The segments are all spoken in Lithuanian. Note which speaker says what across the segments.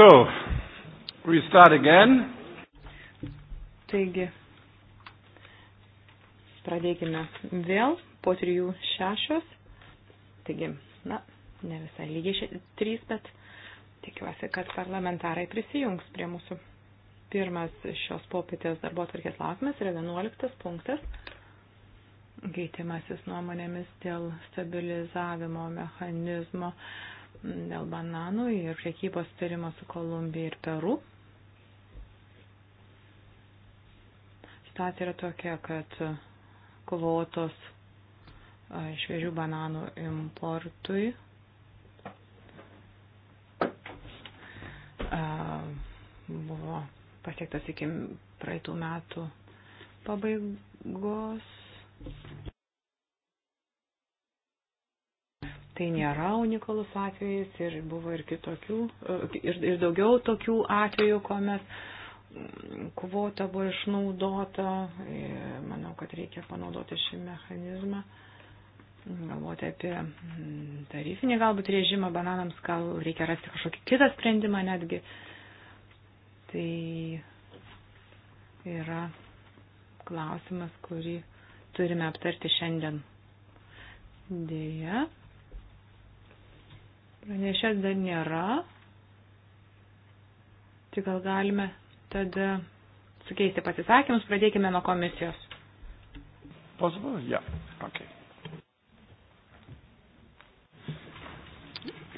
Speaker 1: So, we start again.
Speaker 2: Taigi, pradėkime vėl po trijų šešios. Taigi, na, ne visai lygiai še, trys, bet tikiuosi, kad parlamentarai prisijungs prie mūsų. Pirmas šios popietės darbo tvarkės lausimas yra 11 punktas. Keitimasis nuomonėmis dėl stabilizavimo mechanizmo. Uh, dėl bananų ir priekybos tarimo su Kolumbija ir Peru. Situacija yra tokia, kad kvotos šviežių bananų importui buvo pasiektas iki praeitų metų pabaigos Tai nėra unikalus atvejis ir buvo ir kitokių, e, ir, ir daugiau tokių atvejų, kuomet mm, kvota buvo išnaudota. Manau, kad reikia panaudoti šį mechanizmą galvoti apie mm, tarifinį galbūt režimą bananams, gal reikia rasti kažkokį kitą sprendimą netgi. Tai yra klausimas, kurį turime aptarti šiandien. Dėja, Pranešės dar nėra. Tik gal galime tada e, sukeisti pasisakymus, pradėkime nuo komisijos.
Speaker 1: Possible? Yeah. Okay.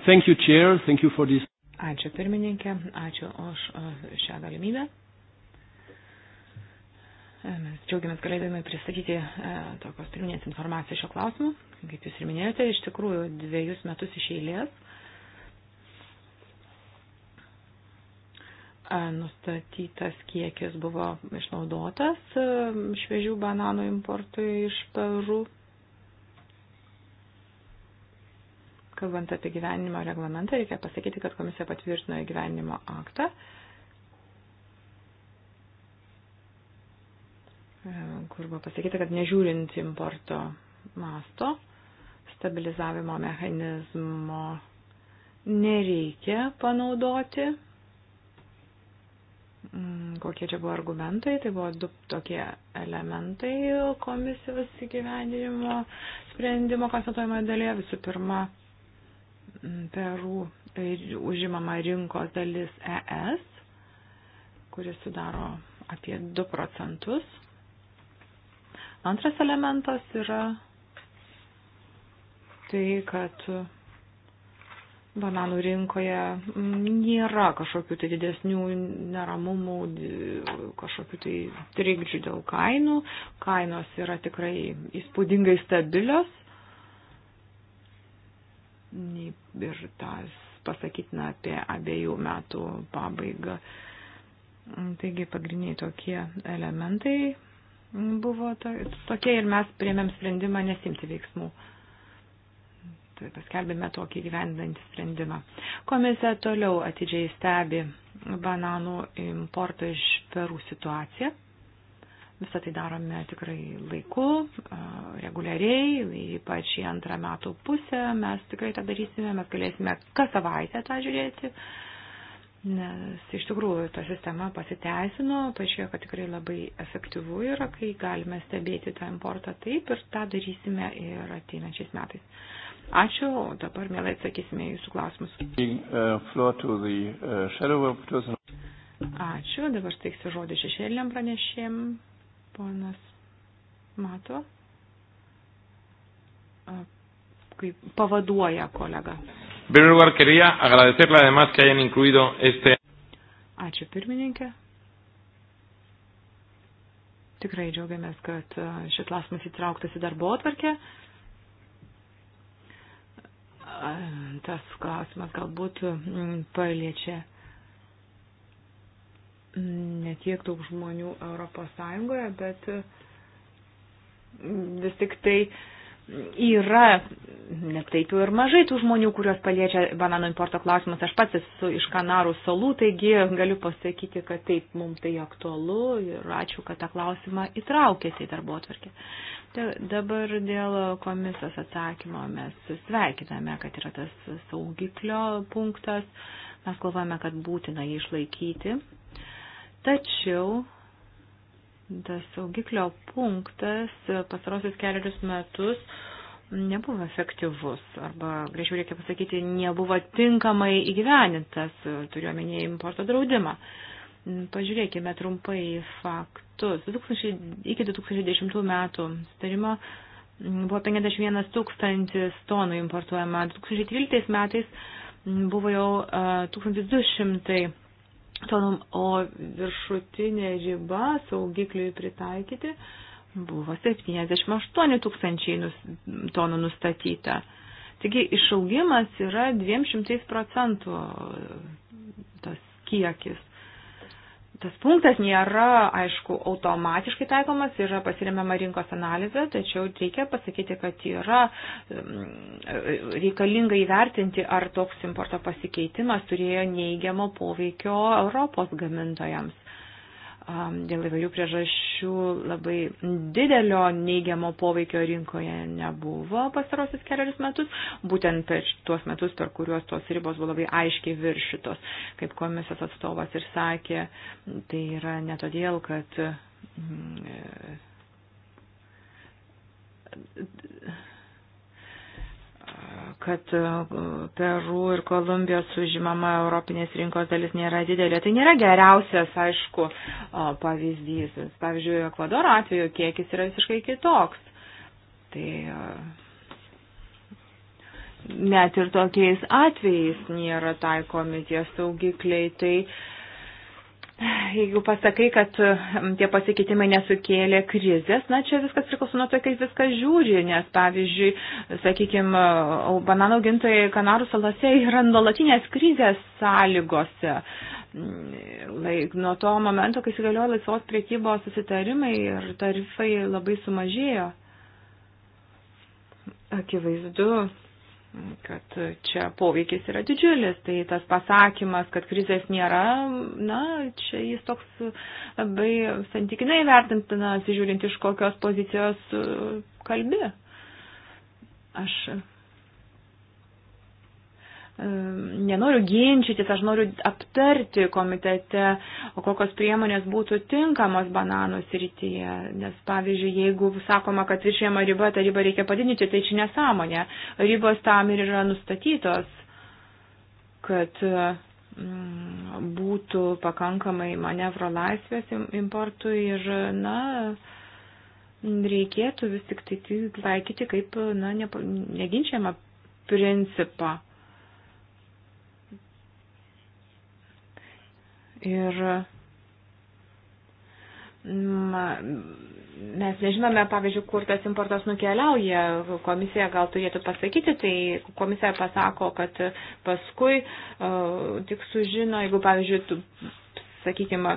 Speaker 1: Thank you, Chair. Thank you for this.
Speaker 2: Ačiū pirmininkė, ačiū už e, šią galimybę. Mes džiaugiamės galėdami pristatyti e, tokios pirminės informacijos šio klausimu. Kaip jūs ir minėjote, iš tikrųjų dviejus metus iš eilės e, nustatytas kiekis buvo išnaudotas e, šviežių bananų importui iš Peru. Kalbant apie gyvenimo reglamentą, reikia pasakyti, kad komisija patvirtino gyvenimo aktą. Uh, E, kur buvo pasakyta, kad nežiūrint importo masto, stabilizavimo mechanizmo nereikia panaudoti. Mm, kokie čia buvo argumentai, tai buvo du tokie elementai komisijos įgyvendinimo sprendimo konstatuojamoje dalyje. Visų pirma, mm, Peru užimama rinkos dalis ES, kuris sudaro apie 2 procentus Antras elementas yra tai, kad bananų rinkoje nėra kažkokių tai didesnių neramumų, kažkokių tai trikdžių dėl kainų. Kainos yra tikrai įspūdingai stabilios. Ir tas pasakytina apie abiejų metų pabaigą. Taigi pagrindiniai tokie elementai buvo to, tokie ir mes priemėm sprendimą nesimti veiksmų. Tai paskelbėme tokį gyvendantį sprendimą. Komisija toliau atidžiai stebi bananų importo iš Perų situaciją. Visą tai darome tikrai laiku, reguliariai, ypač į antrą metų pusę mes tikrai tą darysime, mes galėsime kas savaitę tą žiūrėti. Uh, nes iš tikrųjų ta sistema pasiteisino, paaiškėjo, kad tikrai labai efektyvu yra, kai galime stebėti tą importą taip ir tą darysime ir ateinančiais metais. Ačiū, o dabar mielai atsakysime jūsų klausimus.
Speaker 1: E, e,
Speaker 2: Ačiū, dabar steiksiu žodį šešėliniam pranešėm, ponas Mato, kaip pavaduoja kolega.
Speaker 3: En primer lugar, quería agradecerle además que hayan incluido este.
Speaker 2: Ačiū pirmininkė. Tikrai džiaugiamės, kad e, šis klausimas įtrauktas į darbo atvarkę. E, tas klausimas galbūt paliečia netiek daug žmonių Europos Sąjungoje, bet e, vis tik tai uh, yra netaip jau ir mažai tų žmonių, kuriuos paliečia bananų importo klausimas. Aš pats esu iš Kanarų salų, taigi galiu pasakyti, kad taip mums tai aktualu ir ačiū, kad tą klausimą įtraukėte į darbo atvarkę. Dabar dėl komisijos atsakymo mes sveikiname, kad yra tas saugiklio punktas. Mes galvojame, kad būtina jį išlaikyti. Tačiau tas saugiklio punktas pasarosius keliarius metus nebuvo efektyvus arba, greičiau reikia pasakyti, nebuvo tinkamai įgyvenintas, turiuomenėje importo draudimą. Pažiūrėkime trumpai faktus. 2000, iki 2010 metų starimo buvo 51 tūkstantis tonų importuojama, 2013 metais buvo jau 1200 o viršutinė riba saugikliui pritaikyti buvo 78 tūkstančiai tonų nustatyta. Taigi išaugimas yra 200 procentų tas kiekis tas punktas nėra, aišku, automatiškai taikomas, yra pasiremiama rinkos analizė, tačiau reikia pasakyti, kad yra um, reikalinga įvertinti, ar toks importo pasikeitimas turėjo neigiamo poveikio Europos gamintojams dėl įvairių priežasčių labai didelio neigiamo poveikio rinkoje nebuvo pastarosius keliarius metus, būtent per tuos metus, per kuriuos tos ribos buvo labai aiškiai viršytos, kaip komisijos atstovas ir sakė, tai yra ne todėl, kad. Mm, e, kad e, Peru ir Kolumbijos užimama Europinės rinkos dalis nėra didelė. Tai nėra geriausias, aišku, pavyzdys. Pavyzdžiui, Ekvadoro atveju kiekis yra visiškai kitoks. Tai e, net ir tokiais atvejais nėra taikomi tie saugikliai. Tai Jeigu pasakai, kad tie pasikeitimai nesukėlė krizės, na čia viskas priklauso nuo to, kaip viskas žiūri, nes pavyzdžiui, sakykime, bananų augintojai Kanarų salose yra nuolatinės krizės sąlygose. Mm, Laik, nuo to momento, kai įsigaliojo laisvos priekybos susitarimai ir tarifai labai sumažėjo. Akivaizdu, kad čia poveikis yra didžiulis, tai tas pasakymas, kad krizės nėra, na, čia jis toks labai santykinai vertintinas, žiūrint iš kokios pozicijos kalbi. Aš nenoriu ginčytis, aš noriu aptarti komitete, kokios priemonės būtų tinkamos bananų srityje. Nes pavyzdžiui, jeigu sakoma, kad viršėjama riba, tą ribą reikia padidinti, tai čia nesąmonė. Ribos tam ir yra nustatytos, kad mm, būtų pakankamai manevro laisvės importui ir, na, reikėtų vis tik tai taikyti kaip, na, neginčiamą principą Ir mes nežinome, pavyzdžiui, kur tas importas nukeliauja. Komisija gal turėtų pasakyti, tai komisija pasako, kad paskui uh, tik sužino, jeigu, pavyzdžiui, tu, sakykime,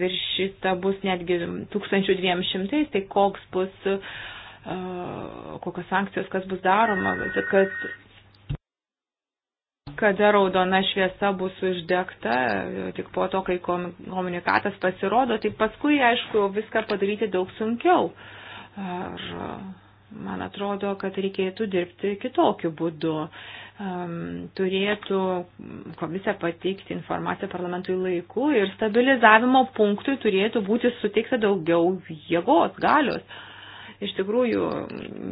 Speaker 2: viršita bus netgi 1200, tai koks bus, uh, kokios sankcijos, kas bus daroma, kad kada raudona šviesa bus uždegta, tik po to, kai komunikatas pasirodo, tai paskui, aišku, viską padaryti daug sunkiau. Ar man atrodo, kad reikėtų dirbti kitokiu būdu. Um, turėtų komisija pateikti informaciją parlamentui laiku ir stabilizavimo punktui turėtų būti suteikta daugiau jėgos, galios. Uh, iš tikrųjų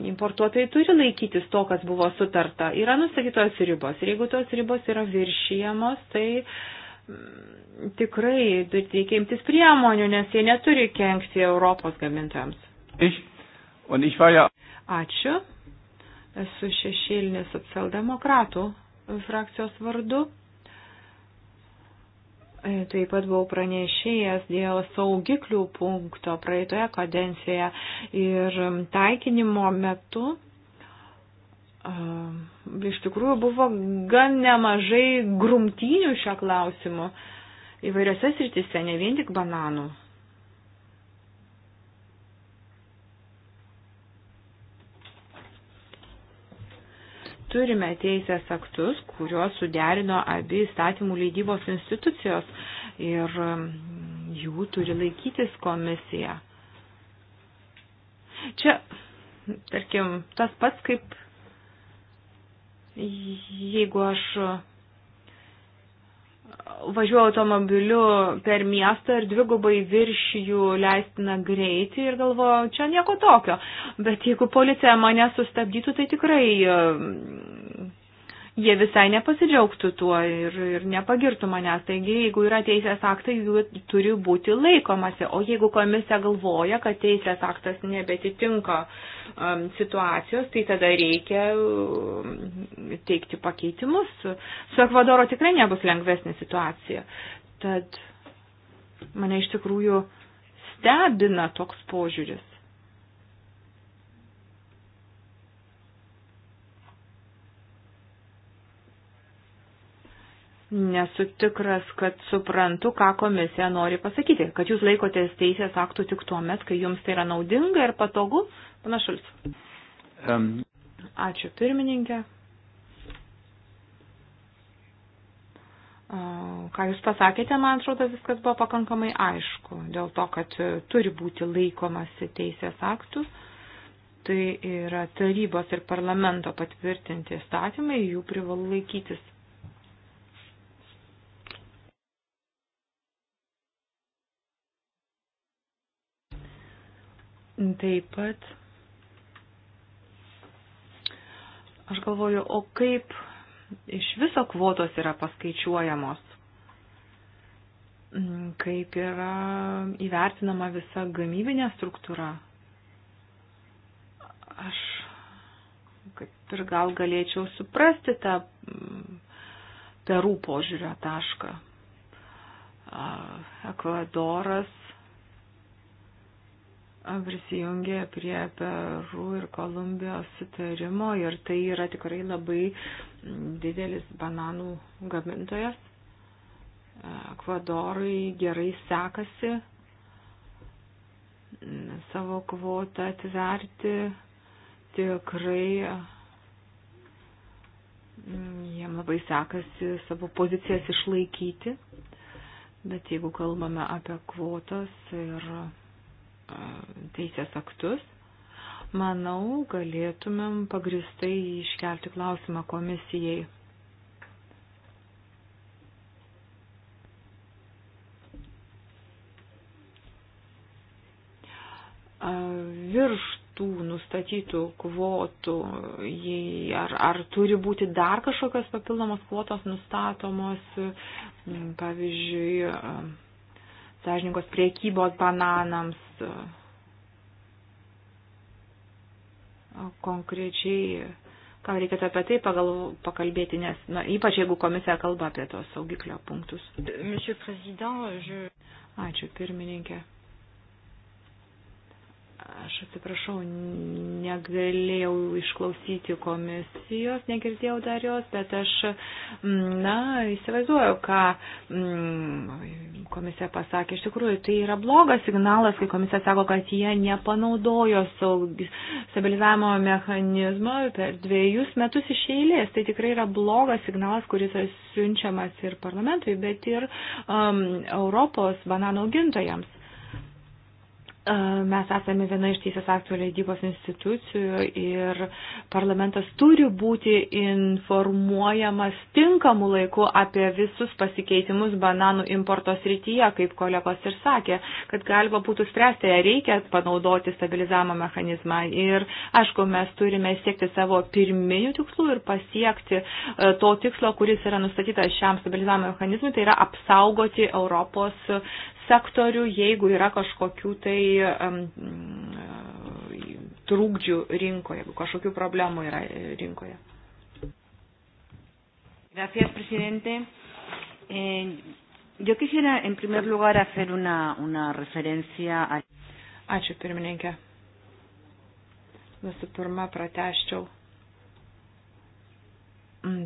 Speaker 2: importuotojai turi laikytis to, kas buvo sutarta. Yra nustatytos ribos ir jeigu tos ribos yra viršijamos, tai mm, tikrai reikia imtis priemonių, nes jie neturi kenkti Europos gamintojams.
Speaker 3: Ich, ich ja...
Speaker 2: Ačiū. Esu šešėlinės socialdemokratų frakcijos vardu. E, taip pat buvau pranešėjęs dėl saugiklių punkto praeitoje kadencijoje ir taikinimo metu iš tikrųjų buvo gan nemažai grumtynių šio klausimu įvairiose sritise, ne vien tik bananų turime teisės aktus, kuriuos suderino abi įstatymų leidybos institucijos ir um, jų turi laikytis komisija. Čia, tarkim, tas pats kaip jeigu aš važiuoja automobiliu per miestą ir dvigubai virš jų leistina greitį ir galvoju, čia nieko tokio. Bet jeigu policija mane sustabdytų, tai tikrai jie visai nepasidžiaugtų tuo ir, ir nepagirtų manęs. Taigi, jeigu yra teisės aktai, jų turi būti laikomasi. O jeigu komisija galvoja, kad teisės aktas nebetitinka um, situacijos, tai tada reikia um, teikti pakeitimus. Su Ekvadoro tikrai nebus lengvesnė situacija. Tad mane iš tikrųjų stebina toks požiūris. nesu tikras, kad suprantu, ką komisija nori pasakyti, kad jūs laikotės teisės aktų tik tuo met, kai jums tai yra naudinga ir patogu, panašulis. Um. Ačiū pirmininkė. Ką Jūs pasakėte, man atrodo, viskas buvo pakankamai aišku dėl to, kad turi būti laikomasi teisės aktų. Tai yra tarybos ir parlamento patvirtinti įstatymai, jų privalu laikytis. Taip pat aš galvoju, o kaip iš viso kvotos yra paskaičiuojamos, mm, kaip yra įvertinama visa gamybinė struktūra. Aš kaip ir gal galėčiau suprasti tą mm, perų požiūrio tašką. Ekvadoras prisijungė prie Peru ir Kolumbijos sutarimo ir tai yra tikrai labai didelis bananų gamintojas. Ekvadorui gerai sekasi savo kvotą atverti tikrai mm, jiem labai sekasi savo pozicijas išlaikyti, bet jeigu kalbame apie kvotas ir teisės aktus, manau, galėtumėm pagristai iškelti klausimą komisijai. Virš tų nustatytų kvotų, jei ar, ar turi būti dar kažkokios papildomos kvotos nustatomos, pavyzdžiui, sąžininkos priekybos bananams, konkrečiai, gal reikėtų apie tai pagal, pakalbėti, nes na, ypač jeigu komisija kalba apie tos saugiklio punktus. Ačiū, pirmininkė. Aš atsiprašau, negalėjau išklausyti komisijos, negirdėjau dar jos, bet aš, mm, na, įsivaizduoju, ką mm, komisija pasakė. Iš tikrųjų, tai yra blogas signalas, kai komisija sako, kad jie nepanaudojo stabilizavimo mechanizmo per dviejus metus iš eilės. Tai tikrai yra blogas signalas, kuris siunčiamas ir parlamentui, bet ir um, Europos bananų augintojams. Mes esame viena iš teisės aktų leidybos institucijų ir parlamentas turi būti informuojamas tinkamu laiku apie visus pasikeitimus bananų importo srityje, kaip kolegos ir sakė, kad galima būtų spręsti, ar reikia panaudoti stabilizavimo mechanizmą. Ir aišku, mes turime siekti savo pirminių tikslų ir pasiekti e, to tikslo, kuris yra nustatytas šiam stabilizavimo mechanizmui, tai yra apsaugoti Europos sektorių, jeigu yra kažkokių tai um, trūkdžių rinkoje, jeigu kažkokių problemų yra rinkoje. Gracias, presidente. Eh, yo quisiera, en primer lugar, hacer una, una referencia a. Ačiū, pirmininkė. Visų pirma, prateščiau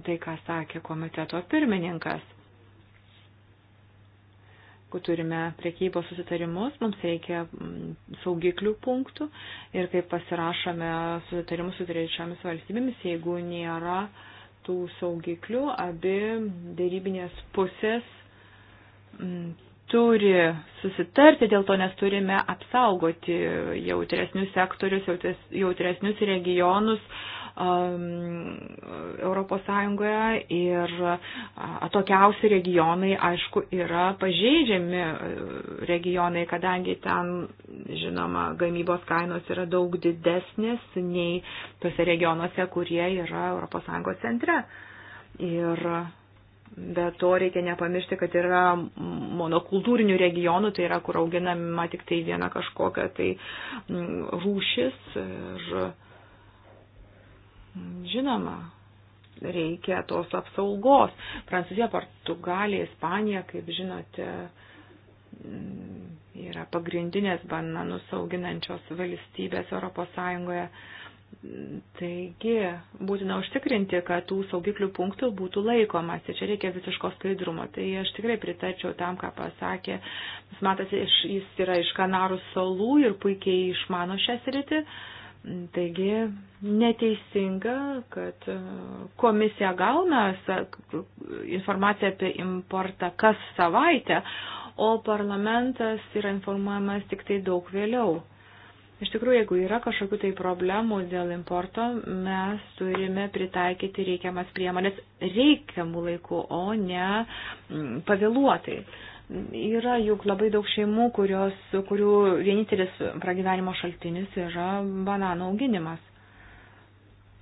Speaker 2: tai, ką sakė komiteto pirmininkas. Kai turime priekybos susitarimus, mums reikia mm, saugiklių punktų ir kaip pasirašome susitarimus su trečiomis valstybėmis, jeigu nėra tų saugiklių, abi dėrybinės pusės mm, turi susitarti, dėl to nes turime apsaugoti jautresnius sektorius, jautres, jautresnius regionus, Um, ES ir atokiausi regionai, aišku, yra pažeidžiami uh, regionai, kadangi ten, žinoma, gamybos kainos yra daug didesnės nei tose regionuose, kurie yra ES centre. Ir Be to reikia nepamiršti, kad yra monokultūrinių regionų, tai yra, kur auginama tik tai viena kažkokia tai mm, rūšis. Ir Žinoma, reikia tos apsaugos. Prancūzija, Portugalija, Ispanija, kaip žinote,
Speaker 3: mm,
Speaker 2: yra pagrindinės bananus auginančios valstybės ES. Taigi, būtina užtikrinti, kad tų saugiklių punktų būtų laikomasi. Čia reikia visiško skaidrumo. Tai aš tikrai pritarčiau tam, ką pasakė. Matas, jis yra iš Kanarų salų ir puikiai išmano šią sritį. Uh, Taigi neteisinga, kad komisija gauna informaciją apie importą kas savaitę, o parlamentas yra informuojamas tik tai daug vėliau. Iš tikrųjų, jeigu yra kažkokių tai problemų dėl importo, mes turime pritaikyti reikiamas priemonės reikiamų laikų, o ne mm, pavėluotai. Yra juk labai daug šeimų, kurios, kurių vienintelis pragyvenimo šaltinis yra bananų auginimas.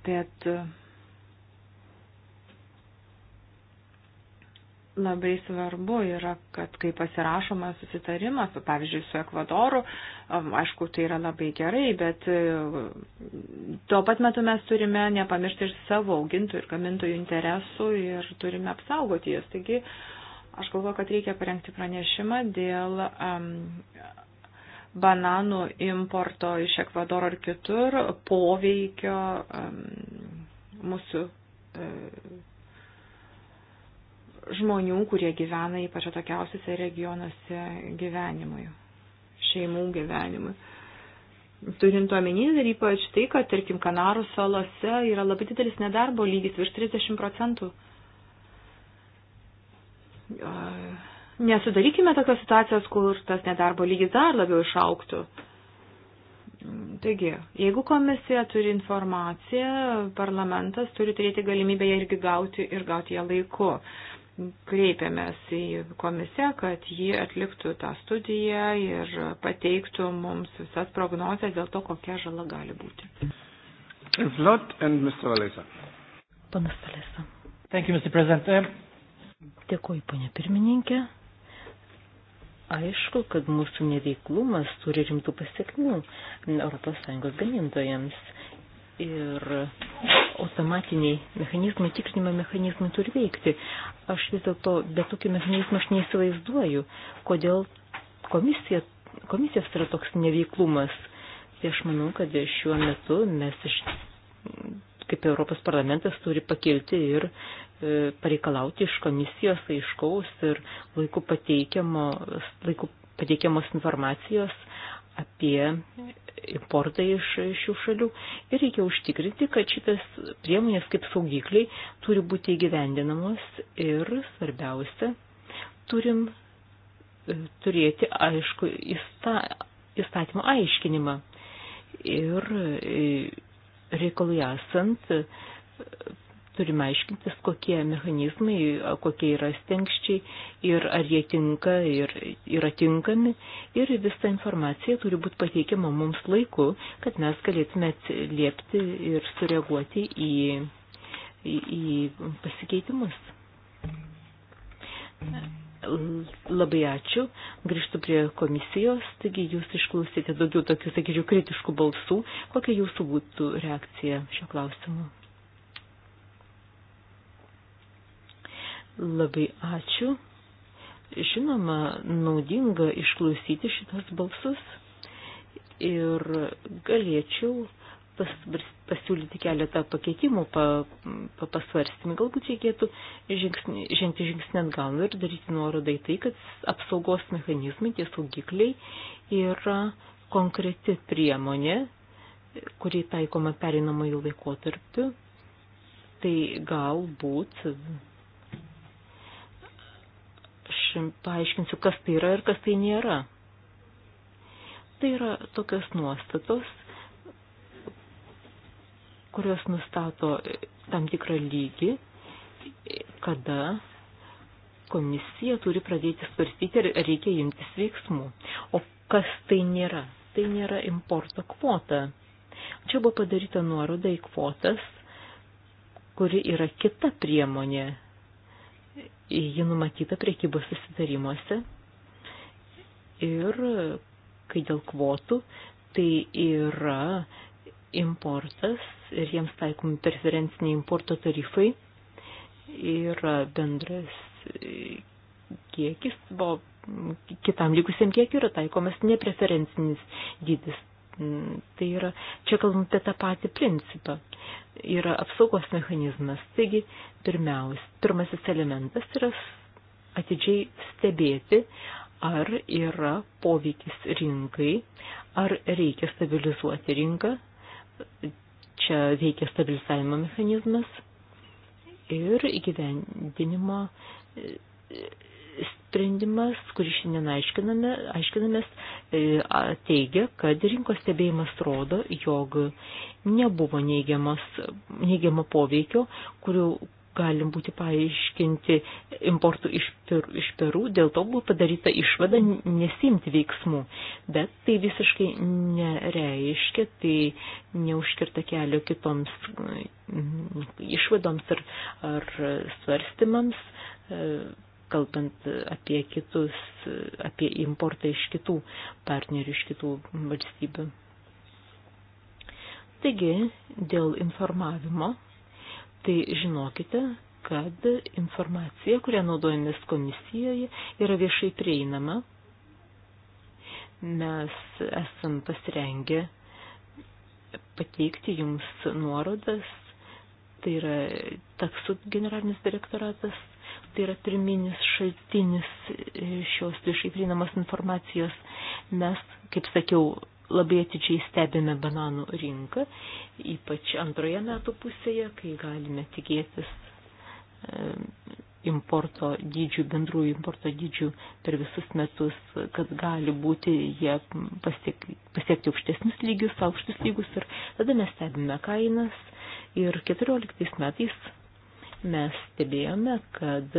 Speaker 2: Bet labai svarbu yra, kad kai pasirašomas susitarimas, pavyzdžiui, su Ekvadoru, um, aišku, tai yra labai gerai, bet um, tuo pat metu mes turime nepamiršti ir savo augintojų ir gamintojų interesų ir turime apsaugoti jas. Taigi, uh, Aš galvoju, kad reikia parengti pranešimą dėl um, bananų importo iš Ekvadoro ar kitur poveikio um, mūsų um, žmonių, kurie gyvena ypač atokiausiuose regionuose gyvenimui, šeimų gyvenimui. Turint omeny ir ypač tai, kad, tarkim, Kanarų salose yra labai didelis nedarbo lygis, virš 30 procentų. Uh, nesudarykime tokios situacijos, kur tas nedarbo lygis dar labiau išauktų. Taigi, jeigu komisija turi informaciją, parlamentas turi turėti galimybę ją irgi gauti ir gauti ją laiku. Kreipiamės į komisiją, kad ji atliktų tą studiją ir pateiktų mums visas prognozes dėl to, kokia žala gali
Speaker 1: būti. Flot and Mr. Valesa.
Speaker 4: Panas Valesa. Thank you, Mr. President. Um, Dėkoju, ponė pirmininkė. Aišku, kad mūsų neveiklumas turi rimtų pasiekmių ES gamintojams. Ir automatiniai mechanizmai, tikrinimo mechanizmai turi veikti. Aš vis dėlto be tokių mechanizmų aš neįsivaizduoju, kodėl komisija, komisijos yra toks neveiklumas. Tai aš manau, kad šiuo metu mes iš, kaip Europos parlamentas turi pakilti ir E, pareikalauti iš komisijos aiškaus ir laiku, pateikiamo, laiku pateikiamos informacijos apie importą iš šių šalių ir reikia užtikrinti, kad šitas priemonės kaip saugikliai turi būti įgyvendinamos ir svarbiausia, turim e, turėti aišku įsta, įstatymo aiškinimą ir e, reikalui esant turime aiškintis, kokie mechanizmai, kokie yra stenkščiai ir ar jie tinka ir yra tinkami. Ir visa informacija turi būti pateikiama mums laiku, kad mes galėtume atsiliepti ir sureaguoti į, į, į pasikeitimus. Labai ačiū. Grįžtu prie komisijos. Taigi jūs išklausėte daugiau tokių, sakyčiau, kritiškų balsų. Kokia jūsų būtų reakcija šio klausimu? Labai ačiū. Žinoma, naudinga išklausyti šitos balsus ir galėčiau pas, pasiūlyti keletą pakeitimų, pa, pa, pasvarstymų. Galbūt reikėtų žingsni, žengti žingsnį atgal ir daryti nuorodą į tai, kad apsaugos mechanizmai, tie saugikliai yra konkreti priemonė, kuri taikoma pereinamąjį laikotarpį. Tai galbūt paaiškinsiu, kas tai yra ir kas tai nėra. Tai yra tokios nuostatos, kurios nustato tam tikrą lygį, kada komisija turi pradėti svarstyti, ar reikia imtis veiksmų. O kas tai nėra? Tai nėra importo kvota. Čia buvo padaryta nuoroda į kvotas, kuri yra kita priemonė ji numatyta priekybos susitarimuose ir kai dėl kvotų, tai yra importas ir jiems taikomi preferenciniai importo tarifai, yra bendras kiekis, o kitam likusiam kiekiu yra taikomas nepreferencinis dydis. Mm, tai yra, čia kalbam apie tą patį principą. Yra apsaugos mechanizmas. Taigi, pirmiausia, pirmasis elementas yra atidžiai stebėti, ar yra poveikis rinkai, ar reikia stabilizuoti rinką. Čia veikia stabilizavimo mechanizmas ir įgyvendinimo sprendimas, kurį šiandien aiškiname, aiškinamės, e, teigia, kad rinkos stebėjimas rodo, jog nebuvo neigiamo poveikio, kurių galim būti paaiškinti importų iš, per, iš Perų, dėl to buvo padaryta išvada nesimti veiksmų. Bet tai visiškai nereiškia, tai neužkirta kelio kitoms mm, išvadoms ar, ar svarstymams. E, kalbant apie kitus, apie importą iš kitų partnerių, iš kitų valstybių. Taigi, dėl informavimo, tai žinokite, kad informacija, kurią naudojamės komisijoje, yra viešai prieinama. Mes esam pasirengę pateikti jums nuorodas, tai yra taksų generalinis direktoratas tai yra pirminis šaltinis šios viešai prieinamos informacijos. Mes, kaip sakiau, labai atidžiai stebime bananų rinką, ypač antroje metų pusėje, kai galime tikėtis eh, importo dydžių, bendrųjų importo dydžių per visus metus, kad gali būti jie pasiek, pasiekti aukštesnius lygius, aukštus lygius ir tada mes stebime kainas ir 14 metais mes stebėjome, kad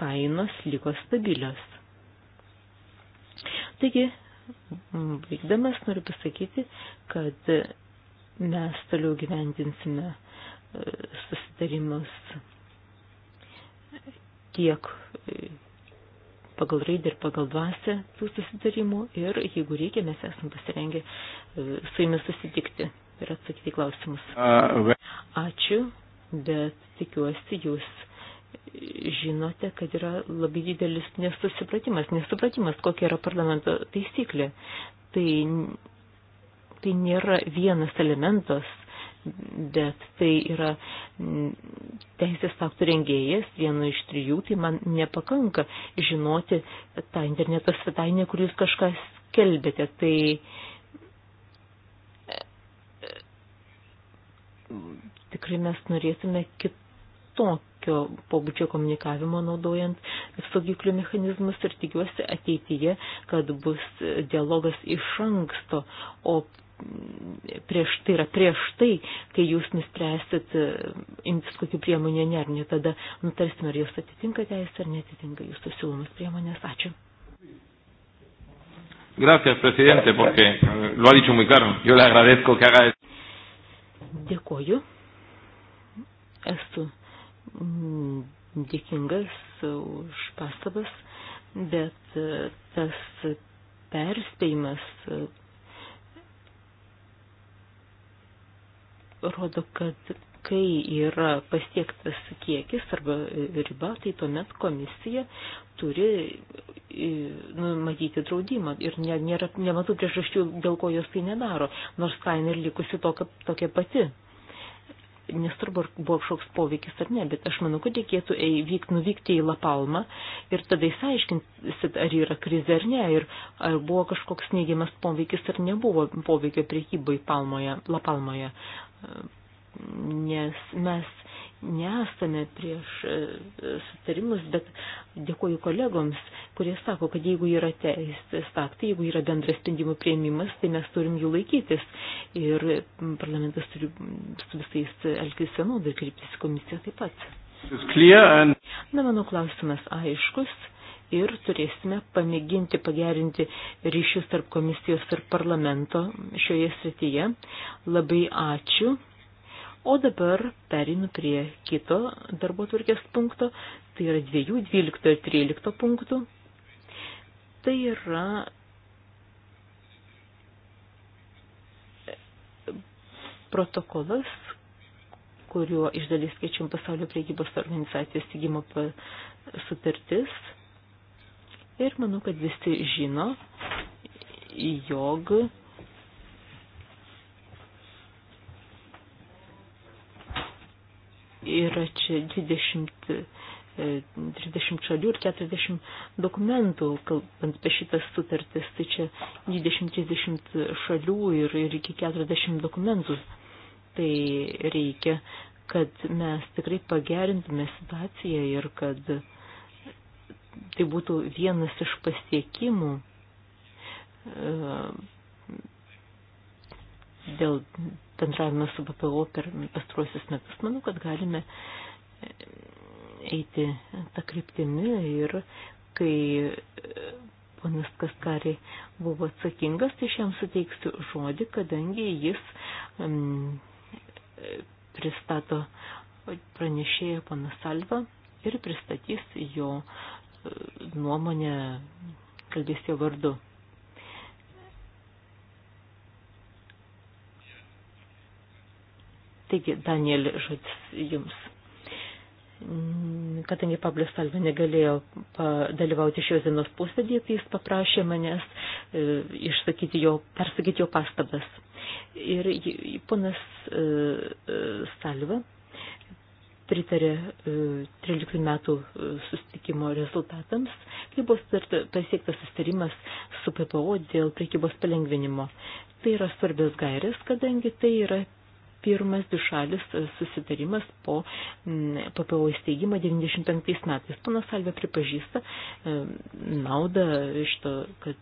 Speaker 4: kainos liko stabilios. Taigi, baigdamas noriu pasakyti, kad mes toliau gyvendinsime e, susitarimus tiek e, pagal raidę ir pagal dvasę tų susitarimų ir jeigu reikia, mes esam pasirengę e, su jumis susitikti ir atsakyti klausimus. Uh, Ačiū bet tikiuosi jūs žinote, kad yra labai didelis nesusipratimas, nesupratimas, kokia yra parlamento taisyklė. Tai, tai nėra vienas elementas, bet tai yra teisės aktų rengėjas, vieno iš trijų, tai man nepakanka žinoti tą interneto svetainę, kur jūs kažką skelbėte. Tai tikrai mes norėtume kitokio pobūdžio komunikavimo naudojant saugiklių mechanizmus ir tikiuosi ateityje, kad bus dialogas iš anksto, o prieš tai yra prieš tai, kai jūs nuspręsit e, imtis kokių priemonių ne, ar ne, tada nutarsime, ar jūs atitinka teisę ar netitinka jūsų siūlomas priemonės. Ačiū.
Speaker 1: Gracias, presidente, porque eh, lo ha dicho muy claro. Yo le agradezco que haga esto.
Speaker 4: Dėkoju esu mm, dėkingas už pastabas, bet e, tas perspėjimas e, rodo, kad kai yra pasiektas kiekis arba riba, tai tuomet komisija turi e, numatyti draudimą ir nėra, nematau priežasčių, dėl ko jos tai nedaro, nors kaina ir likusi tokia, tokia pati nesvarbu, ar buvo kažkoks poveikis ar ne, bet aš manau, kad reikėtų vyk, nuvykti į Lapalmą ir tada įsiaiškinti, ar yra krizė ar ne, ir ar buvo kažkoks neigiamas poveikis ar nebuvo poveikio priekybai Palmoje, Lapalmoje. Nes mes nesame prieš e, e, sutarimus, bet dėkoju kolegoms, kurie sako, kad jeigu yra teisės aktai, jeigu yra bendras sprendimų prieimimas, tai mes turim jų laikytis. Ir parlamentas turi su visais elgtis vienodai ir kreiptis į komisiją taip pat.
Speaker 1: And...
Speaker 4: Na, mano klausimas aiškus ir turėsime pamėginti pagerinti ryšius tarp komisijos ir parlamento šioje srityje. Labai ačiū. O dabar perinu prie kito darbo tvarkės punkto, tai yra 2, 12 ir 13 punktų. Tai yra e, protokolas, kuriuo iš dalies keičiam pasaulio priekybos organizacijos įgymo sutartis. Ir manau, kad visi žino, jog yra čia 20 30 e, šalių ir 40 dokumentų, kalbant apie šitas sutartis, tai čia 20-30 šalių ir, ir iki 40 dokumentų. Tai reikia, kad mes tikrai pagerintume situaciją ir kad tai būtų vienas iš pasiekimų e, dėl bendravimą su BPO per pastruosius metus, manau, kad galime e, eiti tą kryptimį ir kai e, ponas Kaskari buvo atsakingas, tai aš jam suteiksiu žodį, kadangi jis um, pristato pranešėją pana Salvą ir pristatys jo nuomonę, kalbės jo vardu. Taigi, Daniel, žodis jums. Kadangi Pablis Salve negalėjo dalyvauti šios dienos posėdėje, tai jis paprašė manęs e, išsakyti jo, persakyti jo pastabas. Ir ponas e, e, Salva pritarė 13 metų sustikimo rezultatams, kai buvo pasiektas sustarimas su PPO dėl prekybos palengvinimo. Tai yra svarbios gairės, kadangi tai yra pirmas dušalis susitarimas po PPO įsteigimo 95 metais. Ponas Salvė pripažįsta e, naudą iš to, kad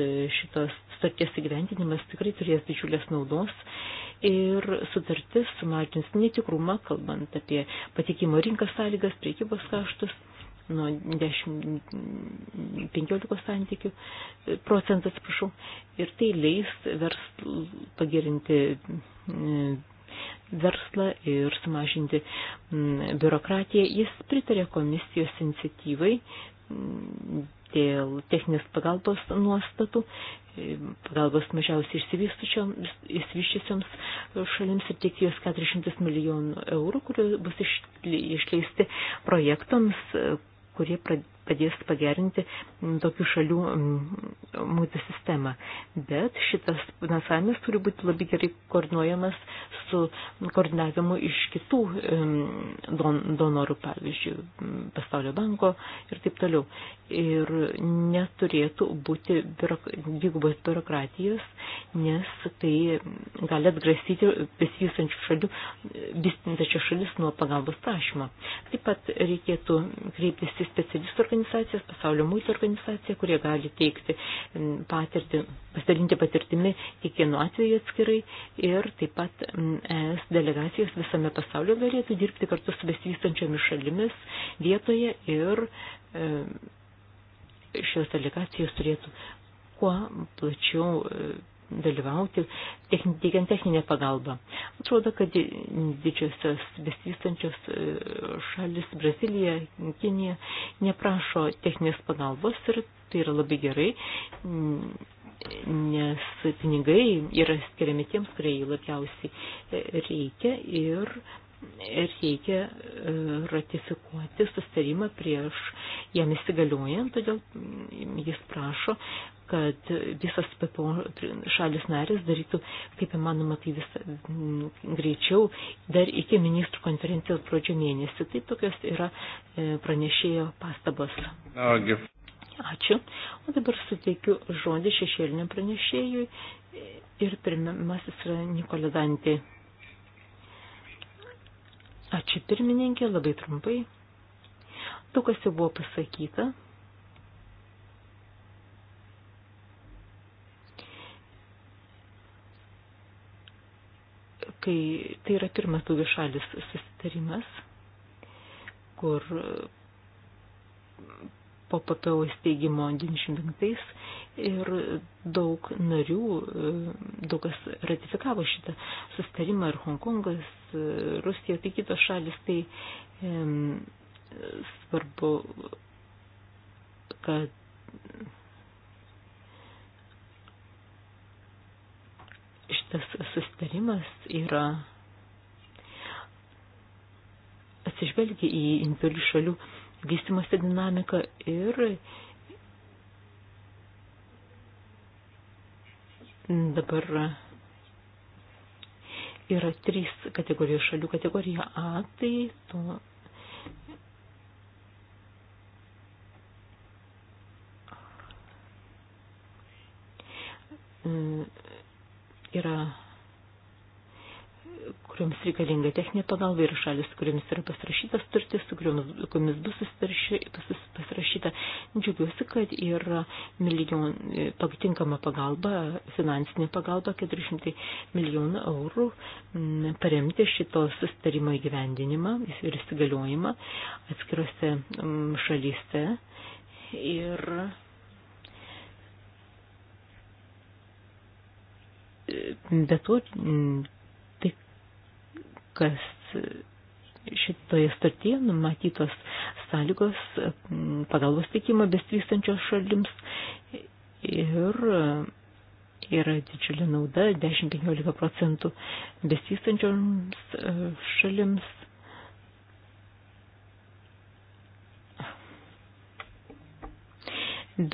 Speaker 4: e, šitos sutarties įgyventinimas tikrai turės didžiulės naudos ir sutartis sumažins netikrumą, kalbant apie patikimo rinką sąlygas, priekybos kaštus nuo 10-15 mm, santykių e, procentų, atsiprašau, ir tai leis vers pagerinti mm, verslą ir sumažinti mm, biurokratiją. Jis pritarė komisijos iniciatyvai mm, dėl techninės pagalbos nuostatų, pagalbos mažiausiai išsivyščiusioms šalims ir tiek jos 400 milijonų eurų, kurie bus išleisti projektams, kurie padės pagerinti tokių šalių mūtų sistemą. Bet šitas finansavimas turi būti labai gerai koordinuojamas su koordinavimu iš kitų don, donorų, pavyzdžiui, pasaulio banko ir taip toliau. Ir neturėtų būti biurok, dvigubos biurokratijos, nes tai gali atgrasyti besivystančių šalių, vystantačių šalis nuo pagalbos prašymo. Taip pat reikėtų kreiptis į specialistų organizaciją organizacijas, pasaulio mūtų organizaciją, kurie gali teikti patirtį, pasidalinti patirtimi kiekvienu atveju atskirai ir taip pat ES delegacijos visame pasaulyje galėtų dirbti kartu su besivystančiomis šalimis vietoje ir e, šios delegacijos turėtų kuo plačiau e, dalyvauti, teikiant techninę pagalbą. Atrodo, kad didžiosios besivystančios e, šalis Brazilija, Kinija neprašo techninės pagalbos ir tai yra labai gerai, nes pinigai yra skiriami tiems, kurie jį labiausiai e, reikia ir ir reikia e, ratifikuoti sustarimą prieš jam įsigaliojant, todėl mm, jis prašo, kad visas PPO šalis narės darytų, kaip įmanoma, tai visą mm, greičiau dar iki ministrų konferencijos pradžio mėnesį. Tai tokios yra e, pranešėjo pastabos. Ačiū. O dabar suteikiu žodį šešėliniam pranešėjui e, ir pirmasis yra Nikolė Dantė. Ačiū pirmininkė, labai trumpai. Daug kas jau buvo pasakyta. Kai tai yra pirmas daugiašalis susitarimas, kur po PPO įsteigimo 95-ais ir daug narių, e, daug kas ratifikavo šitą sustarimą ir Hongkongas, e, Rusija, tai kitos šalis, tai e, svarbu, kad šitas sustarimas yra atsižvelgia į individualių šalių vystimosi dinamiką ir dabar yra trys kategorijos šalių. Kategorija A tai to. Yra kuriuoms reikalinga techninė pagalba, yra šalis, kuriuoms yra pasirašytas turtis, su kuriomis bus pasirašyta. Džiugiuosi, kad yra milijon, e, pagtinkama pagalba, finansinė pagalba, 400 milijonų eurų paremti šito sustarimo įgyvendinimą ir įsigaliojimą atskirose šalyse. Ir e, be to kas šitoje startyje numatytos sąlygos pagalbos teikimo besivystančios šalims ir e, yra didžiulė nauda 10-15 procentų besivystančioms e, šalims.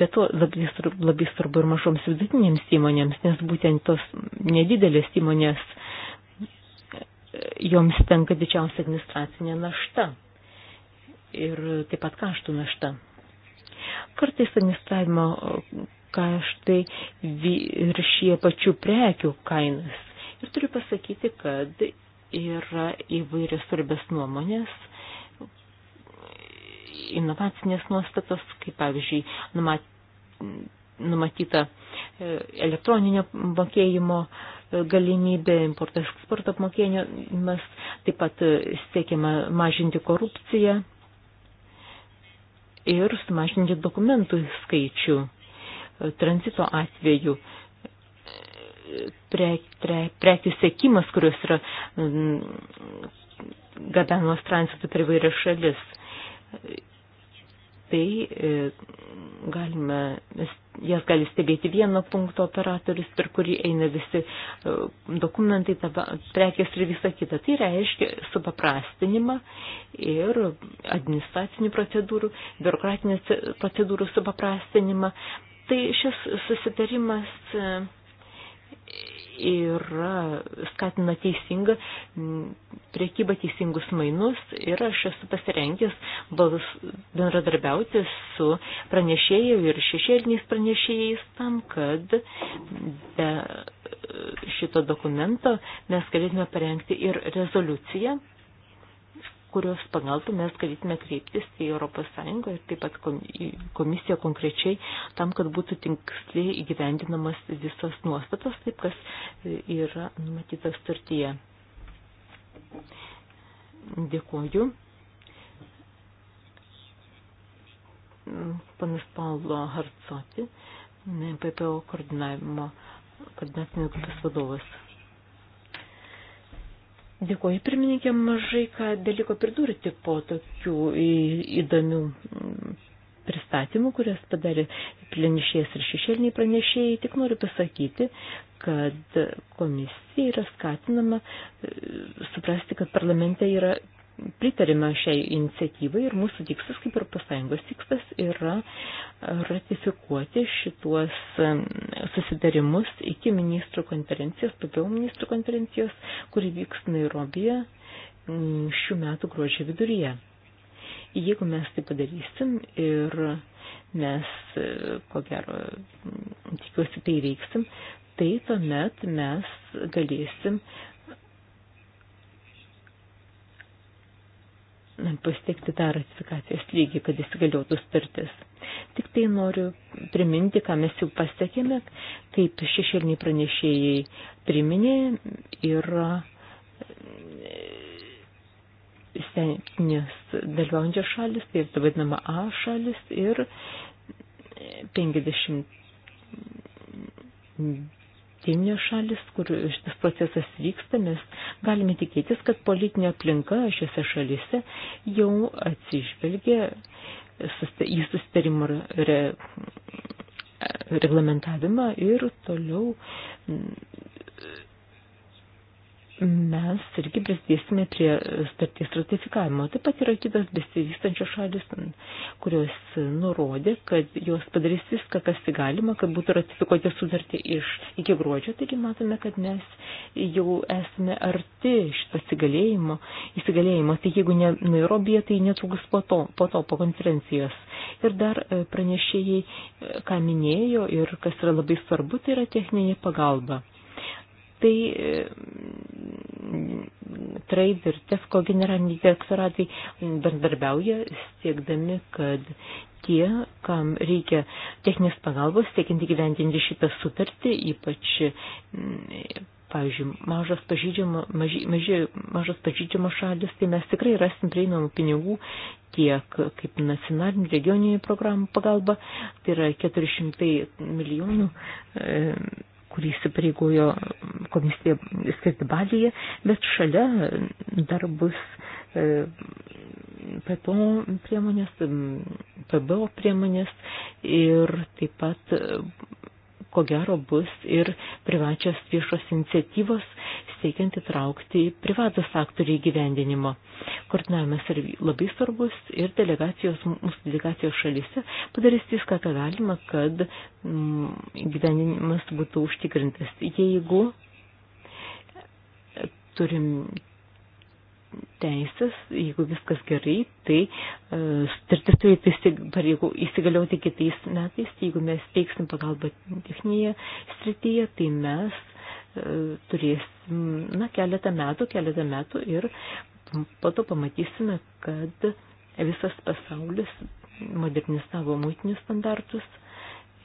Speaker 4: Be to labai svarbu, labai svarbu ir mažoms vidutinėms įmonėms, nes būtent tos nedidelės įmonės uh, joms tenka didžiausia administracinė našta ir taip pat kaštų našta. Kartais administravimo e, kaštai viršyje pačių prekių kainas. Ir turiu pasakyti, kad yra įvairios svarbės nuomonės, inovacinės nuostatos, kaip pavyzdžiui, numatyta e, elektroninio mokėjimo galimybė importo eksporto apmokėjimas, taip pat siekiama mažinti korupciją ir sumažinti dokumentų skaičių tranzito atveju. Pre, pre, prekių sėkimas, kurios yra mm, gabenamos tranzitu per vairias šalis tai e, galime, jas gali stebėti vieno punkto operatorius, per kurį eina visi e, dokumentai, prekės ir visa kita. Tai reiškia supaprastinimą ir administracinių procedūrų, biurokratinės procedūrų supaprastinimą. Tai šis susitarimas e, yra skatina teisingą priekybą, teisingus mainus ir aš esu pasirengęs balus bendradarbiauti su pranešėjų ir šešėliniais pranešėjais tam, kad be šito dokumento mes galėtume parengti ir rezoliuciją kurios pagalbų mes galėtume kreiptis į Europos Sąjungą ir taip pat komisiją konkrečiai tam, kad būtų tiksliai įgyvendinamas visos nuostatos, taip kas e, yra numatytas startyje. Dėkuoju. Panas Paulo Harcoti, PPO koordinavimo koordinacinės grupės vadovas. Dėkuoju, pirmininkė, mažai ką beliko pridurti po tokių įdomių mm, pristatymų, kurias padarė plenešėjas ir šešėliniai pranešėjai. Tik noriu pasakyti, kad komisija yra skatinama e, suprasti, kad parlamente yra pritarime šiai iniciatyvai ir mūsų tikslas, kaip ir pasąjungos tikslas, yra ratifikuoti šituos susidarimus iki ministrų konferencijos, tokio ministrų konferencijos, kuri vyks Nairobija šių metų gruodžio viduryje. Jeigu mes tai padarysim ir mes, e, ko gero, tikiuosi tai veiksim, tai tuomet mes galėsim uh, pasiekti tą ratifikacijos lygį, kad įsigaliotų sutartis. Tik tai noriu priminti, ką mes jau pasiekėme, kaip šešėliniai pranešėjai priminė e, ir nes dalyvaujančios šalis, tai ta vadinama A šalis ir 50 e, kaiminės šalis, kur šitas procesas vyksta, mes galime tikėtis, kad politinė aplinka šiuose šalise jau atsižvelgia į susitarimų re, reglamentavimą ir toliau mes irgi prisidėsime prie starties ratifikavimo. Taip pat yra kitas besivystančios šalis, kurios nurodė, kad jos padarys viską, kas įgalima, kad būtų ratifikuoti sutartį iš iki gruodžio. Taigi matome, kad mes jau esame arti šito įsigalėjimo. įsigalėjimo. Tai jeigu ne Nairobija, tai netrukus po to, po to, po konferencijos. Ir dar e, pranešėjai, e, ką minėjo ir kas yra labai svarbu, tai yra techninė pagalba tai e, Trade ir TESCO generaliniai direktoratai bendarbiauja siekdami, kad tie, kam reikia techninės pagalbos, siekiant įgyvendinti šitą sutartį, ypač, mm, pavyzdžiui, mažos pažydžiamo, maži, maži, mažos pažydžiamo šalis, tai mes tikrai rasim prieinamų pinigų tiek kaip nacionalinių regioninių programų pagalba, tai yra 400 milijonų. E, kurį įsipareigojo komisija skirti balyje, bet šalia dar bus e, PPO priemonės, PBO priemonės ir taip pat ko gero bus ir privačios viešos iniciatyvos, steikiant įtraukti privatų faktorių įgyvendinimo. Koordinavimas yra labai svarbus ir delegacijos, mūsų delegacijos šalyse padarys viską, ką galima, kad mm, gyvenimas būtų užtikrintas. Jeigu turim teisės, jeigu viskas gerai, tai uh, sutartis turėtų įsigalioti kitais metais. Jeigu mes teiksim pagalbą techninėje srityje, tai mes uh, turėsim na, keletą metų, keletą metų ir po to pamatysime, kad visas pasaulis modernizavo mūtinius standartus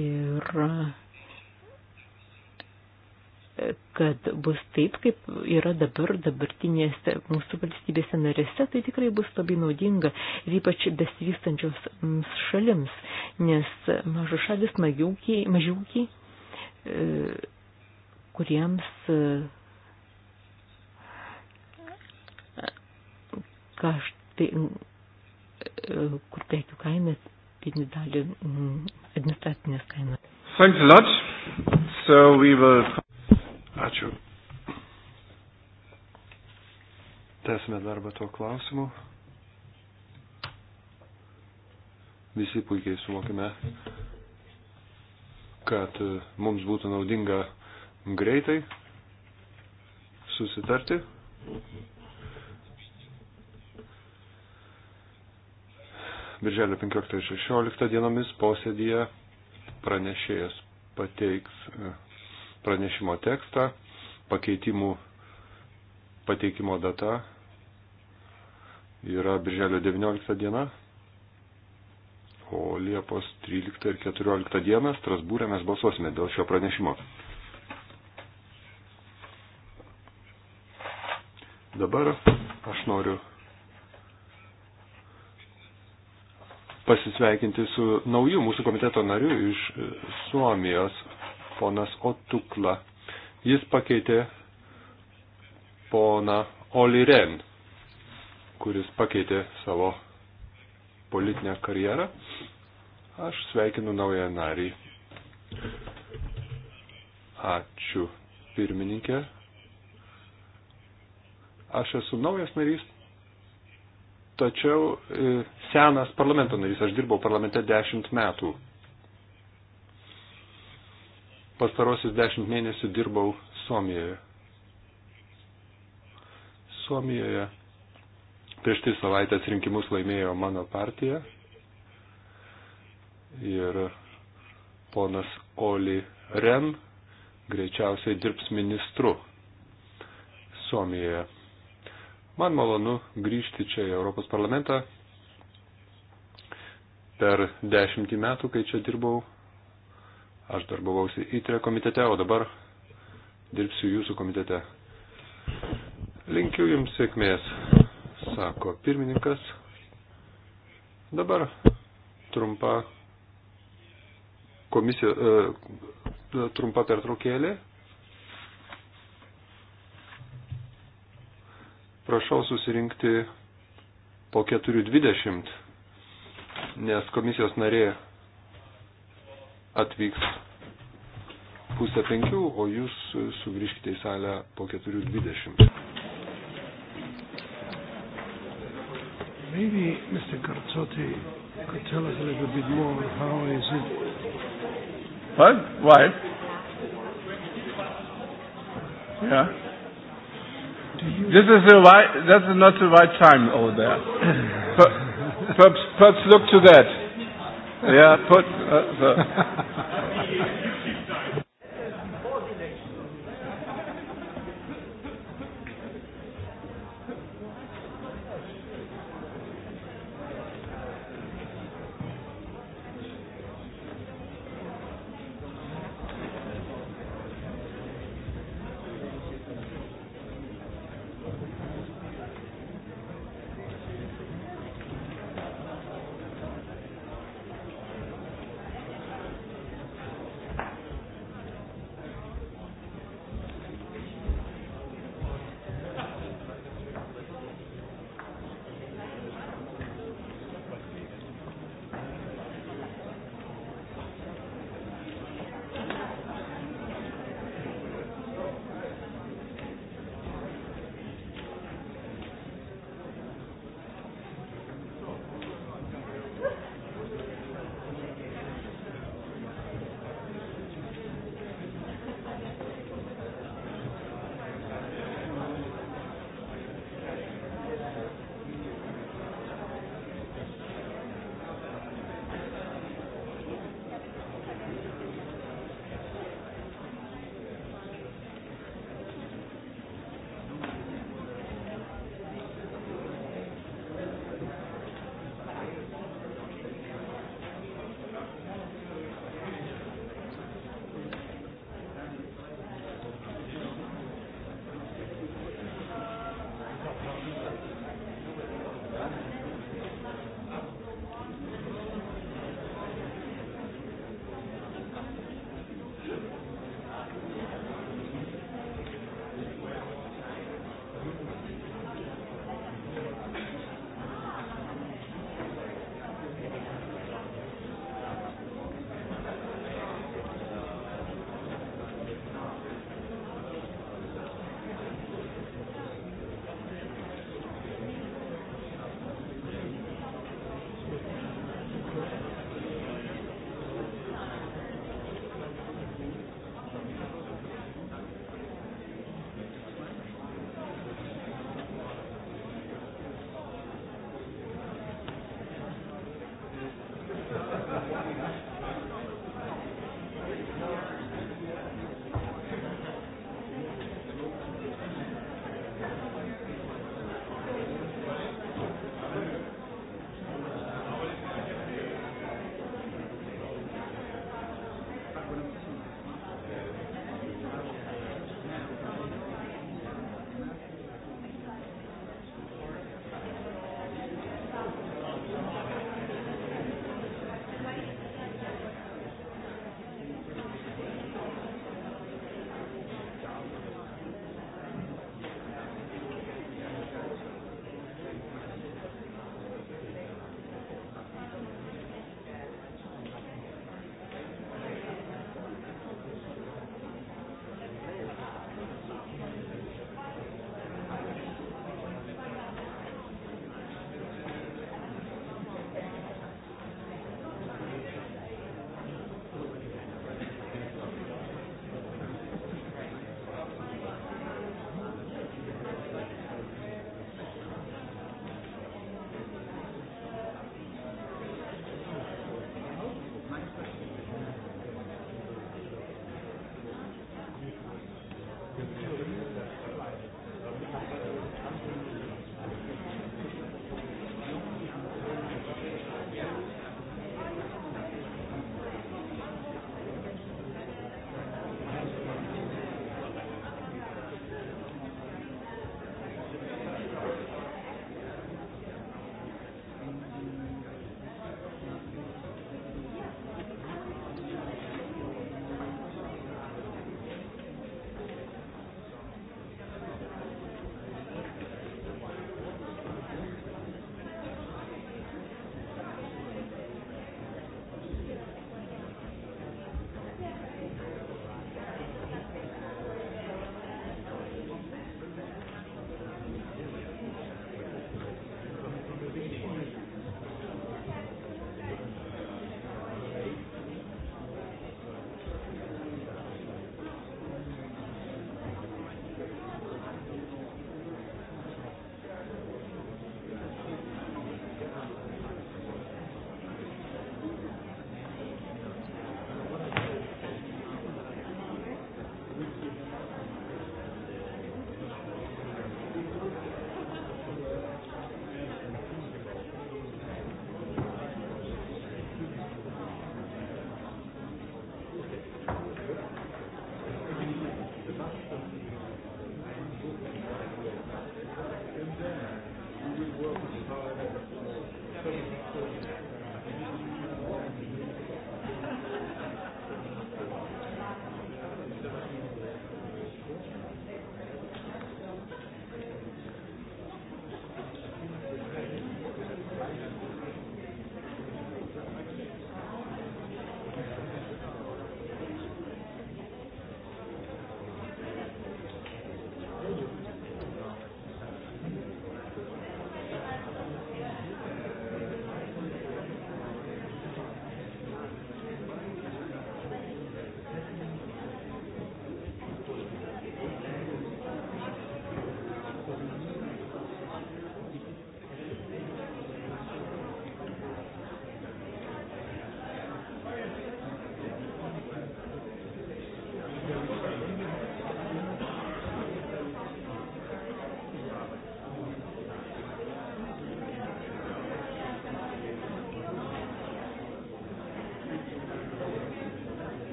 Speaker 4: ir uh, kad bus taip, kaip yra dabar dabartinėse mūsų valstybėse narėse, tai tikrai bus labai naudinga ir ypač besivystančios šalims, nes mažo šalis mažiukiai, mažiukiai e, kuriems e, kaštai, e, kur prekių kainas, pinigų dalį mm, administracinės kainos. Thanks a lot.
Speaker 1: So we will... Ačiū. Tęsime darbą tuo klausimu. Visi puikiai suvokime, kad mums būtų naudinga greitai susitarti. Birželio 15-16 dienomis posėdėje pranešėjas pateiks pranešimo tekstą, pakeitimų pateikimo data yra birželio 19 diena, o Liepos 13 ir 14 diena Strasbūrė mes balsuosime dėl šio pranešimo. Dabar aš noriu pasisveikinti su nauju mūsų komiteto nariu iš Suomijos, ponas Otukla. Jis pakeitė poną Oliren, kuris pakeitė savo politinę karjerą. Aš sveikinu naują narį. Ačiū, pirmininkė. Aš esu naujas narys, tačiau e, senas parlamento narys. Aš dirbau parlamente dešimt metų pastarosius dešimt mėnesių dirbau Suomijoje. Suomijoje prieš tris savaitės rinkimus laimėjo mano partija ir ponas Oli Ren greičiausiai dirbs ministru Suomijoje. Man malonu grįžti čia į Europos parlamentą. Per dešimtį metų, kai čia dirbau, Aš dar buvausi įtrio komitete, o dabar dirbsiu jūsų komitete. Linkiu jums sėkmės, sako pirmininkas. Dabar trumpa komisija, e, trumpa pertraukėlė. Prašau susirinkti po 4.20, nes komisijos narė atvyks pusę penkių, o jūs sugrįžkite į salę po 4.20.
Speaker 3: Maybe Mr. Carzotti could tell us a little bit more how is it?
Speaker 1: What? Why? Yeah. This is the right. That's not the right time over there. per, perhaps, perhaps look to that. Yeah, put. Uh, the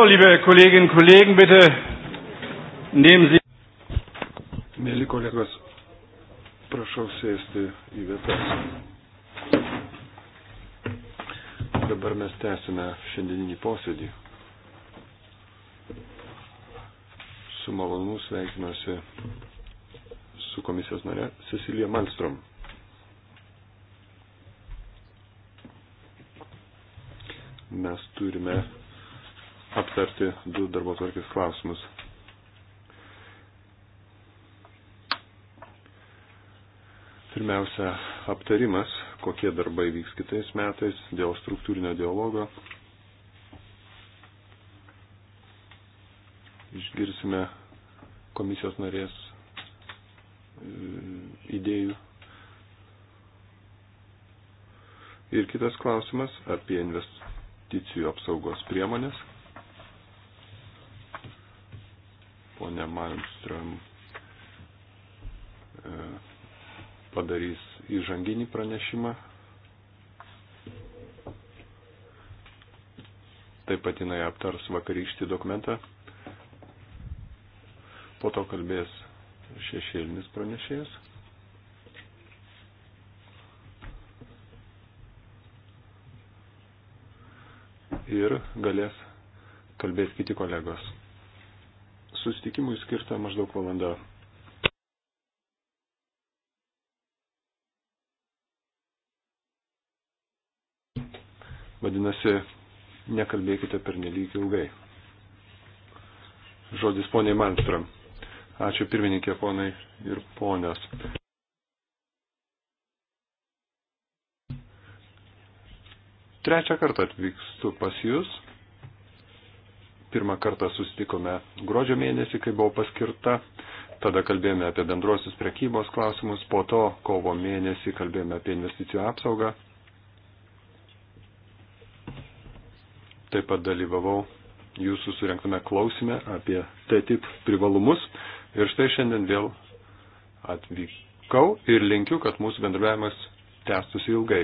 Speaker 1: So, liebe Kolleginnen und Kollegen, bitte nehmen Sie. Mėly kolegos, prašau sėsti į vietas. Dabar mes tęsime šiandieninį posėdį. Su malonu sveikinuosi su komisijos nare Cecilija Malmström. Mes turime aptarti du darbo tvarkės klausimus. Pirmiausia, aptarimas, kokie darbai vyks kitais metais dėl struktūrinio dialogo. Išgirsime komisijos narės e, idėjų. Ir kitas klausimas apie investicijų apsaugos priemonės. ponia Malmström e, padarys įžanginį pranešimą. Taip pat jinai aptars vakarykštį dokumentą. Po to kalbės šešėlinis pranešėjas. Ir galės kalbės kiti kolegos sustikimui skirta maždaug valanda. Vadinasi, nekalbėkite per nelyg ilgai. Žodis poniai Manstram. Ačiū pirmininkė, ponai ir ponios. Trečią kartą atvykstu pas jūs Pirmą kartą susitikome gruodžio mėnesį, kai buvau paskirta. Tada kalbėjome apie bendruosius prekybos klausimus, po to kovo mėnesį kalbėjome apie investicijų apsaugą. Taip pat dalyvavau jūsų surinktame klausime apie TTIP privalumus. Ir štai šiandien vėl atvykau ir linkiu, kad mūsų bendravimas tęstųsi ilgai.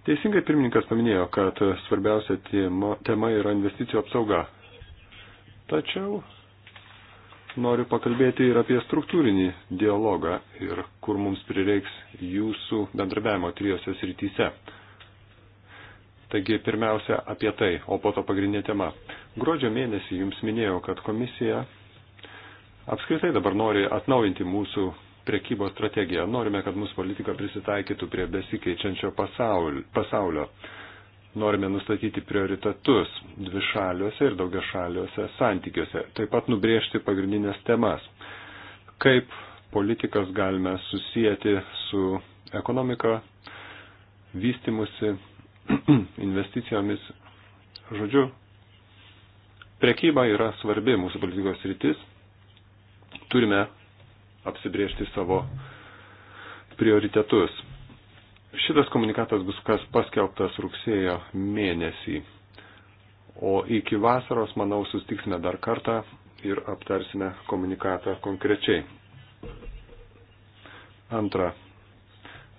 Speaker 1: Teisingai pirmininkas paminėjo, kad svarbiausia tema, tema yra investicijų apsauga. Tačiau noriu pakalbėti ir apie struktūrinį dialogą ir kur mums prireiks jūsų bendrabiavimo trijose srityse. Taigi pirmiausia apie tai, o po to pagrindinė tema. Gruodžio mėnesį jums minėjau, kad komisija apskritai dabar nori atnaujinti mūsų prekybos strategiją. Norime, kad mūsų politika prisitaikytų prie besikeičiančio pasaulio. Norime nustatyti prioritetus dvišaliuose ir daugiašaliuose santykiuose. Taip pat nubrėžti pagrindinės temas. Kaip politikas galime susijęti su ekonomika, vystimusi, investicijomis. Žodžiu, prekyba yra svarbi mūsų politikos rytis. Turime apsibriežti savo prioritetus. Šitas komunikatas bus kas paskelbtas rugsėjo mėnesį. O iki vasaros, manau, sustiksime dar kartą ir aptarsime komunikatą konkrečiai. Antra.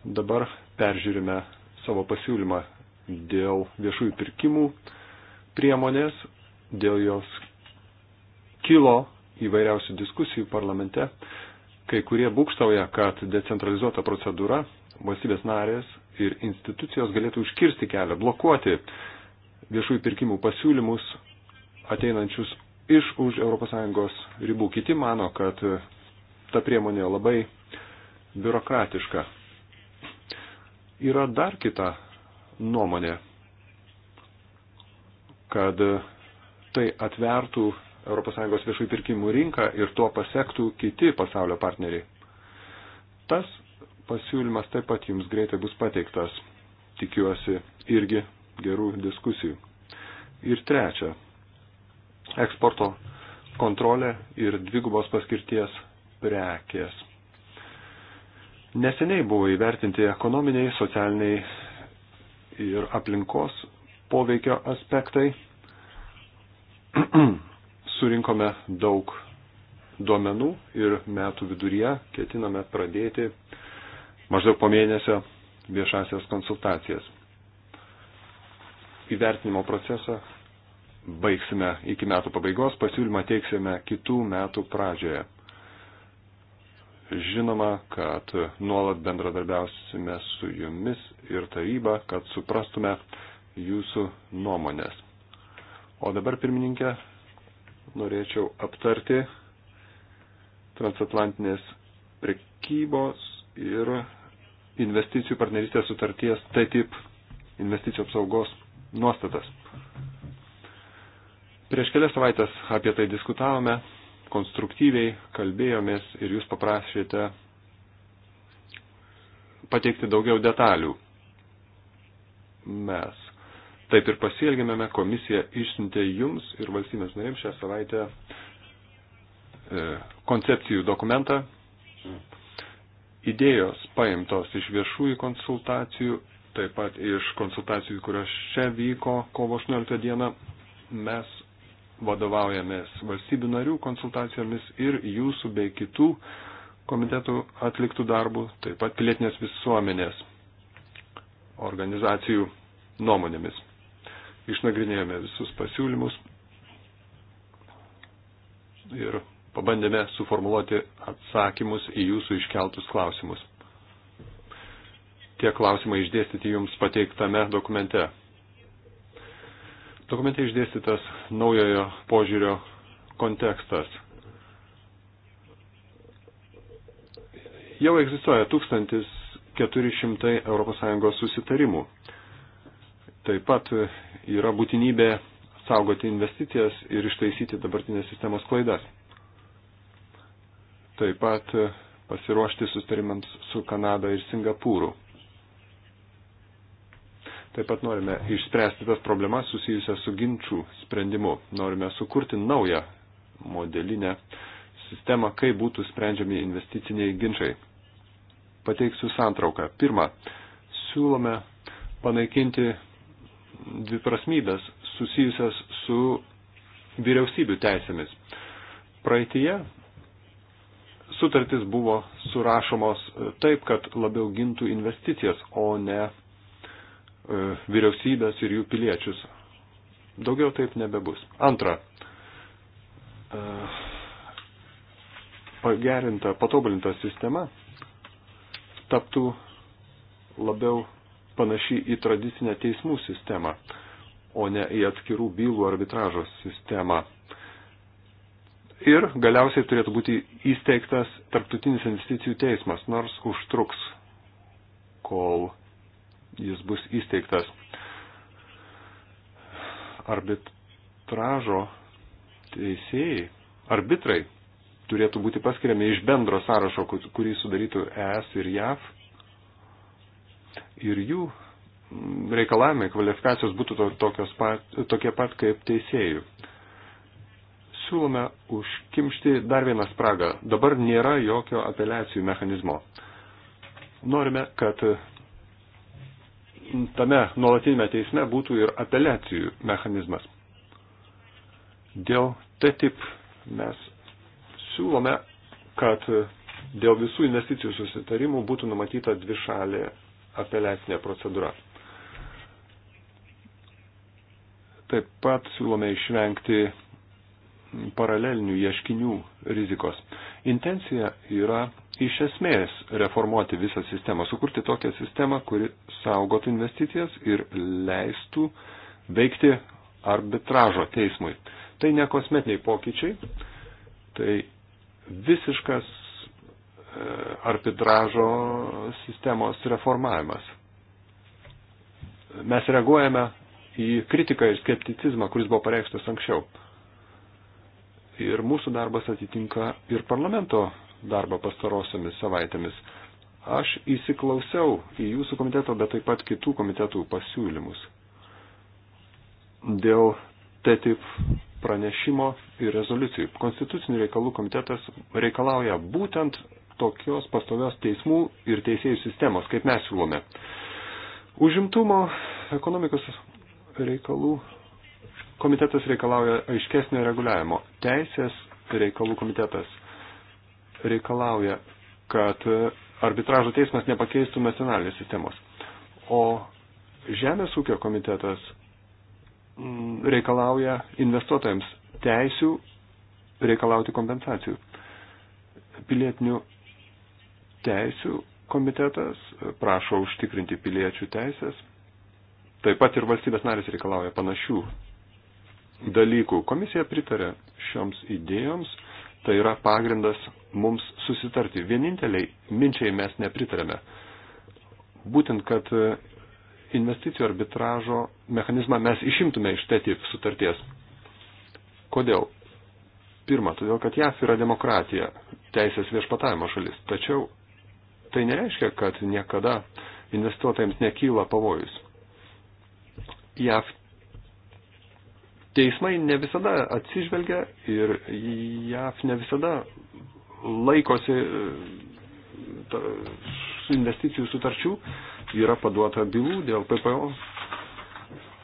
Speaker 1: Dabar peržiūrime savo pasiūlymą dėl viešųjų pirkimų priemonės, dėl jos kilo įvairiausių diskusijų parlamente. Kai kurie būkštauja, kad decentralizuota procedūra valstybės narės ir institucijos galėtų užkirsti kelią, blokuoti viešųjų pirkimų pasiūlymus ateinančius iš už ES ribų. Kiti mano, kad ta priemonė labai biurokratiška. Yra dar kita nuomonė, kad tai atvertų ES viešųjų pirkimų rinką ir tuo pasektų kiti pasaulio partneriai. Tas pasiūlymas taip pat jums greitai bus pateiktas, tikiuosi, irgi gerų diskusijų. Ir trečia, eksporto kontrolė ir dvigubos paskirties prekės. Neseniai buvo įvertinti ekonominiai, socialiniai ir aplinkos poveikio aspektai. surinkome daug duomenų ir metų viduryje ketiname pradėti maždaug po mėnesio viešasias konsultacijas. Įvertinimo procesą baigsime iki metų pabaigos, pasiūlymą teiksime kitų metų pradžioje. Žinoma, kad nuolat bendradarbiausime su jumis ir taryba, kad suprastume jūsų nuomonės. O dabar, pirmininkė, norėčiau aptarti transatlantinės prekybos ir investicijų partnerystės sutarties TTIP investicijų apsaugos nuostatas. Prieš kelias savaitės apie tai diskutavome, konstruktyviai kalbėjomės ir jūs paprašėte pateikti daugiau detalių. Mes Taip ir pasielgėme, komisija išsintė jums ir valstybės narėms šią savaitę e, koncepcijų dokumentą. Idėjos paimtos iš viešųjų konsultacijų, taip pat iš konsultacijų, kurios čia vyko kovo 18 dieną, mes vadovaujamės valstybių narių konsultacijomis ir jūsų bei kitų komitetų atliktų darbų, taip pat pilietinės visuomenės organizacijų nuomonėmis išnagrinėjome visus pasiūlymus ir pabandėme suformuoluoti atsakymus į jūsų iškeltus klausimus. Tie klausimai išdėstyti jums pateiktame dokumente. Dokumente išdėstytas naujojo požiūrio kontekstas. Jau egzistuoja 1400 ES susitarimų. Taip pat yra būtinybė saugoti investicijas ir ištaisyti dabartinės sistemos klaidas. Taip pat pasiruošti sustarimams su Kanada ir Singapūru. Taip pat norime išspręsti tas problemas susijusias su ginčių sprendimu. Norime sukurti naują modelinę sistemą, kaip būtų sprendžiami investiciniai ginčiai. Pateiksiu santrauką. Pirma, siūlome panaikinti dviprasmybės susijusias su vyriausybių teisėmis. Praeitie sutartis buvo surašomos taip, kad labiau gintų investicijas, o ne e, vyriausybės ir jų piliečius. Daugiau taip nebebus. Antra, e, pagerinta, patobulinta sistema taptų labiau panaši į tradicinę teismų sistemą, o ne į atskirų bylų arbitražo sistemą. Ir galiausiai turėtų būti įsteigtas tarptautinis investicijų teismas, nors užtruks, kol jis bus įsteigtas. Arbitražo teisėjai, arbitrai turėtų būti paskiriami iš bendro sąrašo, kurį sudarytų ES ir JAV ir jų reikalavimai, kvalifikacijos būtų tokios pat, tokie pat kaip teisėjų. Siūlome užkimšti dar vieną spragą. Dabar nėra jokio apeliacijų mechanizmo. Norime, kad tame nuolatinėme teisme būtų ir apeliacijų mechanizmas. Dėl TTIP mes siūlome, kad dėl visų investicijų susitarimų būtų numatyta dvišalė apeliacinė procedūra. Taip pat siūlome išvengti paralelinių ieškinių rizikos. Intencija yra iš esmės reformuoti visą sistemą, sukurti tokią sistemą, kuri saugotų investicijas ir leistų veikti arbitražo teismui. Tai ne kosmetiniai pokyčiai, tai visiškas E, arbitražo sistemos reformavimas. Mes reaguojame į kritiką ir skepticizmą, kuris buvo pareikštas anksčiau. Ir mūsų darbas atitinka ir parlamento darbą pastarosiamis savaitėmis. Aš įsiklausiau į jūsų komiteto, bet taip pat kitų komitetų pasiūlymus dėl TTIP pranešimo ir rezoliucijų. Konstitucinių reikalų komitetas reikalauja būtent tokios pastovios teismų ir teisėjų sistemos, kaip mes siūlome. Užimtumo ekonomikos reikalų komitetas reikalauja aiškesnio reguliavimo. Teisės reikalų komitetas reikalauja, kad arbitražo teismas nepakeistų nacionalinės sistemos. O Žemės ūkio komitetas mm, reikalauja investuotojams teisių reikalauti kompensacijų. Pilietinių teisių komitetas prašo užtikrinti piliečių teisės. Taip pat ir valstybės narės reikalauja panašių dalykų. Komisija pritarė šioms idėjoms, tai yra pagrindas mums susitarti. Vieninteliai minčiai mes nepritarėme. Būtent, kad investicijų arbitražo mechanizmą mes išimtume iš TTIP sutarties. Kodėl? Pirma, todėl, kad JAF yra demokratija, teisės viešpatavimo šalis. Tačiau tai nereiškia, kad niekada investuotojams nekyla pavojus. JAV teismai ne visada atsižvelgia ir JAV ne visada laikosi e, investicijų sutarčių, yra paduota bylų dėl PPO,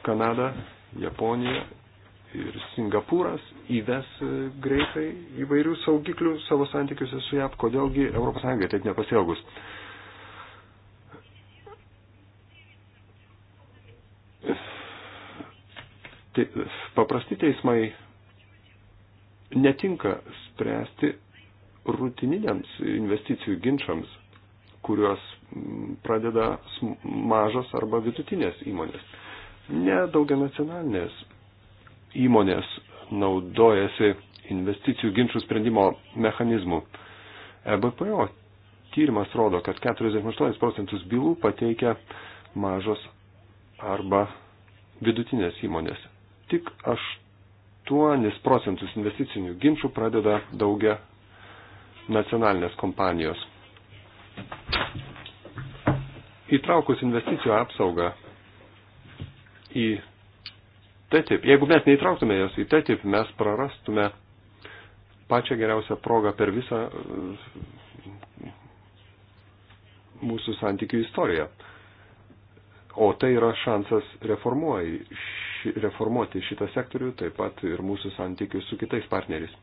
Speaker 1: Kanada, Japonija ir Singapūras įves e, greitai įvairių saugiklių savo santykiuose su JAP, kodėlgi ES taip nepasielgus. Paprasti teismai netinka spręsti rutininiams investicijų ginčiams, kuriuos pradeda mažos arba vidutinės įmonės. Ne daugia nacionalinės įmonės naudojasi investicijų ginčių sprendimo mechanizmų. EBPO tyrimas rodo, kad 48 procentus bylų pateikia mažos arba vidutinės įmonės. Tik 8 procentus investicinių ginčių pradeda daugia nacionalinės kompanijos. Įtraukus investicijų apsaugą į TTIP. Jeigu mes neįtrauktume jos į TTIP, mes prarastume pačią geriausią progą per visą uh, mūsų santykių istoriją. O tai yra šansas ši, reformuoti šitą sektorių, taip pat ir mūsų santykius su kitais partneriais.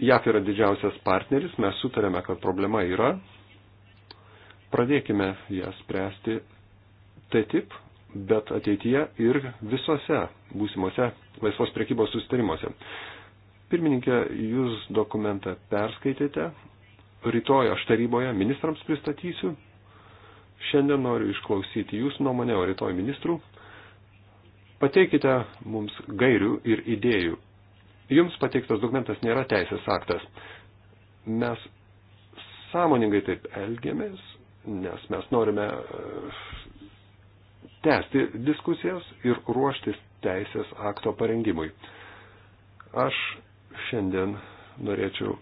Speaker 1: JAF yra didžiausias partneris, mes sutarėme, kad problema yra. Pradėkime ją spręsti TTIP bet ateityje ir visose būsimose laisvos prekybos sustarimuose. Pirmininkė, jūs dokumentą perskaitėte. Rytoj aš taryboje ministrams pristatysiu. Šiandien noriu išklausyti jūsų nuomonę, o rytoj ministrų. Pateikite mums gairių ir idėjų. Jums pateiktas dokumentas nėra teisės aktas. Mes sąmoningai taip elgiamės, nes mes norime tęsti diskusijas ir ruoštis teisės akto parengimui. Aš šiandien norėčiau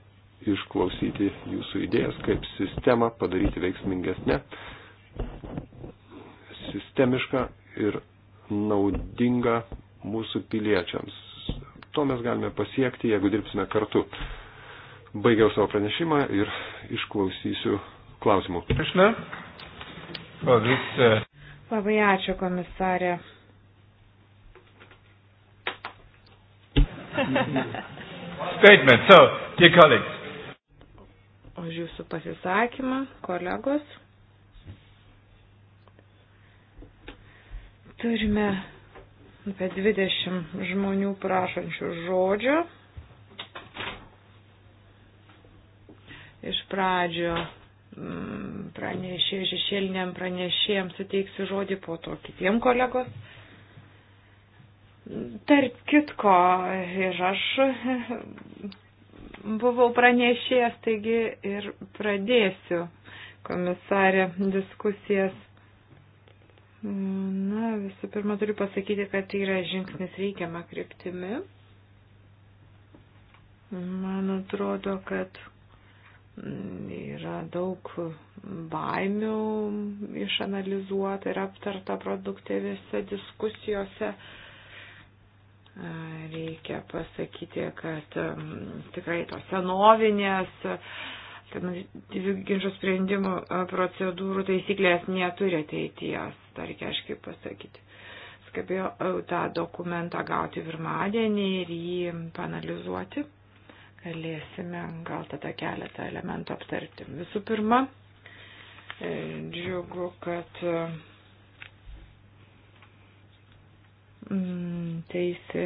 Speaker 1: išklausyti jūsų idėjas, kaip sistemą padaryti veiksmingesnę, sistemišką ir naudingą mūsų piliečiams. To mes galime pasiekti, jeigu dirbsime kartu. Baigiau savo pranešimą ir išklausysiu klausimų. Krishna, for oh, this uh,
Speaker 2: Labai ačiū, komisarė.
Speaker 1: Statement. So, dear colleagues.
Speaker 2: Už jūsų pasisakymą, kolegos. Turime apie 20 žmonių prašančių žodžio. Iš pradžio pranešė, šešėliniam pranešėjams suteiksiu žodį po to kitiem kolegos. Tarp kitko ir aš buvau pranešėjęs, taigi ir pradėsiu komisarė diskusijas. Na, visų pirma, turiu pasakyti, kad tai yra žingsnis reikiama kryptimi. Man atrodo, kad Yra daug baimių išanalizuota ir aptarta produktyvėse diskusijose. Reikia pasakyti, kad mm, tikrai tos senovinės ginčio sprendimų procedūrų taisyklės neturi ateities, dar reikia aiškiai pasakyti skabėjo tą dokumentą gauti pirmadienį ir jį panalizuoti galėsime gal tada keletą elementų aptarti. Visų pirma, e, džiugu, kad mm, teisė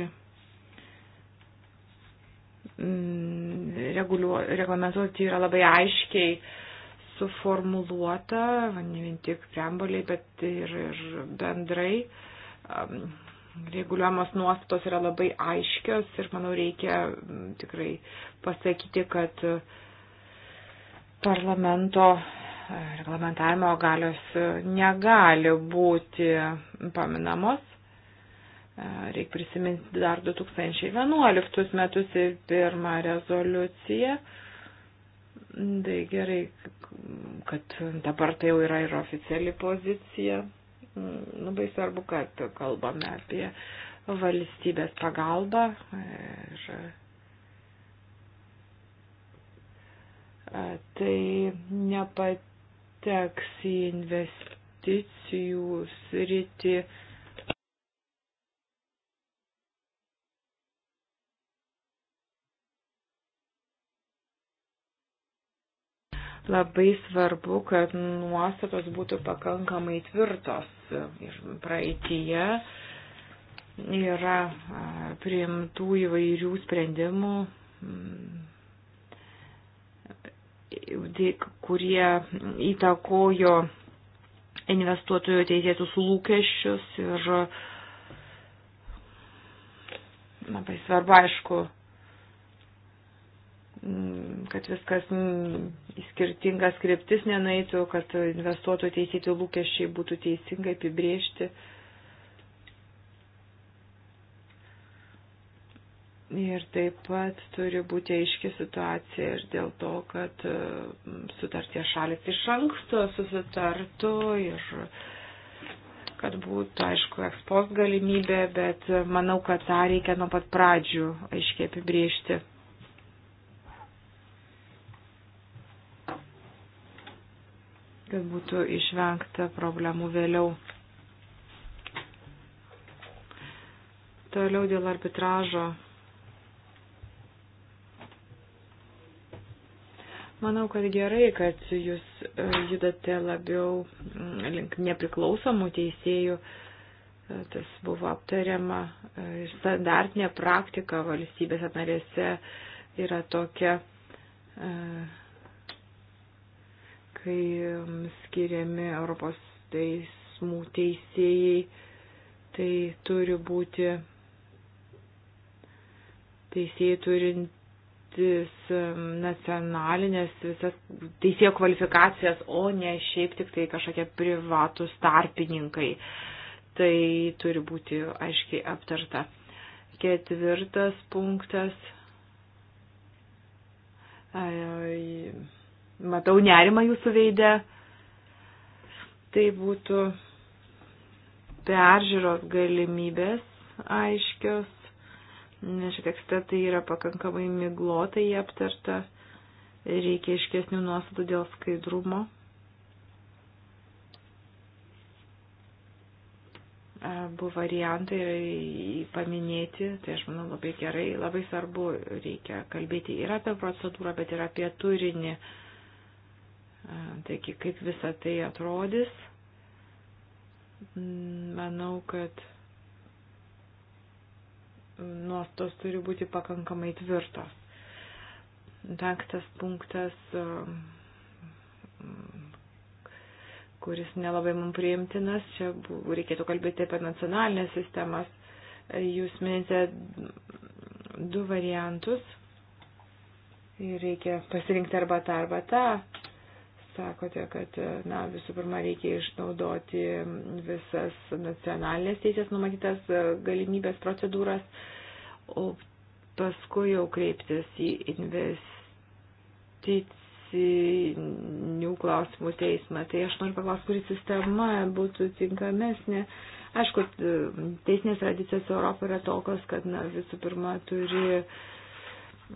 Speaker 2: mm, reglamentuoti yra labai aiškiai suformuluota, ne vien tik preambuliai, bet ir, ir bendrai reguliuojamos nuostatos yra labai aiškios ir manau reikia mm, tikrai pasakyti, kad e, parlamento e, reglamentavimo galios e, negali būti paminamos. Reikia prisiminti dar 2011 metus ir pirmą rezoliuciją. Tai gerai, kad dabar tai jau yra ir oficiali pozicija. Mm, labai svarbu, kad kalbame apie valstybės pagalbą ir e, tai nepateks į investicijų sritį Labai svarbu, kad nuostatos būtų pakankamai tvirtos iš praeitie. Yra priimtų įvairių sprendimų, kurie įtakojo investuotojų teisėtus lūkesčius ir labai svarbu, aišku, Mm, kad viskas mm, į skirtingas kryptis nenaitų, kad investuotojų teisėti lūkesčiai būtų teisingai apibriežti. Ir taip pat turi būti aiški situacija ir dėl to, kad mm, sutarties šalis iš anksto susitartų ir kad būtų, aišku, ekspos galimybė, bet manau, kad tą reikia nuo pat pradžių aiškiai apibriežti. kad būtų išvengta problemų vėliau. Toliau dėl arbitražo. Manau, kad gerai, kad jūs e, judate labiau mm, link nepriklausomų teisėjų. E, tas buvo aptariama. E, standartinė praktika valstybės atnarėse yra tokia. Uh, kai um, skiriami Europos teismų teisėjai, tai turi būti teisėjai turintis um, nacionalinės visas teisėjo kvalifikacijas, o ne šiaip tik tai kažkokie privatus tarpininkai. Tai turi būti aiškiai aptarta. Ketvirtas punktas. Ai, ai. Matau nerimą jūsų veidę. Tai būtų peržiūros galimybės aiškios. Nes tekste tai yra pakankamai miglotai aptarta. Reikia iškesnių nuostatų dėl skaidrumo. abu variantai yra paminėti, tai aš manau labai gerai, labai svarbu reikia kalbėti ir apie procedūrą, bet ir apie turinį. Uh, Taigi, kaip visa tai atrodys, manau, kad nuostos turi būti pakankamai tvirtos. Penktas punktas, kuris nelabai mums priimtinas, čia reikėtų kalbėti apie nacionalinės sistemas. Jūs minite du variantus ir reikia pasirinkti arba tą, arba tą sakote, kad na, visų pirma reikia išnaudoti visas nacionalinės teisės numatytas e, galimybės procedūras, o paskui jau kreiptis į investicinių klausimų teismą. Tai aš noriu paklausti, kuri sistema būtų tinkamesnė. Aišku, teisinės tradicijos Europoje yra tokios, kad na, visų pirma turi uh,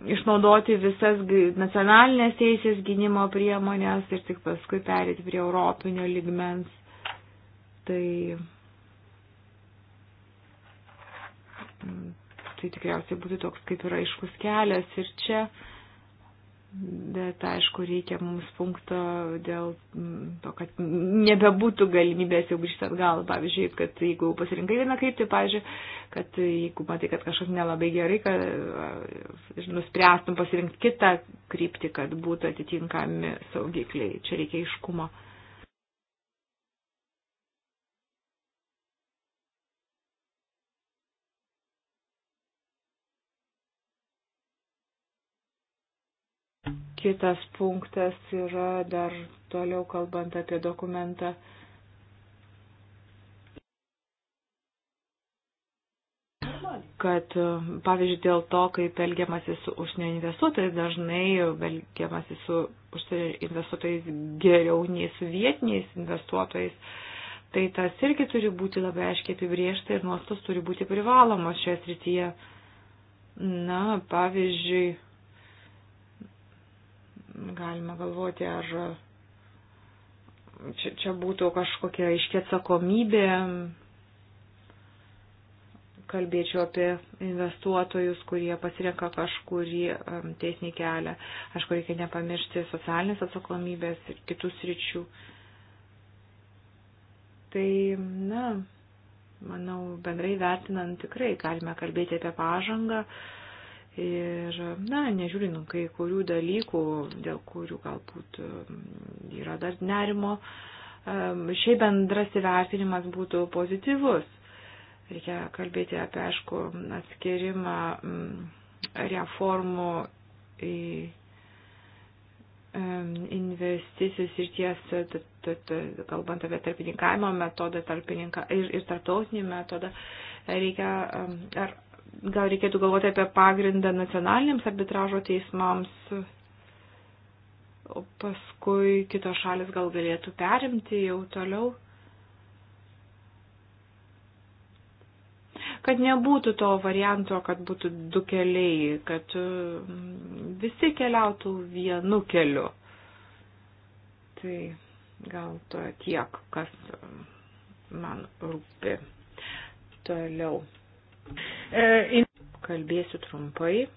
Speaker 2: išnaudoti visas nacionalinės teisės gynimo priemonės ir tik paskui perėti prie europinio ligmens. Tai, mm, tai tikriausiai būtų toks kaip ir aiškus kelias ir čia. Uh, Bet aišku, reikia mums punkto dėl mm, to, kad nebebūtų galimybės jau grįžti atgal. Pavyzdžiui, kad jeigu pasirinkai vieną kryptį, pavyzdžiui, kad jeigu matai, kad kažkas nelabai gerai, kad e, nuspręstum pasirinkti kitą kryptį, kad būtų atitinkami saugikliai. Čia reikia iškumo. Mhm. Kitas punktas yra dar toliau kalbant apie dokumentą. kad, pavyzdžiui, dėl to, kaip elgiamasi su užsienio investuotojais, dažnai elgiamasi su užsienio investuotojais geriau nei su vietiniais investuotojais, tai tas irgi turi būti labai aiškiai apibriešta ir nuostos turi būti privalomos šioje srityje. Na, pavyzdžiui, galima galvoti, ar čia, čia būtų kažkokia aiškia atsakomybė, kalbėčiau apie investuotojus, kurie pasirenka kažkurį um, teisinį kelią. Aišku, reikia nepamiršti socialinės atsakomybės ir kitus ryčių. Tai, na, manau, bendrai vertinant tikrai galime kalbėti apie pažangą. Uh, Ir, na, nežiūrint kai kurių dalykų, dėl kurių galbūt mm, yra dar nerimo, šiaip bendras įvertinimas būtų pozityvus. Reikia kalbėti apie, aišku, atskirimą mm, reformų į investicijos ir ties, kalbant apie tarpininkavimo metodą tarpininka, ir, ir tarptautinį metodą, reikia, ar gal reikėtų galvoti apie pagrindą nacionaliniams arbitražo teismams, o paskui kitos šalis gal galėtų perimti jau toliau. Kad nebūtų to varianto, kad būtų du keliai, kad mm, visi keliautų vienu keliu. Tai gal to tiek, kas mm, man rūpi toliau. E, Kalbėsiu trumpai.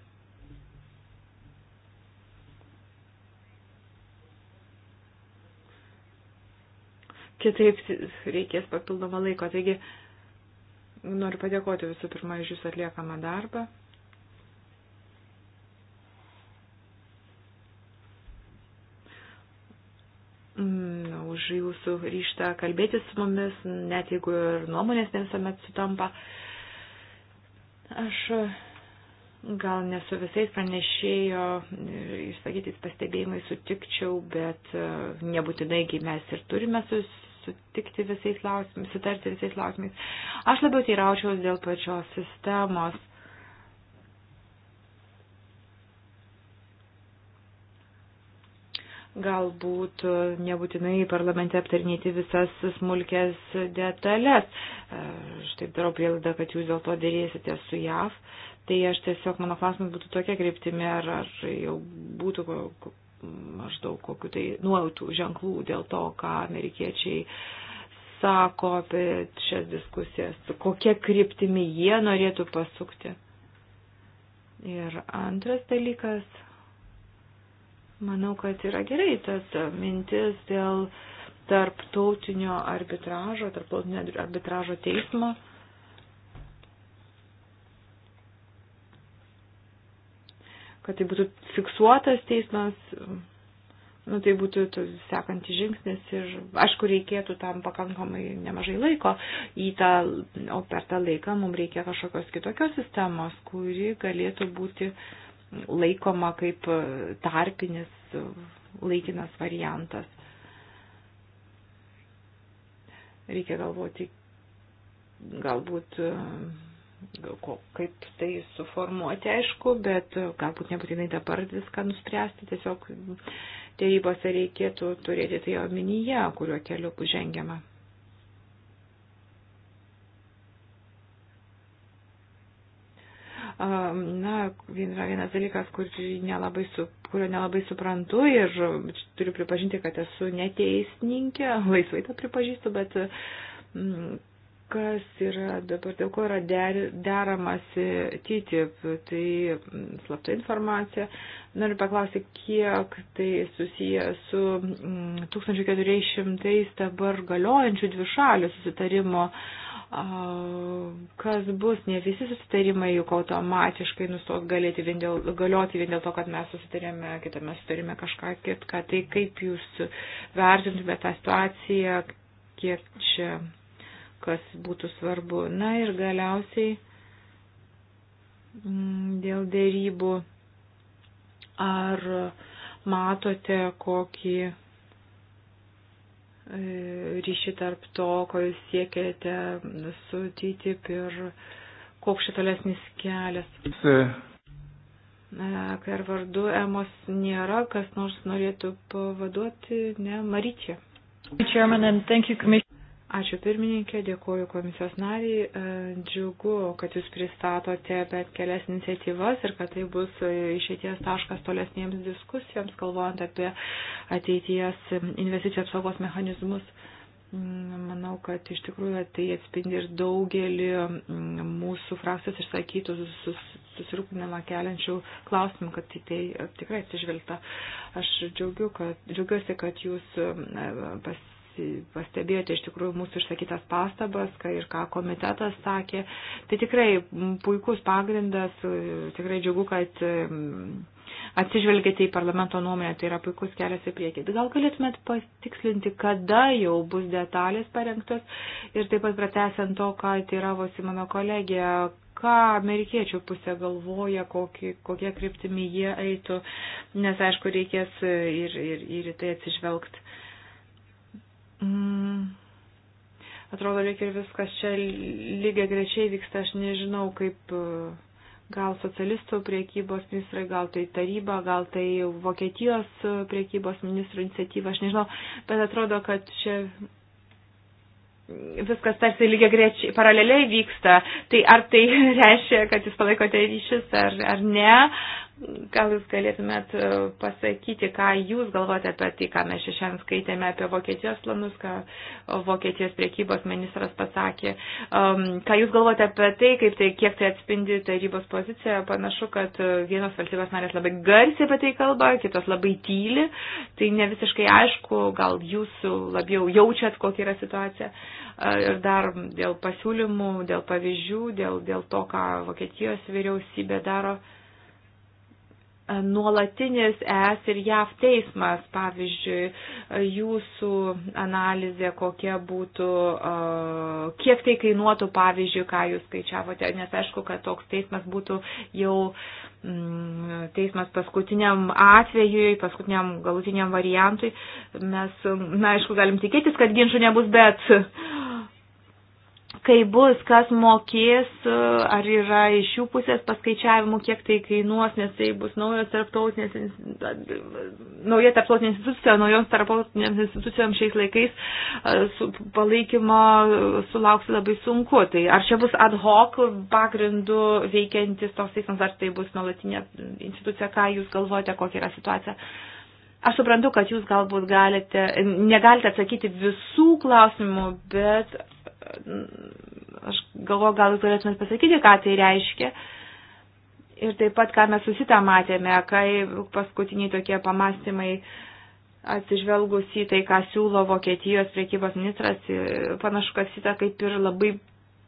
Speaker 2: Kitaip reikės papildomą laiko. Taigi, noriu padėkoti visų pirma iš jūsų atliekamą darbą. Mm, už jūsų ryštą kalbėti su mumis, net jeigu ir nuomonės ne visuomet sutampa. Uh, Aš e, gal ne su visais pranešėjo e, išsakytais pastebėjimais sutikčiau, bet e, nebūtinai mes ir turime sus, sutikti visais klausimais, sutarti visais klausimais. Aš labiau teiraučiaus dėl pačios sistemos. galbūt e, nebūtinai parlamente aptarinėti visas smulkės detalės. E, aš taip darau prielaidą, kad jūs dėl to dėrėsite su JAV. Tai aš tiesiog, mano klausimas būtų tokia kryptimi, ar, ar jau būtų maždaug kokiu tai nuojautų ženklų dėl to, ką amerikiečiai sako apie šias diskusijas, kokia kryptimi jie norėtų pasukti. Ir antras dalykas Manau, kad yra gerai tas mintis dėl tarptautinio arbitražo, tarptautinio arbitražo teismo. Kad tai būtų fiksuotas teismas, nu, tai būtų sekantis žingsnis ir, aišku, reikėtų tam pakankamai nemažai laiko. Į tą, o per tą laiką mums reikia kažkokios kitokios sistemos, kuri galėtų būti uh, laikoma kaip e, tarpinis e, laikinas variantas. Reikia galvoti, galbūt e, kaip tai suformuoti, aišku, bet galbūt nebūtinai dabar viską nuspręsti, tiesiog dėrybose reikėtų turėti tai omenyje, kuriuo keliu žengiama. na, yra vienas dalykas, kur nelabai su, kurio nelabai suprantu ir turiu pripažinti, kad esu neteisininkė, laisvai tą pripažįstu, bet mm, kas yra dabar, dėl ko yra der, deramasi TTIP, tai mm, slapta informacija. Noriu paklausyti, kiek tai susiję su 1400 mm, dabar galiojančių dvišalių susitarimo uh, kas bus, ne visi susitarimai juk automatiškai nustos galėti vien dėl, galioti vien dėl to, kad mes susitarėme, kitame susitarėme kažką kitką. Tai kaip jūs vertintumėte tą situaciją, kiek čia kas būtų svarbu. Na ir galiausiai mm, dėl dėrybų, ar matote kokį ryšį tarp to, ko jūs siekėte su TTIP ir koks šitolesnis kelias. E. Kar vardu Emos nėra, kas nors norėtų pavaduoti, ne, Maryčia. Ačiū pirmininkė, dėkuoju komisijos nariai. E, džiugu, kad jūs pristatote bet kelias iniciatyvas ir kad tai bus išeities taškas tolesniems diskusijoms, kalbant apie ateities investicijų apsaugos mechanizmus. Mm, manau, kad iš tikrųjų tai atspindi ir daugelį mm, mūsų frakcijos išsakytų susirūpinimą keliančių klausimų, kad tai, tai tikrai atsižvelgta. Aš džiaugiu, kad, džiaugiuosi, kad jūs mm, pas pastebėjote iš tikrųjų mūsų išsakytas pastabas kai ir ką komitetas sakė. Tai tikrai puikus pagrindas, tikrai džiugu, kad atsižvelgėte į parlamento nuomonę, tai yra puikus kelias į priekį. Gal galėtumėt patikslinti, kada jau bus detalės parengtos ir taip pat pratesiant to, ką tyravosi mano kolegė, ką amerikiečių pusė galvoja, kokie, kokie kryptimi jie eitų, nes aišku reikės ir, ir, ir į tai atsižvelgti. Mm. Atrodo, lyg ir viskas čia lygiai grečiai vyksta, aš nežinau, kaip e, gal socialistų priekybos ministrai, gal tai taryba, gal tai Vokietijos e, priekybos ministrų iniciatyva, aš nežinau, bet atrodo, kad čia viskas tarsi lygiai grečiai paraleliai vyksta. Tai ar tai reiškia, kad jūs palaikote ryšius ar, ar ne? Uh, Gal jūs galėtumėt e, pasakyti, ką jūs galvojate apie tai, ką mes šiandien skaitėme apie Vokietijos planus, ką Vokietijos priekybos ministras pasakė. Ką jūs galvojate apie tai, kaip tai, kiek tai atspindi tarybos poziciją, panašu, kad e, vienos valstybės narės labai garsiai apie tai kalba, kitos labai tyli, tai ne visiškai aišku, gal jūs labiau jaučiat, kokia yra situacija. Ir dar dėl pasiūlymų, dėl pavyzdžių, dėl, dėl to, ką Vokietijos vyriausybė daro nuolatinis ES ir JAV teismas, pavyzdžiui, jūsų analizė, kokia būtų, kiek tai kainuotų, pavyzdžiui, ką jūs skaičiavote, nes aišku, kad toks teismas būtų jau mm, teismas paskutiniam atvejui, paskutiniam galutiniam variantui. Mes, na, aišku, galim tikėtis, kad ginčių nebus, bet kai bus, kas mokės, e, ar yra iš jų pusės paskaičiavimų, kiek tai kainuos, nes tai bus naujos tarptautinės, nauja tarptautinė institucija, naujos tarptautinėms institucijoms šiais laikais e, su palaikymo sulauks labai sunku. Tai ar čia bus ad hoc pagrindu veikiantis toks teismas, ar tai bus nuolatinė institucija, ką jūs galvojate, kokia yra situacija? Aš suprantu, kad jūs galbūt galite, negalite atsakyti visų klausimų, bet aš galvoju, gal jūs galėtumėt pasakyti, ką tai reiškia. Ir taip pat, ką mes susitą matėme, kai paskutiniai tokie pamastymai atsižvelgus į tai, ką siūlo Vokietijos priekybos ministras, panašu, kad sita kaip ir labai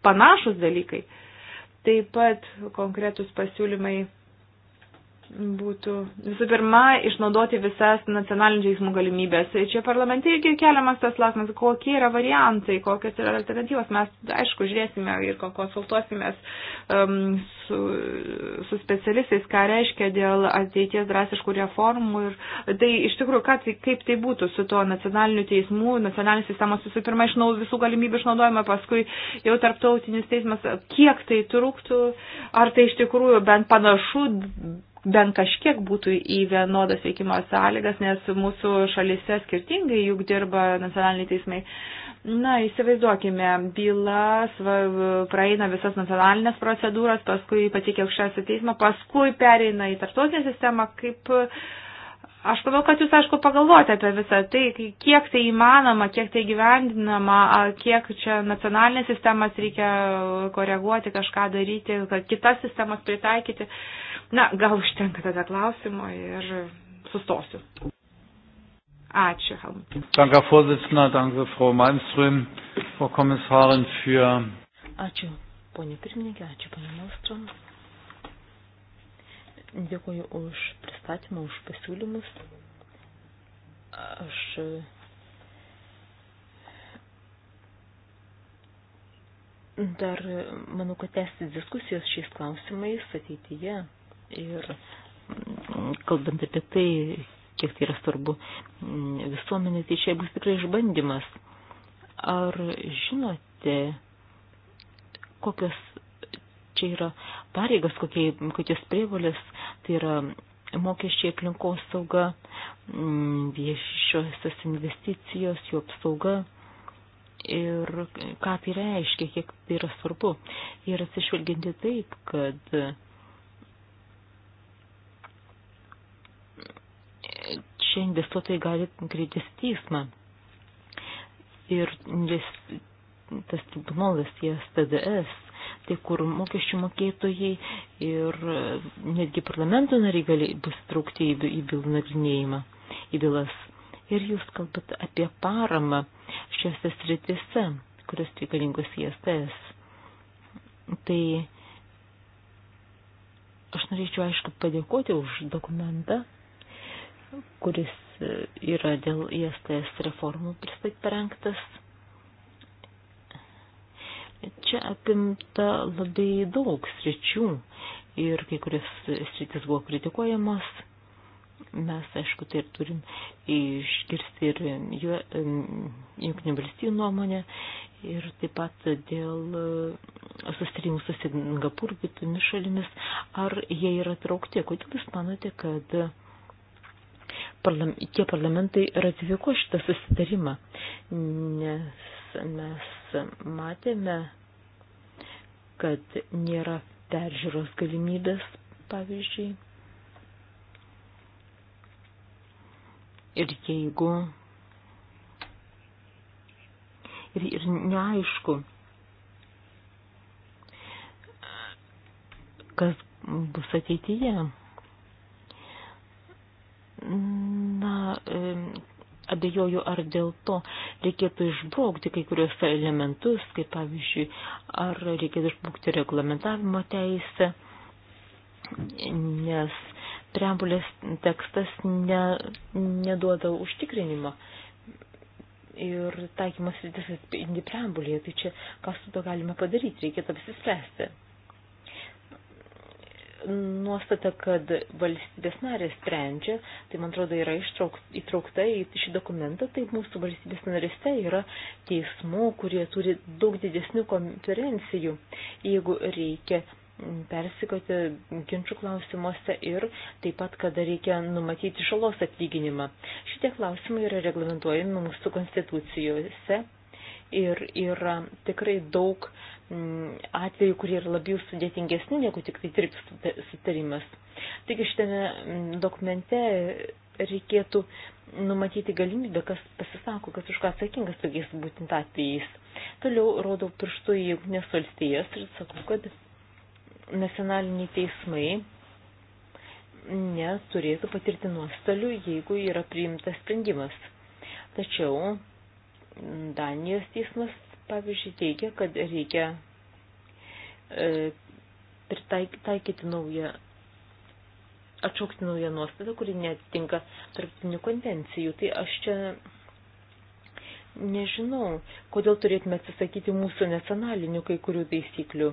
Speaker 2: panašus dalykai. Taip pat konkretus pasiūlymai būtų visų pirma išnaudoti visas nacionalinių teismų galimybės. Čia parlamente irgi keliamas tas klausimas, kokie yra variantai, kokios yra alternatyvos. Mes, aišku, žiūrėsime ir konsultuosimės um, su, su specialistais, ką reiškia dėl ateities drąsiškų reformų. Ir tai iš tikrųjų, kad, tai- kaip tai būtų su tuo nacionaliniu teismu, nacionalinės sistemos visų pirma išnau, visų galimybių išnaudojama, paskui jau tarptautinis teismas, kiek tai truktų, ar tai iš tikrųjų bent panašu bent kažkiek būtų į vienodas veikimo sąlygas, nes mūsų šalise skirtingai juk dirba nacionaliniai teismai. Na, įsivaizduokime, byla sva, praeina visas nacionalinės procedūras, paskui pateikia aukščiausią teismą, paskui pereina į tarptautinę sistemą, kaip Aš manau, kad jūs, aišku, pagalvojate apie visą tai, kiek tai įmanoma, kiek tai gyvendinama, kiek čia nacionalinės sistemas reikia koreguoti, kažką daryti, kad kitas sistemas pritaikyti. Uh, Na, gal užtenka tada klausimo ir sustosiu. Ačiū.
Speaker 1: Danke, Vorsitzender, danke, Frau Malmström, Frau Kommissarin, für.
Speaker 4: Ačiū, ponė pirmininkė, ačiū, ponė Malmström. Dėkuoju už pristatymą, už pasiūlymus. Aš dar manau, kad tęsti diskusijos šiais klausimais ateityje. Ir mm, kalbant apie tai, kiek tai yra svarbu mm, visuomenė, tai čia bus tikrai išbandymas. Ar žinote, kokios čia yra pareigas, kokie, kokios prievolės, tai yra mokesčiai aplinkos sauga, mm, viešiosios investicijos, jų apsauga ir ką tai reiškia, kiek tai yra svarbu. Ir atsižvelginti taip, kad šie investuotojai gali kreiptis į teismą. Ir tas tribunolas, tie TDS, tai kur mokesčių mokėtojai ir e, netgi parlamento nariai gali bus traukti į, į bylų nagrinėjimą, į bylas. Ir jūs kalbate apie paramą šiuose sritise, kurios reikalingos į STS. Tai aš norėčiau, aišku, padėkoti už dokumentą, kuris e, yra dėl ISTS reformų pristat parengtas. Čia apimta labai daug sričių ir kai kurias sritis buvo kritikuojamos. Mes, aišku, tai ir turim išgirsti ir e, jungtinių valstybių nuomonę ir taip pat dėl e, sustarimų su Singapūru, kitomis šalimis, ar jie yra traukti. Kodėl jūs manote, kad parlam, tie parlamentai ratifikuos šitą susitarimą, nes mes matėme, kad nėra peržiūros galimybės, pavyzdžiui. Ir jeigu ir, ir neaišku, kas bus ateityje. Na, abejoju, ar dėl to reikėtų išbraukti kai kurios elementus, kaip pavyzdžiui, ar reikėtų išbraukti reglamentavimo teisę, nes preambulės tekstas ne, neduoda užtikrinimo. Ir taikymas įdėsis į preambulėje, tai čia ką su to galima padaryti, reikėtų apsispręsti nuostata, kad valstybės narės sprendžia, tai man atrodo yra ištrauk, įtraukta į šį dokumentą, tai mūsų valstybės narėse yra teismų, kurie turi daug didesnių konferencijų, jeigu reikia persikoti ginčių klausimuose ir taip pat, kada reikia numatyti žalos atlyginimą. Šitie klausimai yra reglamentuojami mūsų konstitucijose ir yra tikrai daug Mm, atvejų, kurie yra labiau sudėtingesni negu tik tai trips sutarimas. Taigi šitame mm, dokumente reikėtų numatyti galimybę, kas pasisako, kas už ką atsakingas tokiais būtent atvejais. Toliau rodau pirštų į jungtinės valstijas ir sakau, kad nacionaliniai teismai neturėtų patirti nuostolių, jeigu yra priimtas sprendimas. Tačiau Danijos teismas pavyzdžiui, teigia, kad reikia e, pritaikyti naują, atšaukti naują nuostatą, kuri netitinka tarptautinių konvencijų. Tai aš čia nežinau, kodėl turėtume atsisakyti mūsų nacionalinių kai kurių taisyklių.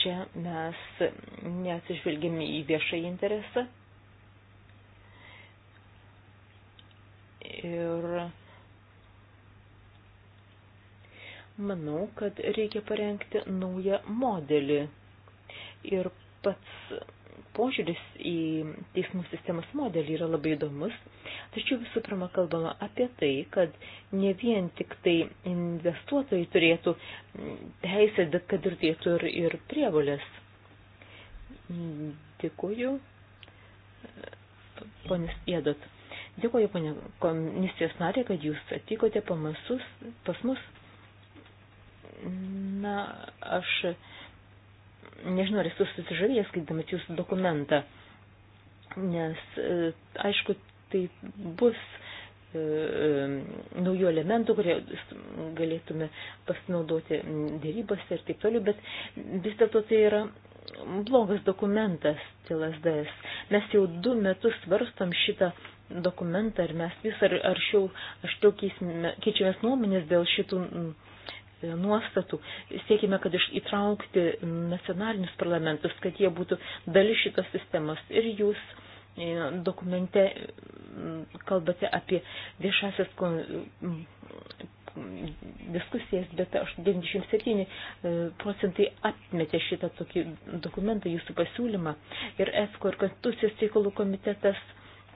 Speaker 4: Čia mes neatsižvelgėme į viešą interesą ir manau, kad reikia parengti naują modelį. Ir pats požiūris į teismų sistemos modelį yra labai įdomus, tačiau visų pirma kalbama apie tai, kad ne vien tik tai investuotojai turėtų teisę, bet kad ir turėtų ir, ir prievolės. Dėkuoju, ponis Jėdot. Dėkuoju, ponė komisijos narė, kad jūs atvykote pamasus, pas mus. Na, aš nežinau, ar esu susižavėjęs, skaitydamas jūsų dokumentą, nes, e, aišku, tai bus e, e, naujų elementų, kurie galėtume pasinaudoti dėrybose ir taip toliau, bet vis dėlto tai yra blogas dokumentas dėl SDS. Mes jau du metus svarstom šitą dokumentą ir mes vis ar, aršiau, aštriau keičiamės nuomonės dėl šitų mm, e, nuostatų. Siekime, kad įtraukti nacionalinius parlamentus, kad jie būtų dalis šitos sistemos. Ir jūs e, dokumente mm, kalbate apie viešasias mm, diskusijas, bet 97 e, procentai atmetė šitą tokį dokumentą, jūsų pasiūlymą. Ir ESCO ir Konstitucijos reikalų komitetas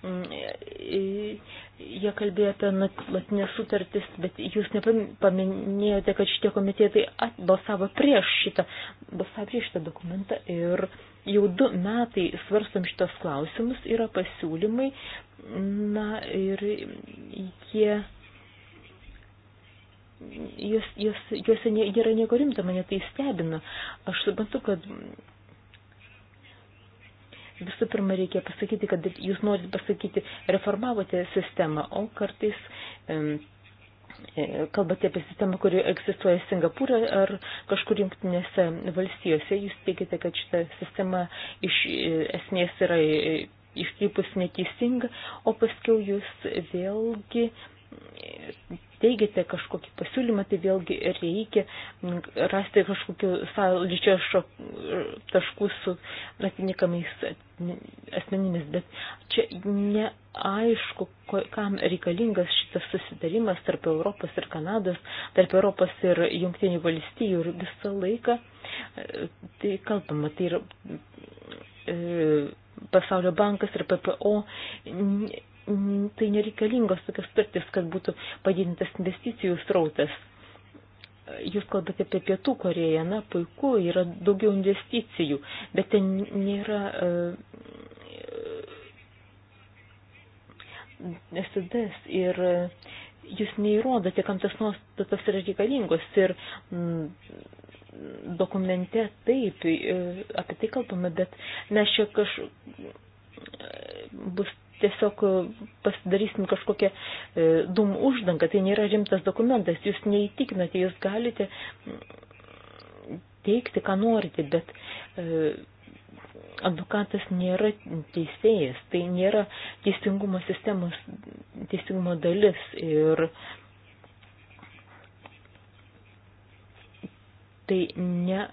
Speaker 4: Mm, jie kalbėjo apie nuolatinės sutartis, bet jūs nepaminėjote, kad šitie komitetai balsavo prieš šitą, balsavo prieš šitą dokumentą ir jau du metai svarstam šitos klausimus, yra pasiūlymai, na ir jie jos, jos, jos nė, nėra nieko rimta, mane tai stebina. Aš suprantu, kad Visų pirma, reikia pasakyti, kad jūs norit pasakyti, reformavote sistemą, o kartais um, kalbate apie sistemą, kuri egzistuoja Singapūrė ar kažkur jungtinėse valstijose, jūs teikite, kad šita sistema iš e, esmės yra e, iškrypus neteisinga, o paskiau jūs vėlgi teigiate kažkokį pasiūlymą, tai vėlgi reikia rasti kažkokių sąlyčio taškų su atitinkamais asmenimis, bet čia neaišku, kam reikalingas šitas susidarimas tarp Europos ir Kanados, tarp Europos ir Junktinių valstijų ir visą laiką, e, tai kalbama, tai yra e, Pasaulio bankas ir PPO Mm, tai nereikalingos tokios sutartys, kad būtų padidintas investicijų srautas. Jūs kalbate apie Pietų Koreją, na puiku, yra daugiau investicijų, bet ten nėra uh, e, e, SDS ir uh, jūs neįrodote, kam tas nuostatas yra reikalingos ir mm, dokumente taip, apie tai kalbame, bet mes čia kaž bus tiesiog e, pasidarysim kažkokią e, dūmų uždangą, tai nėra rimtas dokumentas, jūs neįtikinate, jūs galite teikti, ką norite, bet e, advokatas nėra teisėjas, tai nėra teisingumo sistemos, teisingumo dalis ir tai ne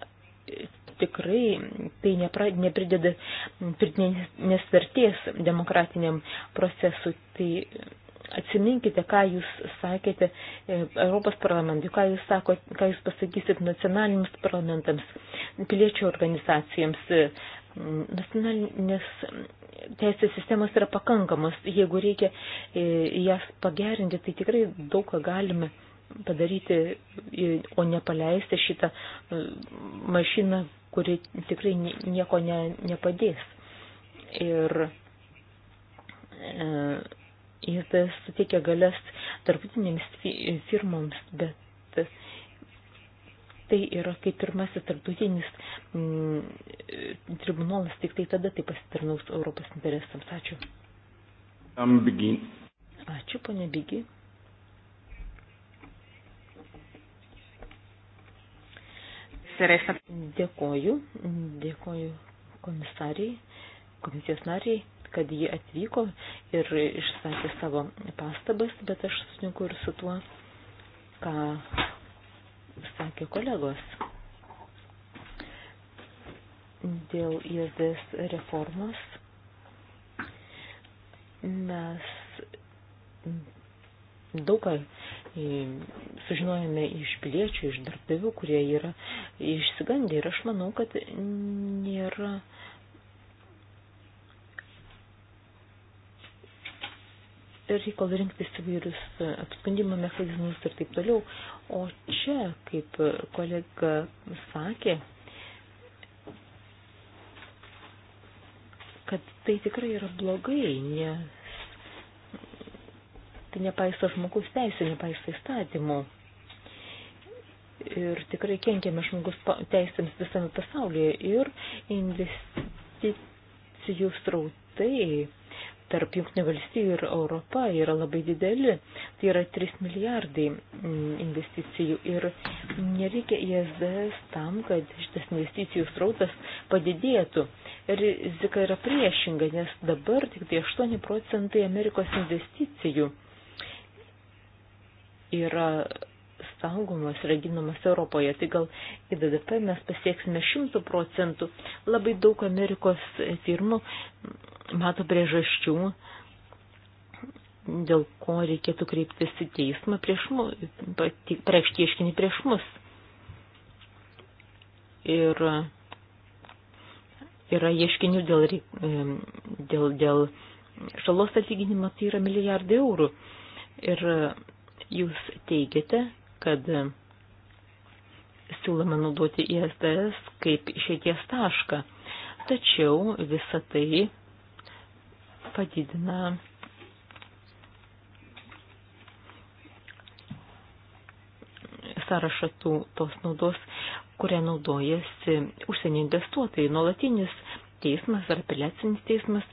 Speaker 4: tikrai tai nepra, neprideda pridinės vertės demokratiniam procesui. Tai atsiminkite, ką jūs sakėte e, Europos parlamentui, ką jūs, sako, ką jūs pasakysit nacionaliniams parlamentams, piliečių organizacijams. E, nacionalinės teisės sistemos yra pakankamos. Jeigu reikia e, jas pagerinti, tai tikrai daug ką galime padaryti, o ne paleisti šitą e, mašiną, kuri tikrai nieko ne, nepadės. Ir jis e, suteikia galės tarptautinėms firmoms, bet tai yra kaip pirmasis tarptautinis mm, tribunolas, tik tai tada tai pasitarnaus Europos interesams. Ačiū. Um, Ačiū, ponė Bigi. Teresa. Dėkoju, dėkoju komisariai, komisijos nariai kad ji atvyko ir išsakė savo pastabas, bet aš sutinku ir su tuo, ką sakė kolegos. Dėl ISDS reformos mes daug ką sužinojame iš piliečių, iš darbdavių, kurie yra išsigandę ir aš manau, kad nėra. Reikalo rinktis įvairius apskundimo mechanizmus ir taip toliau. O čia, kaip kolega sakė, kad tai tikrai yra blogai, nes tai nepaiso žmogus teisė, nepaiso įstatymų. Ir tikrai kenkiame žmogus teisėms visame pasaulyje. Ir investicijų srautai tarp Junktinių valstybių ir Europa yra labai dideli. Tai yra 3 milijardai mm, investicijų ir nereikia ISDS tam, kad šitas investicijų srautas padidėtų. Rizika yra priešinga, nes dabar tik tai 8 procentai Amerikos investicijų yra saugomas, yra ginamas Europoje. Tai gal IDDP mes pasieksime 100 procentų. Labai daug Amerikos firmų mato priežasčių, dėl ko reikėtų kreiptis į teismą prieš mus, prieš ieškinį prieš mus. Ir yra ieškinių dėl, dėl, dėl šalos atlyginimo, tai yra milijardai eurų. Ir Jūs teigiate, kad siūlome naudoti ISDS kaip išeities tašką, tačiau visa tai padidina sąrašą tų, tos naudos, kurią naudojasi užsienio investuotojai. Nuolatinis teismas ar apeliacinis teismas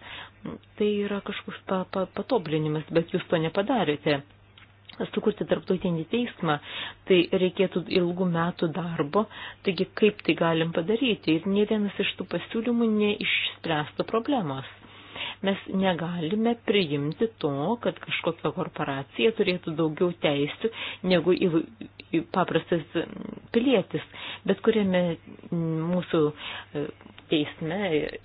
Speaker 4: tai yra kažkoks pa, pa, patoblinimas, bet jūs to nepadarėte sukurti tarptautinį teismą, tai reikėtų ilgų metų darbo, taigi kaip tai galim padaryti ir ne vienas iš tų pasiūlymų neišspręstų problemos. Mes negalime priimti to, kad kažkokia korporacija turėtų daugiau teisų negu į, į paprastas pilietis, bet kuriame mūsų e, teisme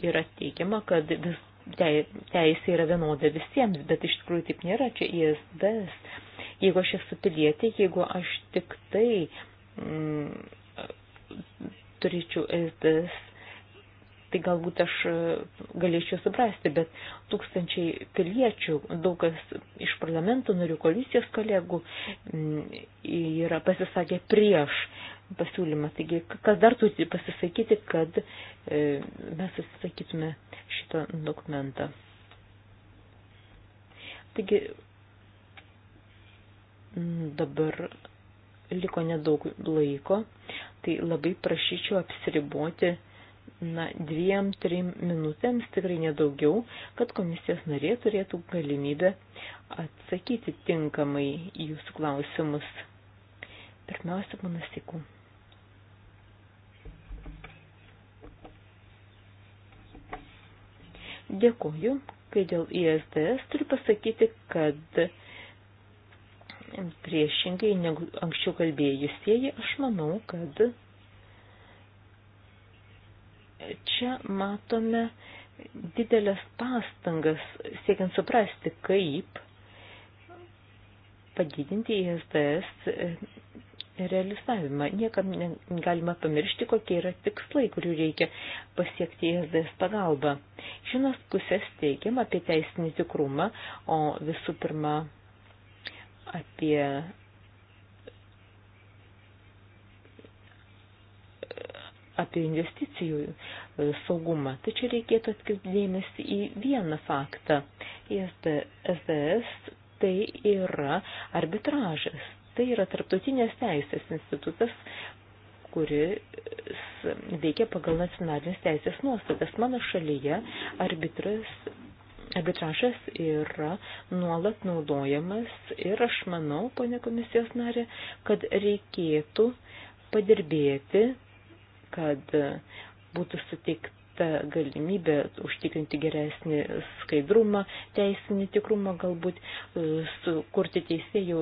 Speaker 4: yra teigiama, kad vis teisė yra vienoda visiems, bet iš tikrųjų taip nėra, čia ISDS Jeigu aš esu pilietė, jeigu aš tik tai mm, turėčiau SDS, tai galbūt aš e, galėčiau suprasti, bet tūkstančiai piliečių, daug kas iš parlamento narių koalicijos kolegų mm, yra pasisakę prieš pasiūlymą. Taigi, kas dar turi pasisakyti, kad e, mes atsisakytume šitą dokumentą. Taigi, dabar liko nedaug laiko, tai labai prašyčiau apsiriboti na, dviem, trim minutėms, tikrai nedaugiau, kad komisijos narė turėtų galimybę atsakyti tinkamai jūsų klausimus. Pirmiausia, panas Tikų. Dėkuoju, kai dėl ISDS turiu pasakyti, kad priešingai negu anksčiau kalbėjusieji, aš manau, kad čia matome didelės pastangas siekiant suprasti, kaip padidinti ISDS e, realizavimą. Niekam negalima pamiršti, kokie yra tikslai, kurių reikia pasiekti ESDS pagalba. Iš vienos pusės teigiam apie teisinį tikrumą, o visų pirma apie apie investicijų e, saugumą. Tačiau reikėtų atkreipti dėmesį į vieną faktą. SDS tai yra arbitražas. Tai yra tarptautinės teisės institutas, kuris veikia pagal nacionalinės teisės nuostatas. Mano šalyje arbitras arbitražas yra nuolat naudojamas ir aš manau, ponė komisijos narė, kad reikėtų padirbėti, kad būtų suteikta galimybė užtikrinti geresnį skaidrumą, teisinį tikrumą, galbūt e, sukurti teisėjų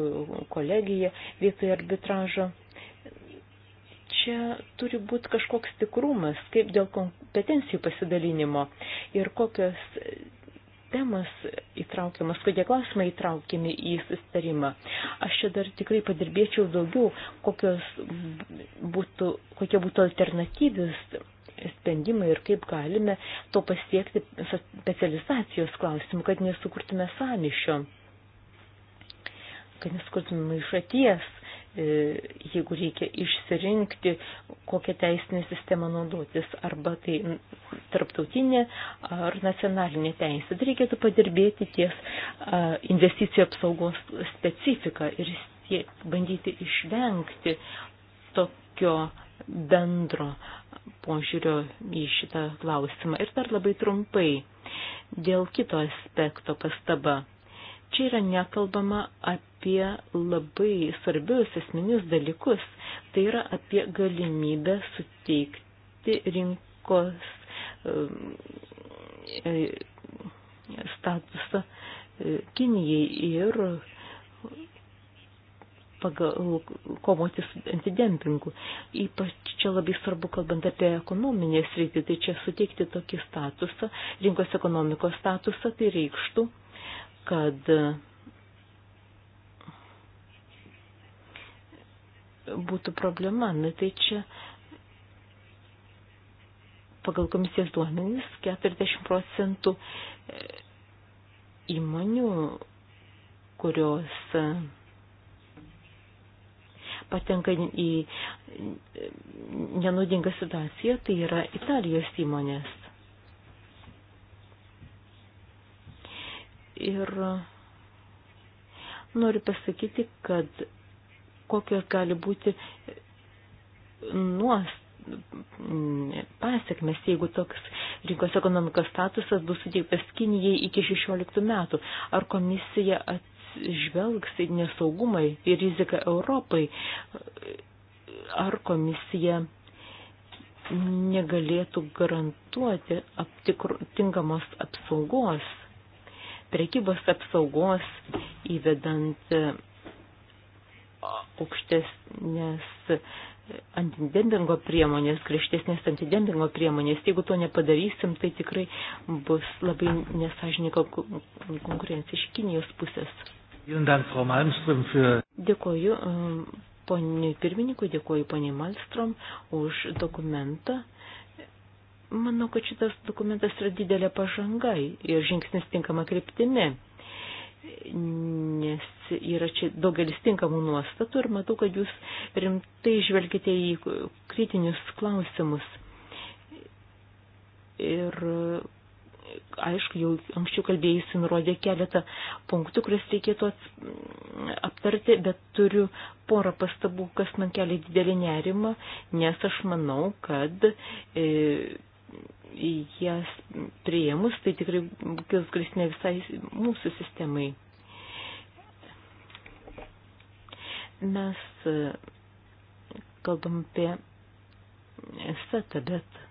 Speaker 4: kolegiją vietoje arbitražo čia turi būti kažkoks tikrumas, kaip dėl kompetencijų pasidalinimo ir kokios temas įtraukiamas, kokie klausimai įtraukiami į sustarimą. Aš čia dar tikrai padirbėčiau daugiau, kokios būtų, kokie būtų alternatyvius sprendimai ir kaip galime to pasiekti specializacijos klausimu, kad nesukurtume samišio, kad nesukurtume maišaties E, jeigu reikia išsirinkti, kokią teisinę sistemą naudotis, arba tai tarptautinė ar nacionalinė teisė. Tai reikėtų padirbėti ties investicijų apsaugos specifiką ir bandyti išvengti tokio bendro požiūrio į šitą klausimą. Ir dar labai trumpai dėl kito aspekto pastaba čia yra nekalbama apie labai svarbius esminius dalykus. Tai yra apie galimybę suteikti rinkos um, e, statusą e, Kinijai ir pagal kovoti su antidempingu. Ypač čia labai svarbu, kalbant apie ekonominę sritį, tai čia suteikti tokį statusą, rinkos ekonomikos statusą, tai reikštų, kad būtų problema. Na tai čia pagal komisijos duomenys 40 procentų įmonių, kurios patenka į nenudingą situaciją, tai yra Italijos įmonės. Ir noriu pasakyti, kad kokios gali būti nuostatos pasiekmes, jeigu toks rinkos ekonomikos statusas bus suteiktas Kinijai iki 16 metų. Ar komisija atsižvelgs į nesaugumą ir riziką Europai? Ar komisija negalėtų garantuoti aptikr, tinkamos apsaugos? prekybos apsaugos, įvedant e, aukštesnės antidempingo priemonės, griežtesnės antidempingo priemonės. Jeigu to nepadarysim, tai tikrai bus labai nesažininko konkurencija iš Kinijos pusės. Dėkoju e, poniai pirmininkui, dėkoju poniai Malstrom už dokumentą. Manau, kad šitas dokumentas yra didelė pažanga ir žingsnis tinkama kryptimi, nes yra čia daugelis tinkamų nuostatų ir matau, kad jūs rimtai žvelgite į kritinius klausimus. Ir aišku, jau anksčiau kalbėjusi nurodė keletą punktų, kurias reikėtų aptarti, bet turiu porą pastabų, kas man kelia didelį nerimą, nes aš manau, kad e, jas prieimus, tai tikrai kils grėsmė visai mūsų sistemai. Mes e, kalbam apie setą, bet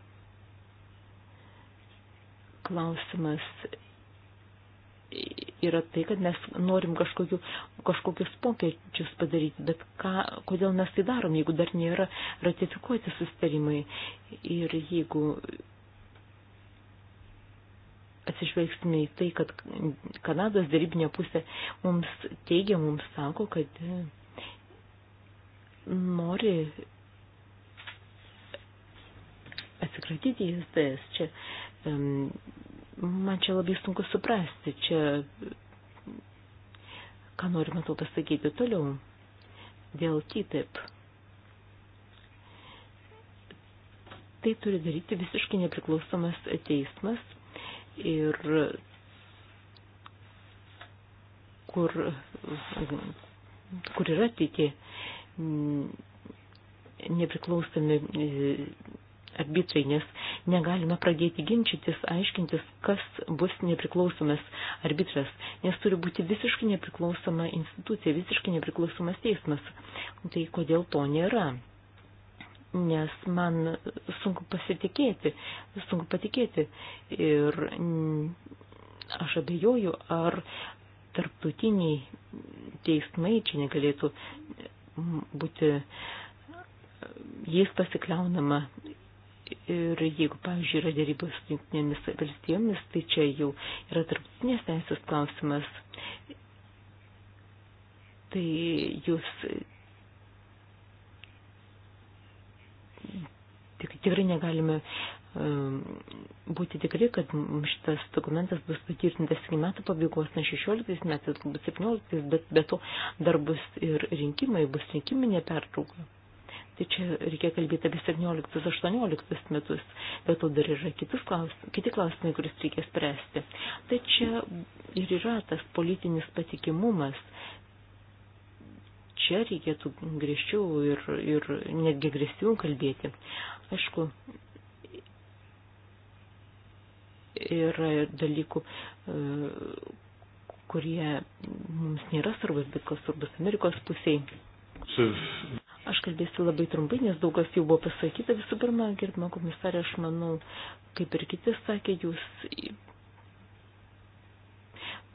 Speaker 4: klausimas yra tai, kad mes norim kažkokiu, kažkokius pokyčius padaryti, bet ką, kodėl mes tai darom, jeigu dar nėra ratifikuoti sustarimai ir jeigu atsižvelgsime į tai, kad Kanados darybinė pusė mums teigia, mums sako, kad e, nori atsikratyti ISDS. Čia, e, man čia labai sunku suprasti, čia ką norime to pasakyti toliau dėl TTIP. Tai turi daryti visiškai nepriklausomas teismas, ir kur, kur yra tiki nepriklausomi arbitrai, nes negalime pradėti ginčytis, aiškintis, kas bus nepriklausomas arbitras, nes turi būti visiškai nepriklausoma institucija, visiškai nepriklausomas teismas. Tai kodėl to nėra? nes man sunku pasitikėti, sunku patikėti ir mm, aš abejoju, ar tarptautiniai teismai čia negalėtų mm, būti jais pasikliaunama. Ir jeigu, pavyzdžiui, yra dėrybos su jungtinėmis valstijomis, tai čia jau yra tarptautinės teisės klausimas. Tai jūs tik, tikrai negalime um, būti tikri, kad šitas dokumentas bus patvirtintas iki metų pabaigos, ne 16 metais, bus 17, bet be to dar bus ir rinkimai, bus rinkiminė pertrauka. Tai čia reikia kalbėti apie 17-18 metus, bet to dar yra kitus klaus, kiti klausimai, kuris reikia spręsti. Tai čia ir yra tas politinis patikimumas, čia reikėtų griežčiau ir, ir netgi grėsmiau kalbėti. Aišku, yra dalykų, e, kurie mums nėra svarbus, bet kas svarbus Amerikos pusiai. Aš kalbėsiu labai trumpai, nes daugas jau buvo pasakyta. Visų pirma, gerbimo komisarė, aš manau, kaip ir kiti sakė, jūs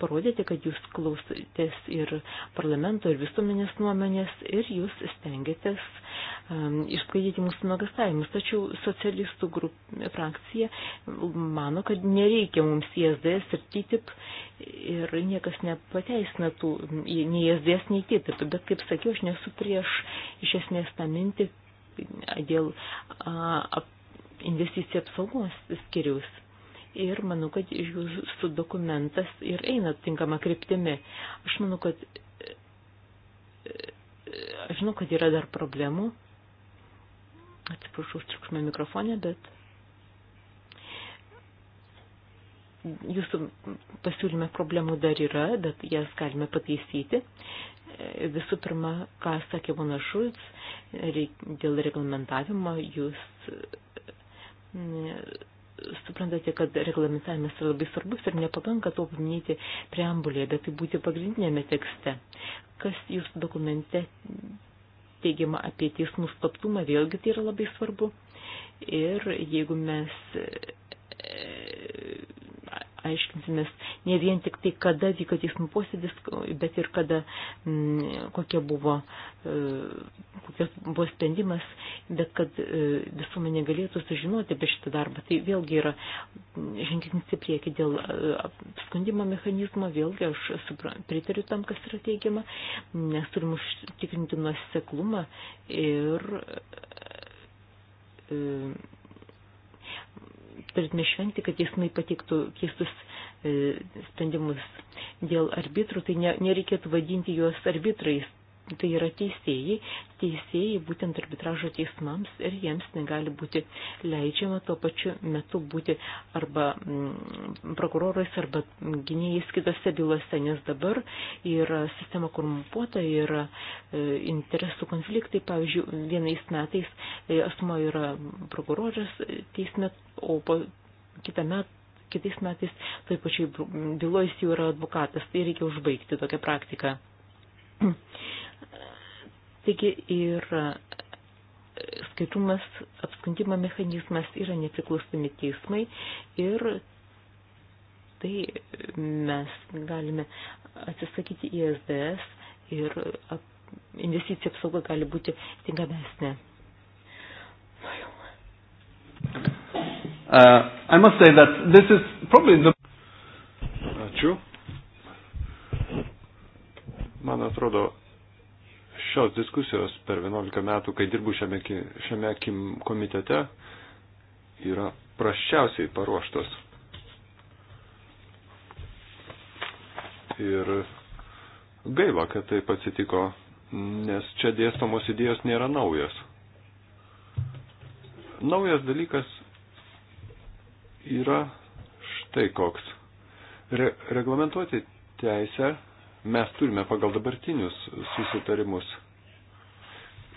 Speaker 4: parodėte, kad jūs klausotės ir parlamento, ir visuomenės nuomonės, ir jūs stengiatės um, išsklaidyti mūsų nuogastavimus. Tačiau socialistų grup, frakcija mano, kad nereikia mums ISDS ir TTIP ir niekas nepateisina tų nei ISDS, nei TTIP. Bet, kaip sakiau, aš nesu prieš iš esmės tą mintį dėl a, investicijų apsaugos skiriaus ir manau, kad jūsų dokumentas ir eina tinkama kryptimi. Aš manau, kad aš žinau, kad yra dar problemų. Atsiprašau, užtrukšime mikrofonę, bet jūsų pasiūlyme problemų dar yra, bet jas galime pataisyti. Visų pirma, ką sakė Bona Šulc, dėl reglamentavimo jūs suprantate, kad reglamentavimas yra labai svarbus ir nepakanka to paminėti preambulėje, bet tai būti pagrindinėme tekste. Kas jūsų dokumente teigiama apie teismų slaptumą, vėlgi tai yra labai svarbu. Ir jeigu mes e, aiškinsimės ne vien tik tai, kada vyko teismų posėdis, bet ir kada, m, mm, kokie buvo, e, kokios buvo sprendimas, bet kad e, visuomenė galėtų sužinoti apie šitą darbą. Tai vėlgi yra žingsnis į priekį dėl e, apskundimo mechanizmo, vėlgi aš pritariu tam, kas yra teigiama, nes turim užtikrinti nuoseklumą ir e, turėtume išvengti, kad teismai patiktų keistus e, sprendimus. Dėl arbitrų tai ne, nereikėtų vadinti juos arbitrais, tai yra teisėjai, teisėjai būtent arbitražo teismams ir jiems negali būti leidžiama tuo pačiu metu būti arba mm, prokurorais arba gynėjais kitose bylose, nes dabar yra sistema korumpuota, yra e, interesų konfliktai, pavyzdžiui, vienais metais e, asmo yra prokuroras e, teisme, o po kitą metą kitais metais toj pačioj byloj jis jau yra advokatas, tai reikia užbaigti tokią praktiką. Taigi ir e, skaitumas, apskundimo mechanizmas yra nepriklausomi teismai ir tai mes galime atsisakyti ISDS ir investicijų apsauga gali būti tinkamesnė.
Speaker 1: Uh, I must say that this is probably the... Ačiū. Man atrodo, šios diskusijos per 11 metų, kai dirbu šiame, šiame kim komitete, yra praščiausiai paruoštos. Ir gaila, kad taip atsitiko, nes čia dėstomos idėjos nėra naujas. Naujas dalykas yra štai koks. Re reglamentuoti teisę mes turime pagal dabartinius susitarimus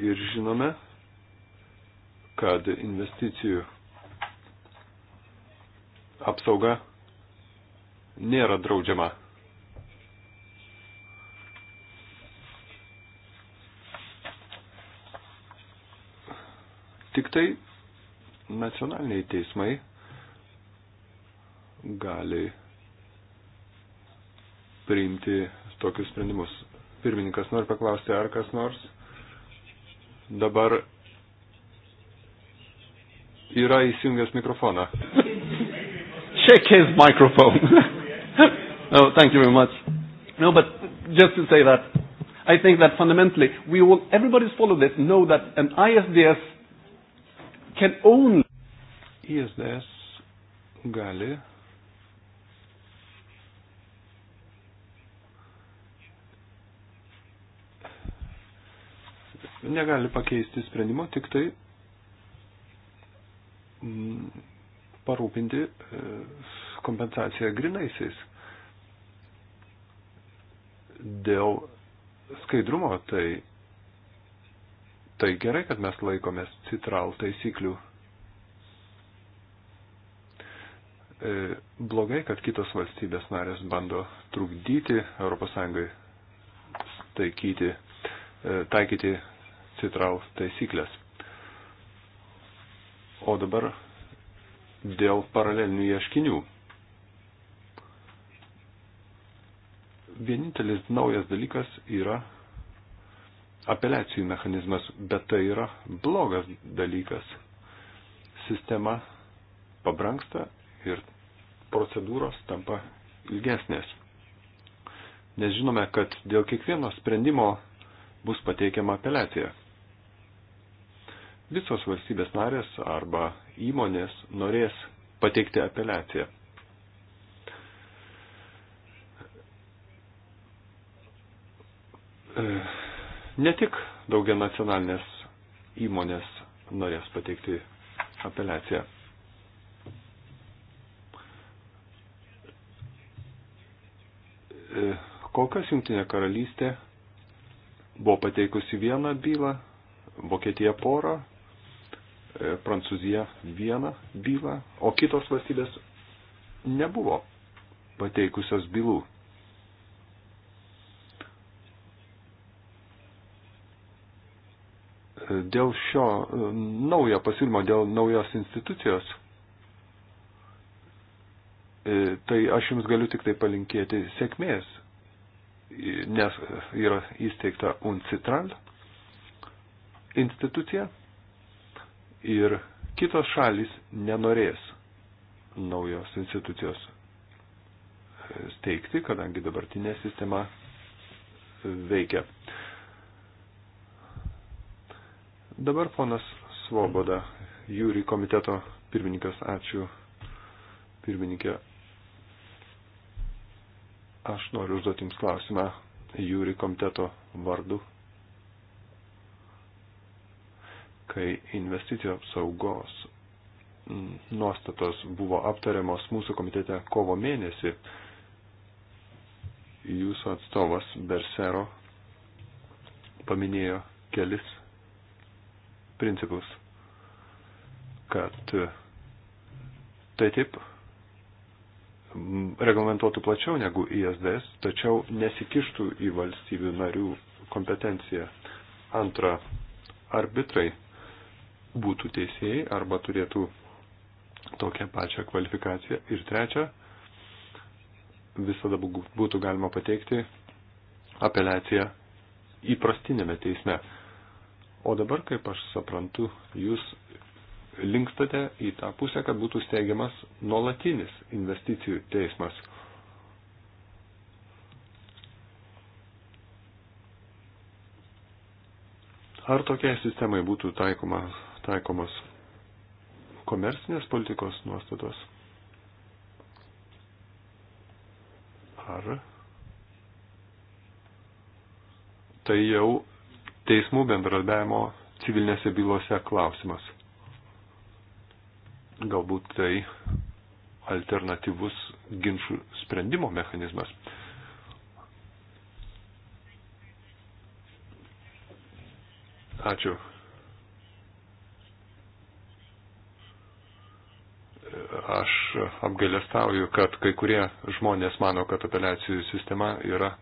Speaker 1: ir žinome, kad investicijų apsauga nėra draudžiama. Tik tai nacionaliniai teismai gali priimti tokius sprendimus. Pirmininkas nori paklausti, ar kas nors dabar yra įsijungęs mikrofoną. Check his microphone.
Speaker 3: no,
Speaker 1: oh, thank you very much. No, but just to say that, I think that fundamentally, we all, everybody's followed this, know that an ISDS can only... ISDS gali negali pakeisti sprendimo, tik tai mm, parūpinti e, kompensaciją grinaisiais. Dėl skaidrumo tai, tai gerai, kad mes laikomės citral taisyklių. E, blogai, kad kitos valstybės narės bando trukdyti ES taikyti, e, taikyti citraus taisyklės. O dabar dėl paralelinių ieškinių. Vienintelis naujas dalykas yra apeliacijų mechanizmas, bet tai yra blogas dalykas. Sistema pabranksta ir procedūros tampa ilgesnės. Nes žinome, kad dėl kiekvieno sprendimo bus pateikiama apeliacija visos valstybės narės arba įmonės norės pateikti apeliaciją. E, ne tik daugia nacionalinės įmonės norės pateikti apeliaciją. E, kol kas Junktinė karalystė buvo pateikusi vieną bylą, Vokietija porą, E, Prancūzija vieną bylą, o kitos valstybės nebuvo pateikusios bylų. E, dėl šio e, naujo pasiūlymo, dėl naujos institucijos, tai aš jums galiu tik tai palinkėti sėkmės, nes yra įsteigta UNCITRAL institucija, ir kitos šalis nenorės naujos institucijos e, steigti, kadangi dabartinė sistema veikia. Dabar ponas Svoboda, jūri komiteto pirmininkas, ačiū pirmininkė. Aš noriu užduoti Jums klausimą jūri komiteto vardu kai investicijų apsaugos nuostatos buvo aptariamos mūsų komitete kovo mėnesį, jūsų atstovas Bersero paminėjo kelis principus, kad tai taip reglamentuotų plačiau negu ISDS, tačiau nesikištų į valstybių narių kompetenciją. Antra, arbitrai būtų teisėjai arba turėtų tokią pačią kvalifikaciją. Ir trečia, visada būtų galima pateikti apeliaciją įprastinėme teisme. O dabar, kaip aš suprantu, jūs linkstate į tą pusę, kad būtų steigiamas nuolatinis investicijų teismas. Ar tokiai sistemai būtų taikoma taikomos komercinės politikos nuostatos. Ar tai jau teismų bendradarbiavimo civilinėse bylose klausimas. Galbūt tai alternatyvus ginčių sprendimo mechanizmas. Ačiū. aš apgailestauju, kad kai kurie žmonės mano, kad apeliacijų sistema yra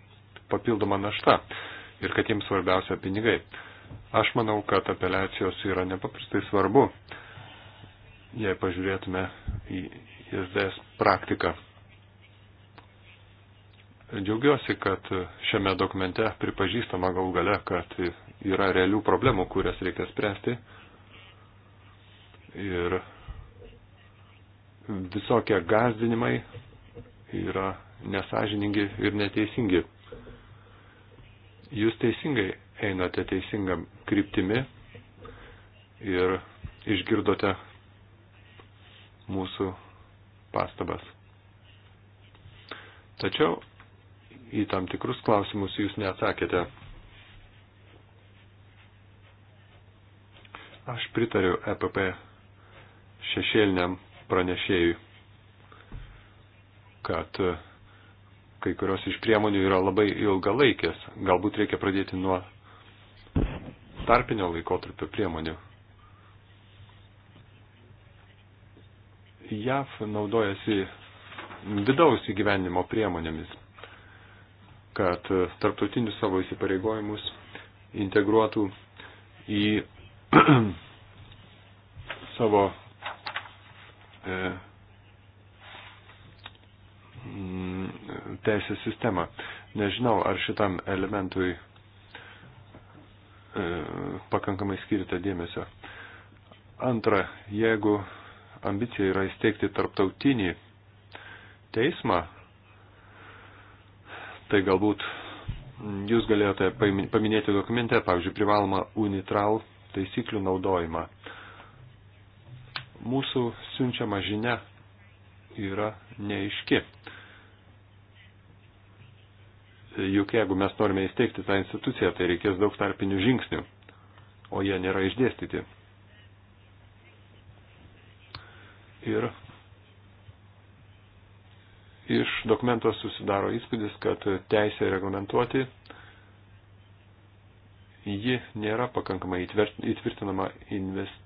Speaker 1: papildoma našta ir kad jiems svarbiausia pinigai. Aš manau, kad apeliacijos yra nepaprastai svarbu, jei pažiūrėtume į ISDS praktiką. Džiaugiuosi, kad šiame dokumente pripažįstama gal gale, kad yra realių problemų, kurias reikia spręsti. Ir visokie gazdinimai yra nesažiningi ir neteisingi. Jūs teisingai einate teisingam kryptimi ir išgirdote mūsų pastabas. Tačiau į tam tikrus klausimus jūs neatsakėte. Aš pritariu EPP šešėliniam pranešėjui, kad e, kai kurios iš priemonių yra labai ilgalaikės. Galbūt reikia pradėti nuo tarpinio laikotarpio priemonių. JAV naudojasi vidaus įgyvenimo priemonėmis, kad e, tarptautinius savo įsipareigojimus integruotų į savo E, teisės sistemą. Nežinau, ar šitam elementui e, pakankamai skirite dėmesio. Antra, jeigu ambicija yra įsteigti tarptautinį teismą, tai galbūt jūs galėjote paminėti dokumente, pavyzdžiui, privalomą unitral taisyklių naudojimą mūsų siunčiama žinia yra neiški. Juk jeigu mes norime įsteigti tą instituciją, tai reikės daug tarpinių žingsnių, o jie nėra išdėstyti. Ir iš dokumento susidaro įspūdis, kad teisė reglamentuoti ji nėra pakankamai įtvirtinama invest,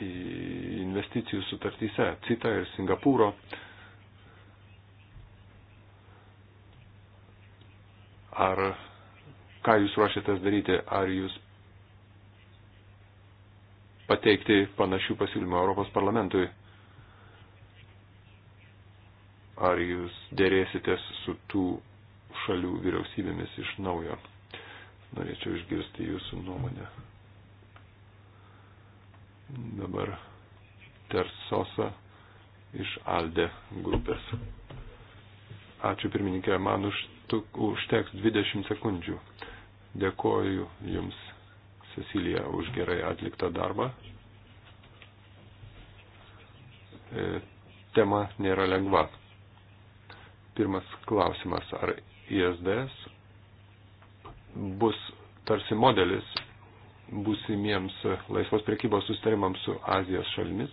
Speaker 1: investicijų sutartyse CITA ir Singapūro. Ar ką jūs ruošiatės daryti, ar jūs pateikti panašių pasiūlymų Europos parlamentui? Ar jūs dėrėsitės su tų šalių vyriausybėmis iš naujo? Norėčiau išgirsti jūsų nuomonę. Dabar Tersosa iš Alde grupės. Ačiū pirmininkė, man už, užteks 20 sekundžių. Dėkoju Jums, Cecilija, už gerai atliktą darbą. E, tema nėra lengva. Pirmas klausimas, ar ISDS bus tarsi modelis būsimiems laisvos priekybos sustarimams su Azijos šalimis?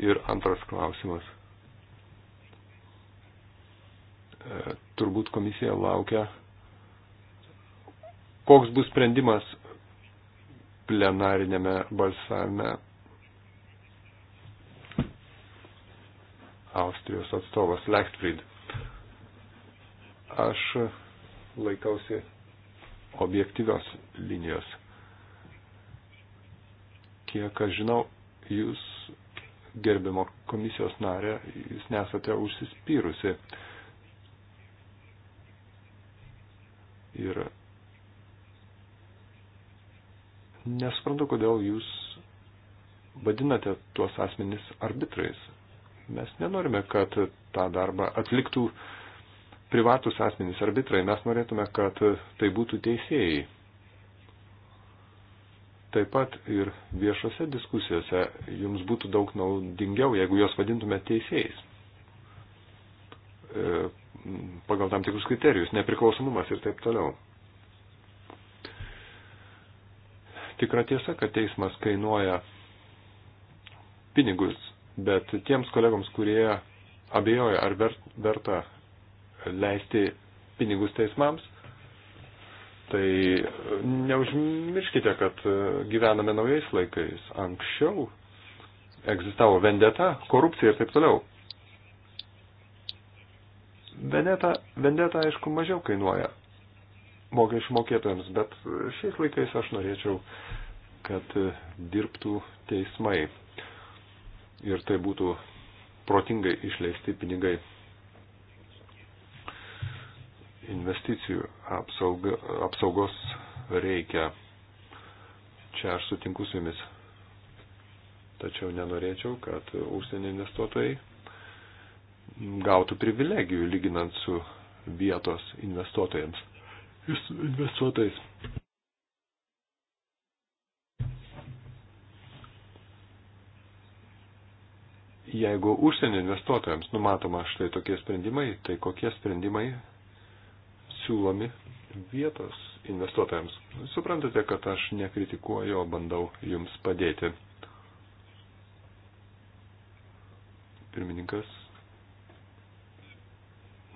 Speaker 1: Ir antras klausimas. E, turbūt komisija laukia, koks bus sprendimas plenarinėme balsavime Austrijos atstovas Lechtfried. Aš laikausi objektyvios linijos. Kiek aš žinau, jūs gerbimo komisijos narė, jūs nesate užsispyrusi. Ir nesprantu, kodėl jūs vadinate tuos asmenys arbitrais. Mes nenorime, kad tą darbą atliktų uh, privatus asmenys, arbitrai, mes norėtume, kad tai būtų teisėjai. Taip pat ir viešose diskusijose jums būtų daug naudingiau, jeigu juos vadintume teisėjais. E, pagal tam tikrus kriterijus, nepriklausomumas ir taip toliau. Tikra tiesa, kad teismas kainuoja pinigus, bet tiems kolegoms, kurie abejoja, ar verta leisti pinigus teismams, tai neužmirškite, kad gyvename naujais laikais. Anksčiau egzistavo vendeta, korupcija ir taip toliau. Vendeta, vendeta aišku, mažiau kainuoja mokesčių mokėtojams, bet šiais laikais aš norėčiau, kad dirbtų teismai ir tai būtų protingai išleisti pinigai investicijų apsauga, apsaugos reikia. Čia aš sutinku su jumis. Tačiau nenorėčiau, kad užsienio investuotojai gautų privilegijų lyginant su vietos investuotojams. Investuotojais. Jeigu užsienio investuotojams numatoma štai tokie sprendimai, tai kokie sprendimai siūlomi vietos investuotojams. Suprantate, kad aš nekritikuoju, o bandau jums padėti. Pirmininkas.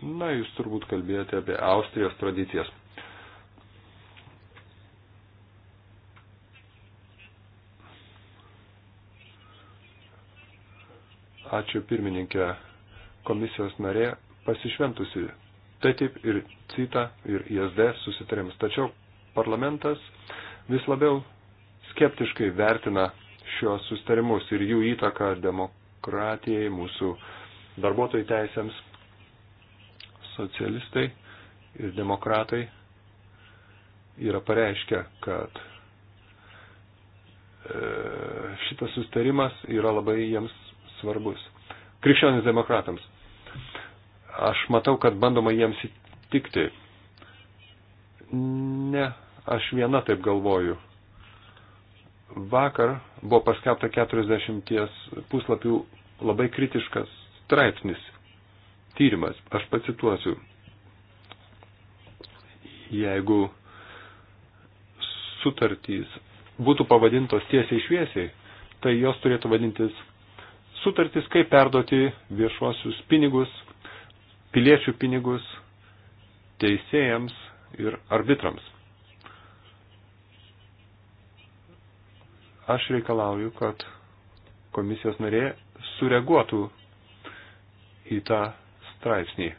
Speaker 1: Na, jūs turbūt kalbėjote apie Austrijos tradicijas. Ačiū pirmininkė komisijos narė pasišventusi TTIP ir CITA ir ISD susitarims. Tačiau parlamentas vis labiau skeptiškai vertina šios susitarimus ir jų įtaką demokratijai, mūsų darbuotojų teisėms, socialistai ir demokratai yra pareiškę, kad e, šitas sustarimas yra labai jiems svarbus. Krikščionis demokratams Aš matau, kad bandoma jiems įtikti. Ne, aš viena taip galvoju. Vakar buvo paskelbta 40 puslapių labai kritiškas straipsnis, tyrimas, aš pacituosiu. Jeigu sutartys būtų pavadintos tiesiai šviesiai, tai jos turėtų vadintis sutartys, kaip perduoti viešuosius pinigus piliečių pinigus teisėjams ir arbitrams. Aš reikalauju, kad komisijos narė sureaguotų į tą straipsnį.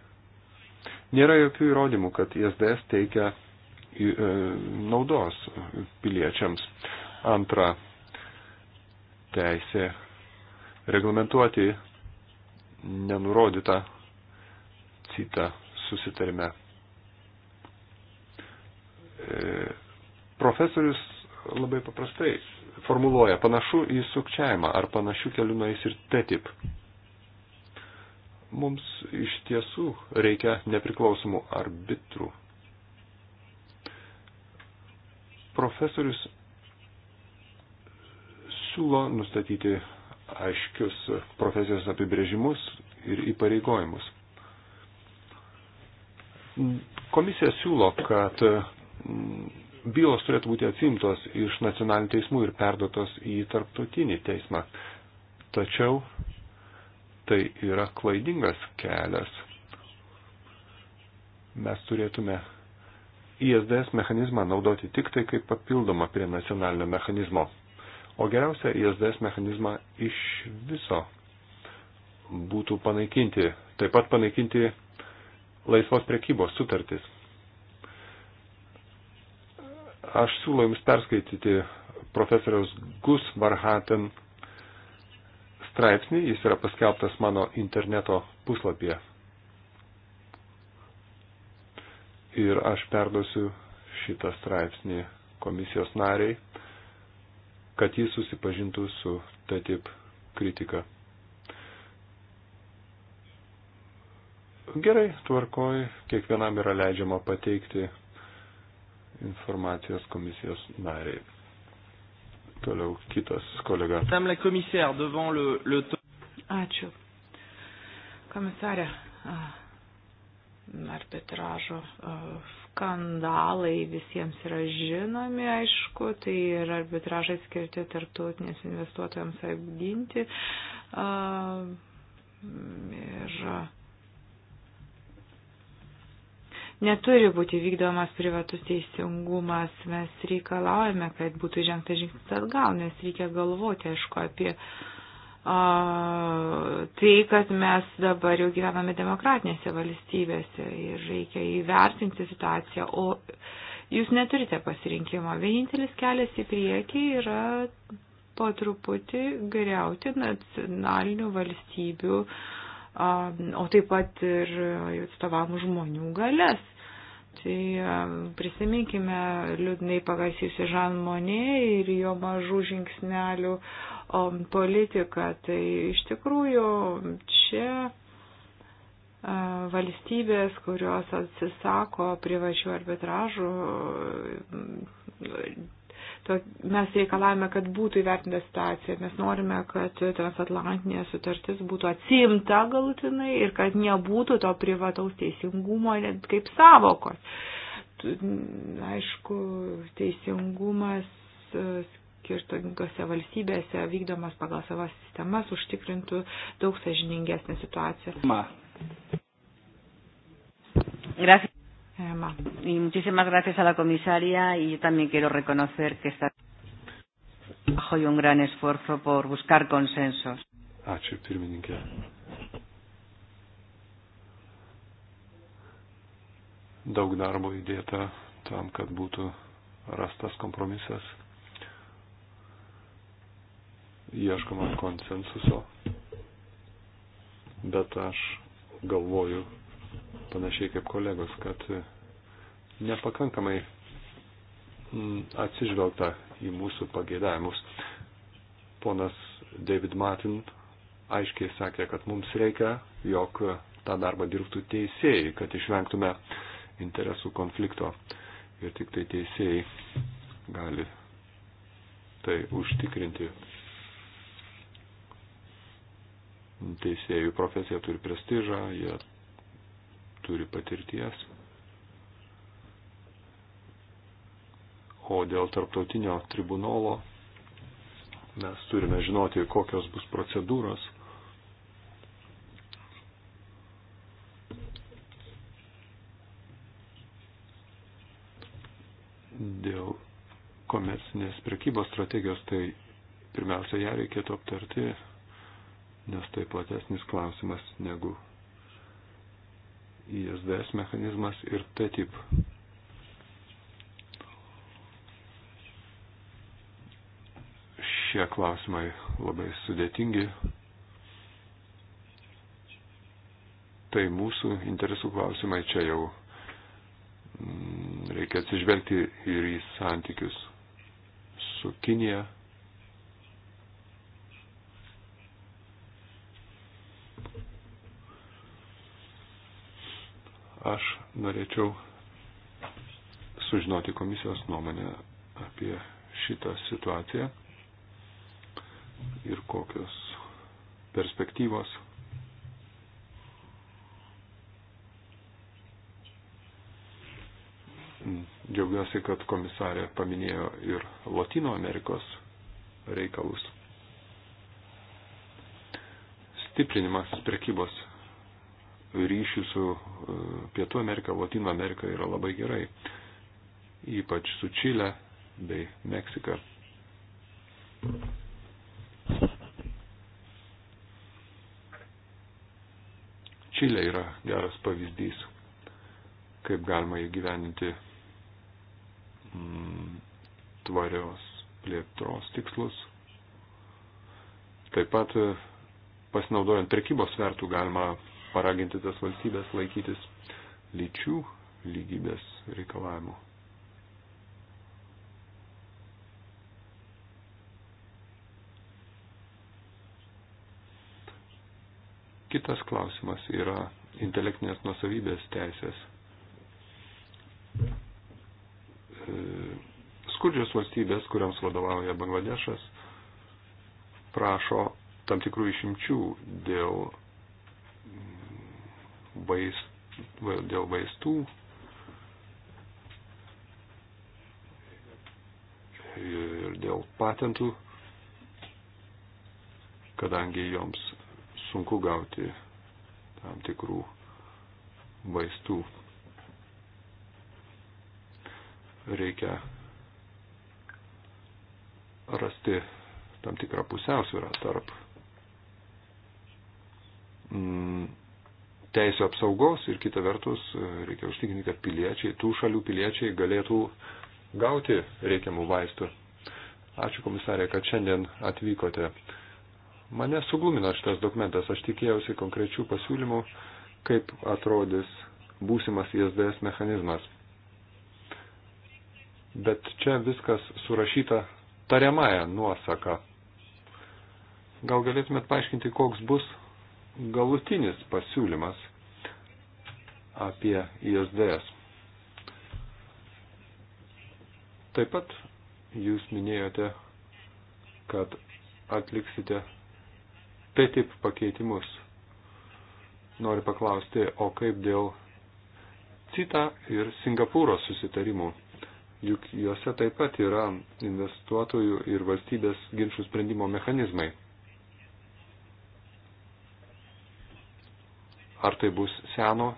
Speaker 1: Nėra jokių įrodymų, kad ISDS teikia e, naudos piliečiams. Antra, teisė reglamentuoti nenurodytą CITA susitarime. E, profesorius labai paprastai formuluoja panašu į sukčiavimą ar panašių kelių nais ir TTIP. Mums iš tiesų reikia nepriklausomų arbitrų. Profesorius siūlo nustatyti aiškius profesijos apibrėžimus ir įpareigojimus. Komisija siūlo, kad mm, bylos turėtų būti atsimtos iš nacionalinių teismų ir perduotos į tarptautinį teismą. Tačiau tai yra klaidingas kelias. Mes turėtume ISDS mechanizmą naudoti tik tai kaip papildomą prie nacionalinio mechanizmo. O geriausia ISDS mechanizmą iš viso būtų panaikinti. Taip pat panaikinti laisvos prekybos sutartis. Aš siūlau Jums perskaityti profesoriaus Gus Varhaten straipsnį, jis yra paskelbtas mano interneto puslapyje. Ir aš perduosiu šitą straipsnį komisijos nariai, kad jis susipažintų su TTIP kritika. Gerai, tvarkoj, kiekvienam yra leidžiama pateikti informacijos komisijos nariai. Toliau kitas kolega.
Speaker 2: Ačiū. Komisarė, arbitražo skandalai visiems yra žinomi, aišku, tai ir arbitražai skirti tarptautinės investuotojams apginti. Ir neturi būti vykdomas privatus teisingumas. Mes reikalaujame, kad būtų žengtas žingsnis atgal, nes reikia galvoti, aišku, apie a, tai, kad mes dabar jau gyvename demokratinėse valstybėse ir reikia įvertinti situaciją. O jūs neturite pasirinkimo. Vienintelis kelias į priekį yra po truputį geriauti nacionalinių valstybių uh, o taip pat ir atstovam žmonių galės. Tai prisiminkime liūdnai pagasysiu Žan Monė ir jo mažų žingsnelių politiką. Tai iš tikrųjų čia valstybės, kurios atsisako privačių arbitražų, Mes reikalavome, kad būtų įvertinta situacija. Mes norime, kad transatlantinė sutartis būtų atsimta galutinai ir kad nebūtų to privataus teisingumo net kaip savokos. Aišku, teisingumas e, skirtingose valstybėse vykdomas pagal savo sistemas užtikrintų daug sažiningesnę situaciją.
Speaker 3: Ma. Gracias.
Speaker 2: Emma. Y muchísimas gracias a la comisaria y yo también quiero reconocer que está trabajo y un gran esfuerzo por buscar consensos.
Speaker 1: Ačiū pirmininkė. Daug darbo įdėta tam, kad būtų rastas kompromisas, ieškoma konsensuso, bet aš galvoju, panašiai kaip kolegos, kad nepakankamai mm, atsižvelgta į mūsų pageidavimus. Ponas David Martin aiškiai sakė, kad mums reikia, jog tą darbą dirbtų teisėjai, kad išvengtume interesų konflikto. Ir tik tai teisėjai gali tai užtikrinti. Teisėjų profesija turi prestižą, jie turi patirties. O dėl tarptautinio tribunolo mes turime žinoti, kokios bus procedūros. Dėl komercinės prekybos strategijos, tai pirmiausia, ją reikėtų aptarti, nes tai platesnis klausimas negu ISDS mechanizmas ir TTIP. Šie klausimai labai sudėtingi. Tai mūsų interesų klausimai čia jau mm, reikia atsižvelgti ir į santykius su Kinija Aš norėčiau sužinoti komisijos nuomonę apie šitą situaciją ir kokios perspektyvos. Džiaugiuosi, kad komisarė paminėjo ir Latino Amerikos reikalus. Stiprinimas prekybos ryšių su e, Pietų Amerika, Latino Amerika yra labai gerai, ypač su Čile bei Meksika. Čilė yra geras pavyzdys, kaip galima įgyveninti mm, tvarios plėtros tikslus. Taip pat e, pasinaudojant prekybos svertų galima paraginti tas valstybės laikytis lyčių lygybės reikalavimų. Kitas klausimas yra intelektinės nusavybės teisės. E, skurdžios valstybės, kuriams vadovauja Bangladešas, prašo tam tikrų išimčių dėl vaist, dėl vaistų. Ir dėl patentų, kadangi joms sunku gauti tam tikrų vaistų. Reikia rasti tam tikrą pusiausvyrą tarp mm, teisų apsaugos ir kita vertus e, reikia užtikrinti, kad piliečiai, tų šalių piliečiai galėtų gauti reikiamų vaistų. Ačiū komisarė, kad šiandien atvykote. Mane suglumino šitas dokumentas, aš tikėjausi konkrečių pasiūlymų, kaip atrodys būsimas ISDS mechanizmas. Bet čia viskas surašyta tariamąją nuosaką. Gal galėtumėt paaiškinti, koks bus galutinis pasiūlymas apie ISDS. Taip pat jūs minėjote, kad atliksite tai taip pakeitimus. Noriu paklausti, o kaip dėl CITA ir Singapūro susitarimų? Juk juose taip pat yra investuotojų ir valstybės ginčių sprendimo mechanizmai. Ar tai bus seno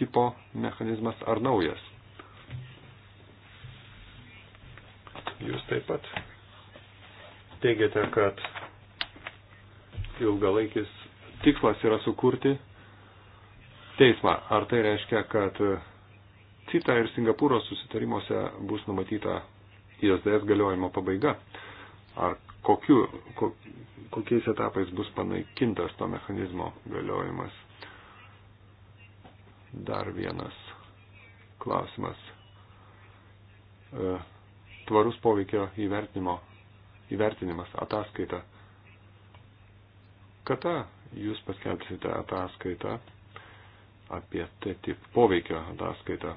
Speaker 1: tipo mechanizmas ar naujas? Jūs taip pat teigiate, kad ilgalaikis tikslas yra sukurti teismą. Ar tai reiškia, kad CITA ir Singapūro susitarimuose bus numatyta ISDS galiojimo pabaiga? Ar kokiu, ko, kokiais etapais bus panaikintas to mechanizmo galiojimas? Dar vienas klausimas. E, tvarus poveikio įvertinimo, įvertinimas, ataskaita. Kada jūs paskelbsite ataskaitą apie TTIP poveikio ataskaitą?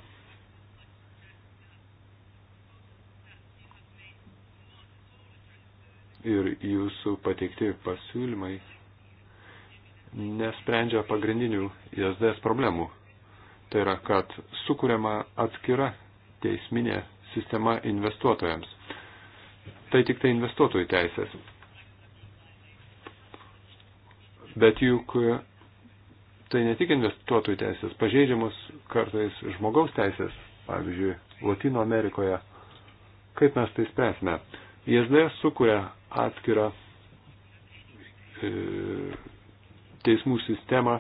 Speaker 1: ir jūsų pateikti pasiūlymai nesprendžia pagrindinių ISDS problemų. Tai yra, kad sukūriama atskira teisminė sistema investuotojams. Tai tik tai investuotojų teisės. Bet juk tai ne tik investuotojų teisės, pažeidžiamos kartais žmogaus teisės, pavyzdžiui, Latino Amerikoje. Kaip mes tai spręsime? JSD sukuria atskirą e, teismų sistemą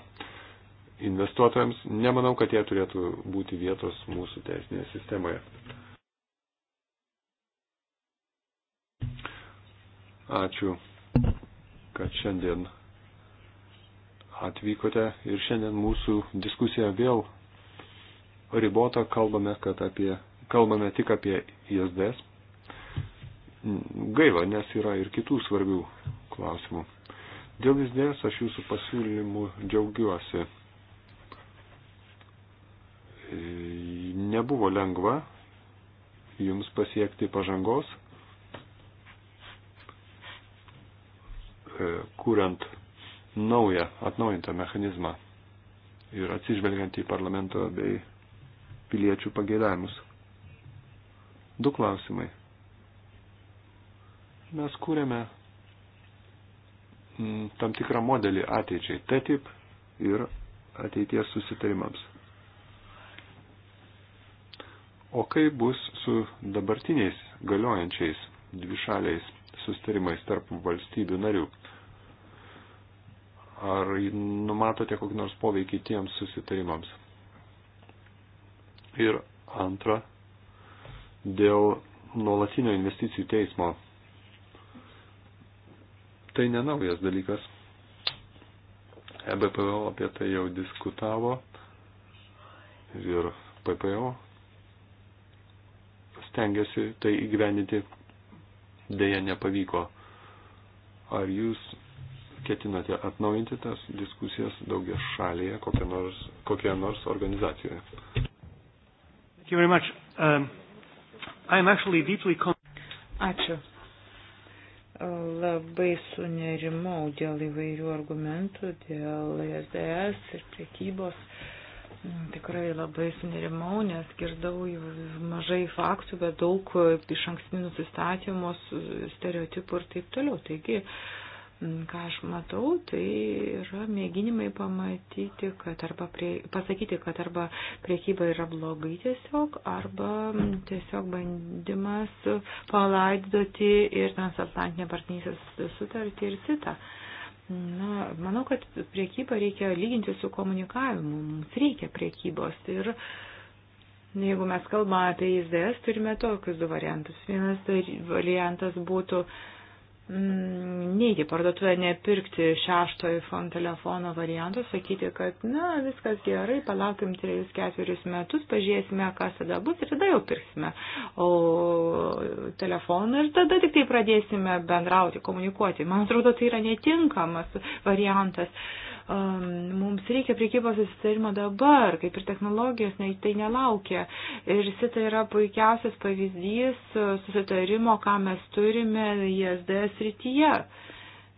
Speaker 1: investuotojams, nemanau, kad jie turėtų būti vietos mūsų teisinėje sistemoje. Ačiū, kad šiandien atvykote ir šiandien mūsų diskusija vėl ribota, kalbame, kad apie, kalbame tik apie ISDS. Gaila, nes yra ir kitų svarbių klausimų. Dėl ISDS aš jūsų pasiūlymų džiaugiuosi nebuvo lengva jums pasiekti pažangos, e, kuriant naują, atnaujintą mechanizmą ir atsižvelgiant į parlamento bei piliečių pageidavimus. Du klausimai. Mes kūrėme mm, tam tikrą modelį ateičiai TTIP ir ateities susitarimams. O kaip bus su dabartiniais galiojančiais dvišaliais sustarimais tarp valstybių narių? Ar numatote kokį nors poveikį tiems susitarimams? Ir antra, dėl nuolatinio investicijų teismo. Tai nenaujas dalykas. EBPO apie tai jau diskutavo ir PPO tengiasi tai įgyveninti, dėja nepavyko. Ar jūs ketinate atnaujinti tas diskusijas daugia šalyje, kokie nors, kokie nors organizacijoje?
Speaker 3: Um, Ačiū.
Speaker 2: Labai sunerimau dėl įvairių argumentų, dėl SDS ir prekybos. Uh, Mm, tikrai labai sunerimau, nes girdau mažai faktų, bet daug iš ankstinių nusistatymų, stereotipų ir taip toliau. Taigi, mm, ką aš matau, tai yra mėginimai pamatyti, kad arba prie, pasakyti, kad arba priekyba yra blogai tiesiog, arba mm, tiesiog bandymas palaidoti ir transatlantinę partnerystės sutartį ir sitą. Uh, Na, manau, kad priekybą reikia lyginti su komunikavimu. Mums reikia priekybos. Ir jeigu mes kalbame apie IZS, turime tokius du variantus. Vienas variantas būtų uh, Mm, neiti parduotuvę, nepirkti šešto iPhone telefono varianto, sakyti, kad, na, viskas gerai, palaukim 3-4 metus, pažiūrėsime, kas tada bus ir tada jau pirksime. O telefoną ir tada tik tai pradėsime bendrauti, komunikuoti. Man atrodo, tai yra netinkamas variantas. Uh, Mums reikia priekybos susitarimo dabar, kaip ir technologijos, ne, tai nelaukia. Ir SITA yra puikiausias pavyzdys susitarimo, ką mes turime ISD srityje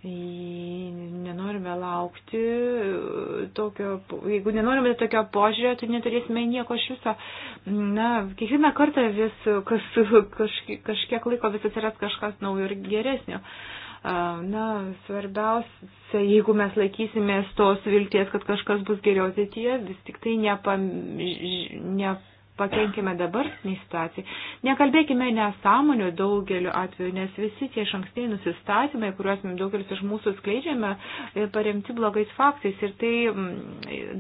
Speaker 2: nenorime laukti e, tokio, jeigu nenorime tokio požiūrio, tai neturėsime nieko iš viso. Na, kiekvieną kartą vis kas, kaž, kažkiek laiko vis atsiras kažkas naujo ir geresnio. Na, svarbiausia, jeigu mes laikysimės tos vilties, kad kažkas bus geriau ateityje, vis tik tai nepam, ne, pakenkime dabartiniai situacijai. Nekalbėkime nesąmonių daugeliu atveju, nes visi tie iš ankstiniai nusistatymai, kuriuos daugelis iš mūsų skleidžiame, e, paremti blogais faktais ir tai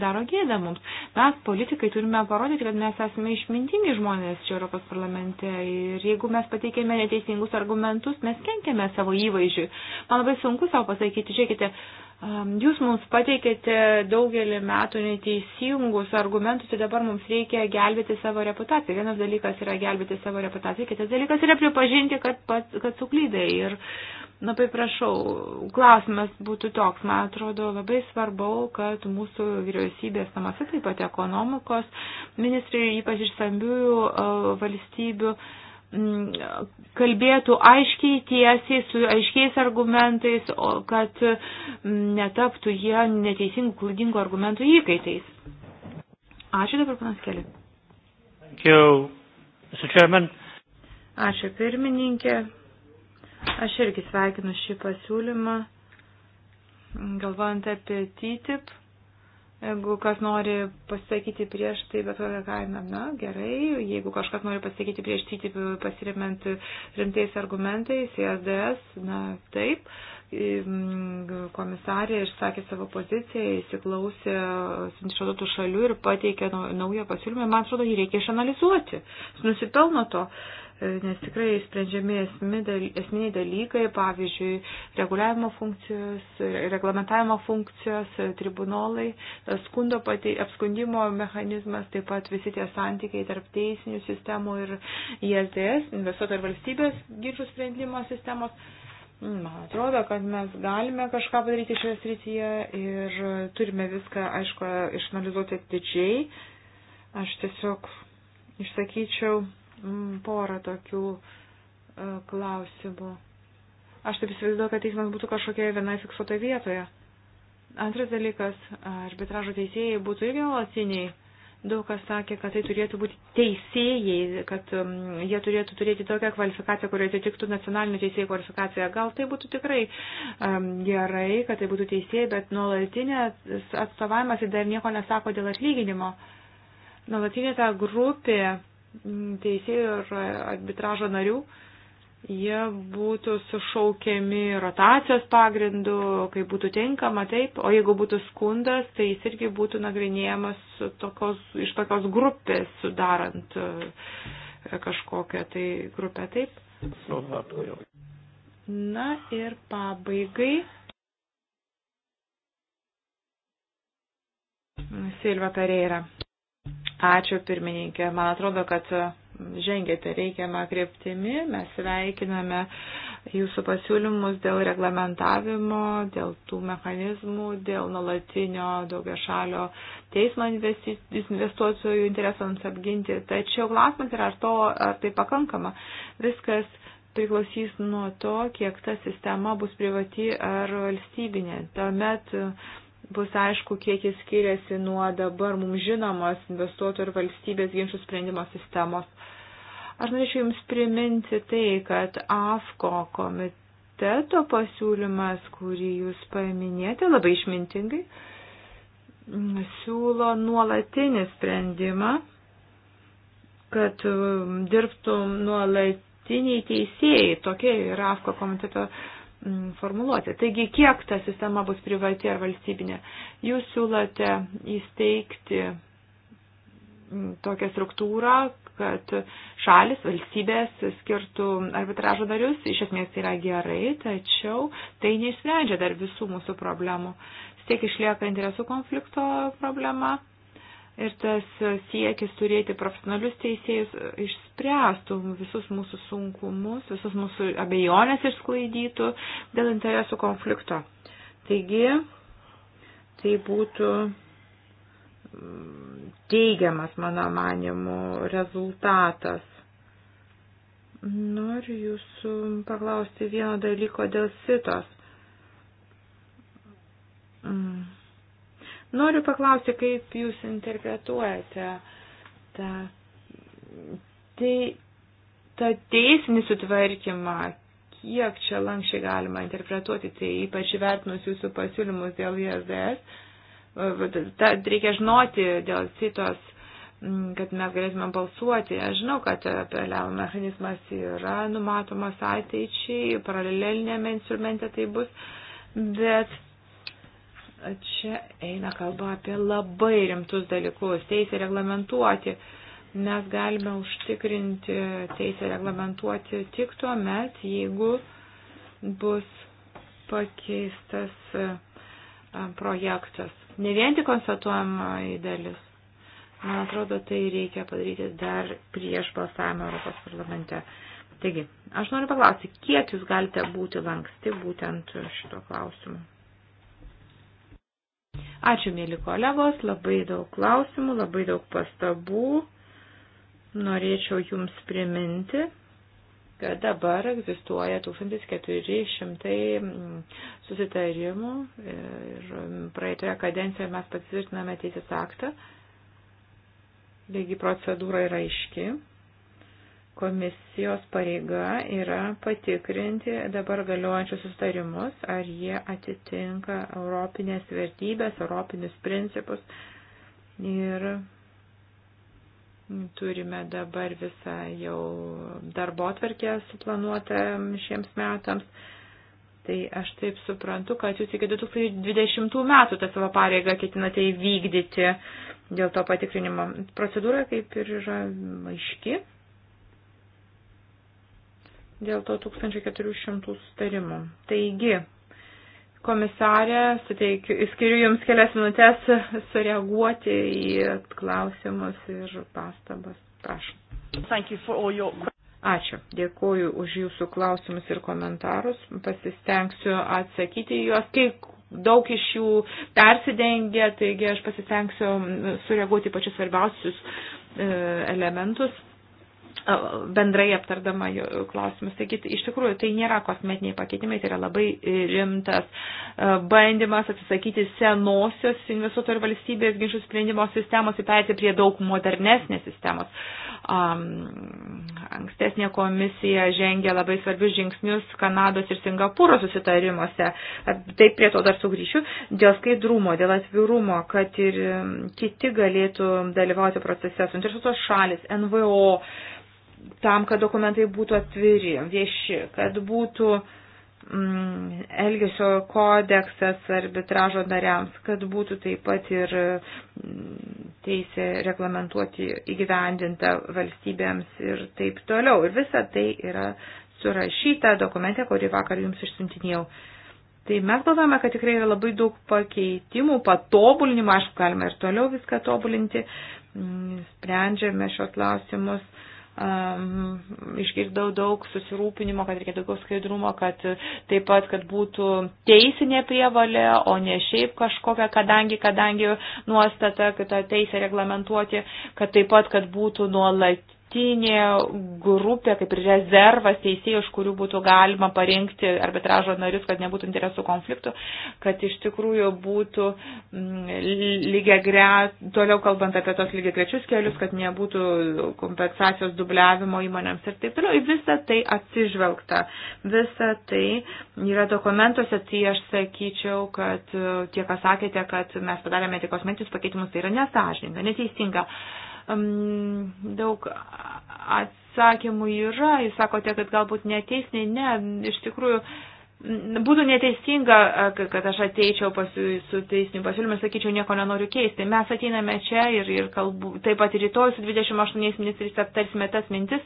Speaker 2: daro gėdą mums. Mes, politikai, turime parodyti, kad mes esame išmintingi žmonės čia Europos parlamente ir jeigu mes pateikėme neteisingus argumentus, mes kenkėme savo įvaizdžiui. Man labai sunku savo pasakyti, žiūrėkite, Jūs mums pateikėte daugelį metų neteisingus argumentus ir tai dabar mums reikia gelbėti savo savo reputaciją. Vienas dalykas yra gelbėti savo reputaciją, kitas dalykas yra pripažinti, kad, pats, kad suklydai. Ir, na, tai prašau, klausimas būtų toks. Man atrodo labai svarbu, kad mūsų vyriausybės namuose, taip pat ekonomikos ministrai, ypač iš stambiųjų e, valstybių, mm, kalbėtų aiškiai tiesiai, su aiškiais argumentais, kad mm, netaptų jie neteisingų, klaidingų argumentų įkaitais. Ačiū dabar, panas Keli.
Speaker 3: Ačiū
Speaker 2: pirmininkė. Aš irgi sveikinu šį pasiūlymą. Galvojant apie TTIP, jeigu kas nori pasakyti prieš tai, bet kokią kainą, na gerai, jeigu kažkas nori pasakyti prieš TTIP pasiremiant rimtais argumentais, ESDS, na taip. Uh, komisarė išsakė savo poziciją, įsiklausė suinteresuotų šalių ir pateikė naują pasiūlymą. Man atrodo, jį reikia išanalizuoti. Jis nusipelno to, e, nes tikrai sprendžiami esminiai dalykai, pavyzdžiui, reguliavimo funkcijos, reglamentavimo funkcijos, e, tribunolai, e, skundo patei, apskundimo mechanizmas, taip pat visi tie santykiai tarp teisinių sistemų ir ISDS, investuotojų ir valstybės ginčių sprendimo sistemos Mm, man atrodo, kad mes galime kažką padaryti šioje srityje ir turime viską, aišku, išanalizuoti atidžiai. Aš tiesiog išsakyčiau mm, porą tokių e, klausimų. Aš taip įsivaizduoju, kad teismas būtų kažkokioje vienoje fiksuotoje vietoje. Antras dalykas, arbitražo teisėjai būtų irgi nuolatiniai Daug kas sakė, kad tai turėtų būti teisėjai, kad um, jie turėtų turėti tokią kvalifikaciją, kurie atitiktų nacionalinių teisėjų kvalifikaciją. Gal tai būtų tikrai um, gerai, kad tai būtų teisėjai, bet nuolatinės atstovavimas dar nieko nesako dėl atlyginimo. Nuolatinė ta grupė mm, teisėjų ir arbitražo narių uh, jie būtų sušaukiami rotacijos pagrindu, kai būtų tinkama, taip, o jeigu būtų skundas, tai jis irgi būtų nagrinėjamas tokios, iš tokios grupės sudarant e, kažkokią tai grupę, taip. Na ir pabaigai. Silva Pereira. Ačiū pirmininkė. Man atrodo, kad žengėte reikiamą kryptimį. Mes sveikiname jūsų pasiūlymus dėl reglamentavimo, dėl tų mechanizmų, dėl nuolatinio daugia šalio teismo investuotojų interesams apginti. Tačiau klausimas yra, ar, to, ar tai pakankama. Viskas priklausys nuo to, kiek ta sistema bus privati ar valstybinė. Tuomet bus aišku, kiek jis skiriasi nuo dabar mums žinomos investuotojų ir valstybės ginčių sprendimo sistemos. Aš norėčiau Jums priminti tai, kad AFKO komiteto pasiūlymas, kurį Jūs paminėjote labai išmintingai, siūlo nuolatinį sprendimą, kad um, dirbtų nuolatiniai teisėjai. Tokia yra AFKO komiteto uh, Mm, formuluoti. Taigi, kiek ta sistema bus privati ar valstybinė? Jūs siūlote įsteigti mm, tokią struktūrą, kad šalis, valstybės skirtų arbitražo darius, iš esmės tai yra gerai, tačiau tai neišsprendžia dar visų mūsų problemų. Tiek išlieka interesų konflikto problema, ir tas siekis turėti profesionalius teisėjus išspręstų visus mūsų sunkumus, visus mūsų abejonės išsklaidytų dėl interesų konflikto. Taigi, tai būtų mm, teigiamas, mano manimu, rezultatas. Noriu jūsų paklausti vieno dalyko dėl sitos. Mm Noriu paklausti, kaip jūs interpretuojate tą, tai, tą teisinį sutvarkymą, kiek čia lankščiai galima interpretuoti, tai ypač vertinus jūsų pasiūlymus dėl ISDS, ta, reikia žinoti dėl citos mm, kad mes galėtume balsuoti. Aš žinau, kad apeliavo mechanizmas yra numatomas ateičiai, paralelinėme instrumente tai bus, bet čia eina kalba apie labai rimtus dalykus, teisę reglamentuoti. Mes galime užtikrinti teisę reglamentuoti tik tuo met, jeigu bus pakeistas e, e, projektas. Ne vien tik konstatuojama į dalis. Man atrodo, tai reikia padaryti dar prieš balsavimą Europos parlamente. Taigi, aš noriu paklausti, kiek jūs galite būti lanksti būtent šito klausimu? Ačiū, mėly kolegos, labai daug klausimų, labai daug pastabų. Norėčiau Jums priminti, kad dabar egzistuoja 1400 mm, susitarimų e, ir mm, praeitoje kadencijoje mes patvirtiname teisės aktą. Taigi procedūra yra aiški. Komisijos pareiga yra patikrinti dabar galiojančius sustarimus, ar jie atitinka europinės vertybės, europinius principus. Ir turime dabar visą jau darbo atverkę suplanuotą šiems metams. Tai aš taip suprantu, kad jūs iki 2020 metų tą savo pareigą ketinate įvykdyti dėl to patikrinimo. Procedūra kaip ir yra aiški dėl to 1400 starimų. Taigi, komisarė, suteikiu, skiriu Jums kelias minutės sureaguoti į klausimus ir pastabas. Prašom. Your... Ačiū. Dėkuoju už Jūsų klausimus ir komentarus. Pasistengsiu atsakyti juos. Kai daug iš jų persidengia, taigi aš pasistengsiu sureaguoti pačius svarbiausius e, elementus bendrai aptardama jų klausimus. Taigi, iš tikrųjų, tai nėra kosmetiniai pakeitimai, tai yra labai rimtas bandymas atsisakyti senosios investuotojų ir valstybės ginčių sprendimo sistemos ir perėti prie daug modernesnės sistemos. Um, ankstesnė komisija žengė labai svarbius žingsnius Kanados ir Singapūro susitarimuose. Taip prie to dar sugrįšiu. Dėl skaidrumo, dėl atvirumo, kad ir e, kiti galėtų dalyvauti procese, suinteresuotos šalis, NVO, tam, kad dokumentai būtų atviri, vieši, kad būtų mm, elgesio kodeksas arbitražo nariams, kad būtų taip pat ir mm, teisė reglamentuoti įgyvendinta valstybėms ir taip toliau. Ir visa tai yra surašyta dokumente, kurį vakar jums išsintinėjau. Tai mes galvojame, kad tikrai yra labai daug pakeitimų, patobulinimų, aišku, galima ir toliau viską tobulinti, mm, sprendžiame šios klausimus um, išgirdau daug susirūpinimo, kad reikia daugiau skaidrumo, kad taip pat, kad būtų teisinė prievalė, o ne šiaip kažkokia, kadangi, kadangi nuostata, kad tą teisę reglamentuoti, kad taip pat, kad būtų nuolat paskutinė grupė, kaip ir rezervas teisėjų, iš kurių būtų galima parinkti arbitražo narius, kad nebūtų interesų konfliktų, kad iš tikrųjų būtų mm, lygiai gre, toliau kalbant apie tos lygiai grečius kelius, kad nebūtų kompensacijos dubliavimo įmonėms ir taip toliau. Visą tai atsižvelgta. Visą tai yra dokumentuose, tai aš sakyčiau, kad tie, kas sakėte, kad mes padarėme tik kosmetinius pakeitimus, tai yra nesažininga, neteisinga daug atsakymų yra. Jūs sakote, kad galbūt neteisniai, ne, iš tikrųjų. Būtų neteisinga, kad aš ateičiau pasiū, su teisiniu pasiūlymu ir sakyčiau, nieko nenoriu keisti. Mes ateiname čia ir, ir kalbu, taip pat rytoj su 28 ministrais aptarsime tas mintis,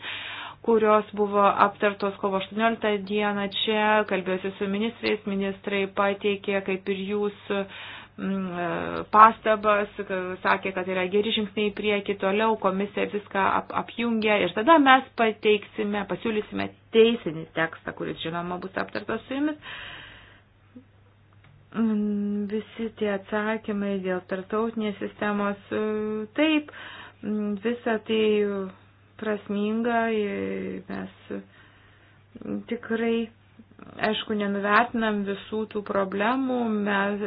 Speaker 2: kurios buvo aptartos kovo 18 dieną čia, kalbėsiu su ministrais, ministrai pateikė, kaip ir jūs, uh, Mm, e, pastabas, sakė, kad yra geri žingsniai prieki, toliau komisija viską ap apjungia ir tada mes pateiksime, pasiūlysime teisinį tekstą, kuris žinoma bus aptartas su jumis. Mm, visi tie atsakymai dėl tartautinės sistemos, e, taip, mm, visa tai prasminga, e, mes tikrai aišku, nenuvertinam visų tų problemų, mes,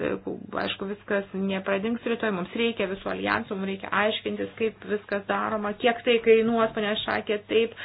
Speaker 2: aišku, viskas nepradings rytoj, mums reikia visų alijansų, mums reikia aiškintis, kaip viskas daroma, kiek tai kainuos, pane Šakė, taip,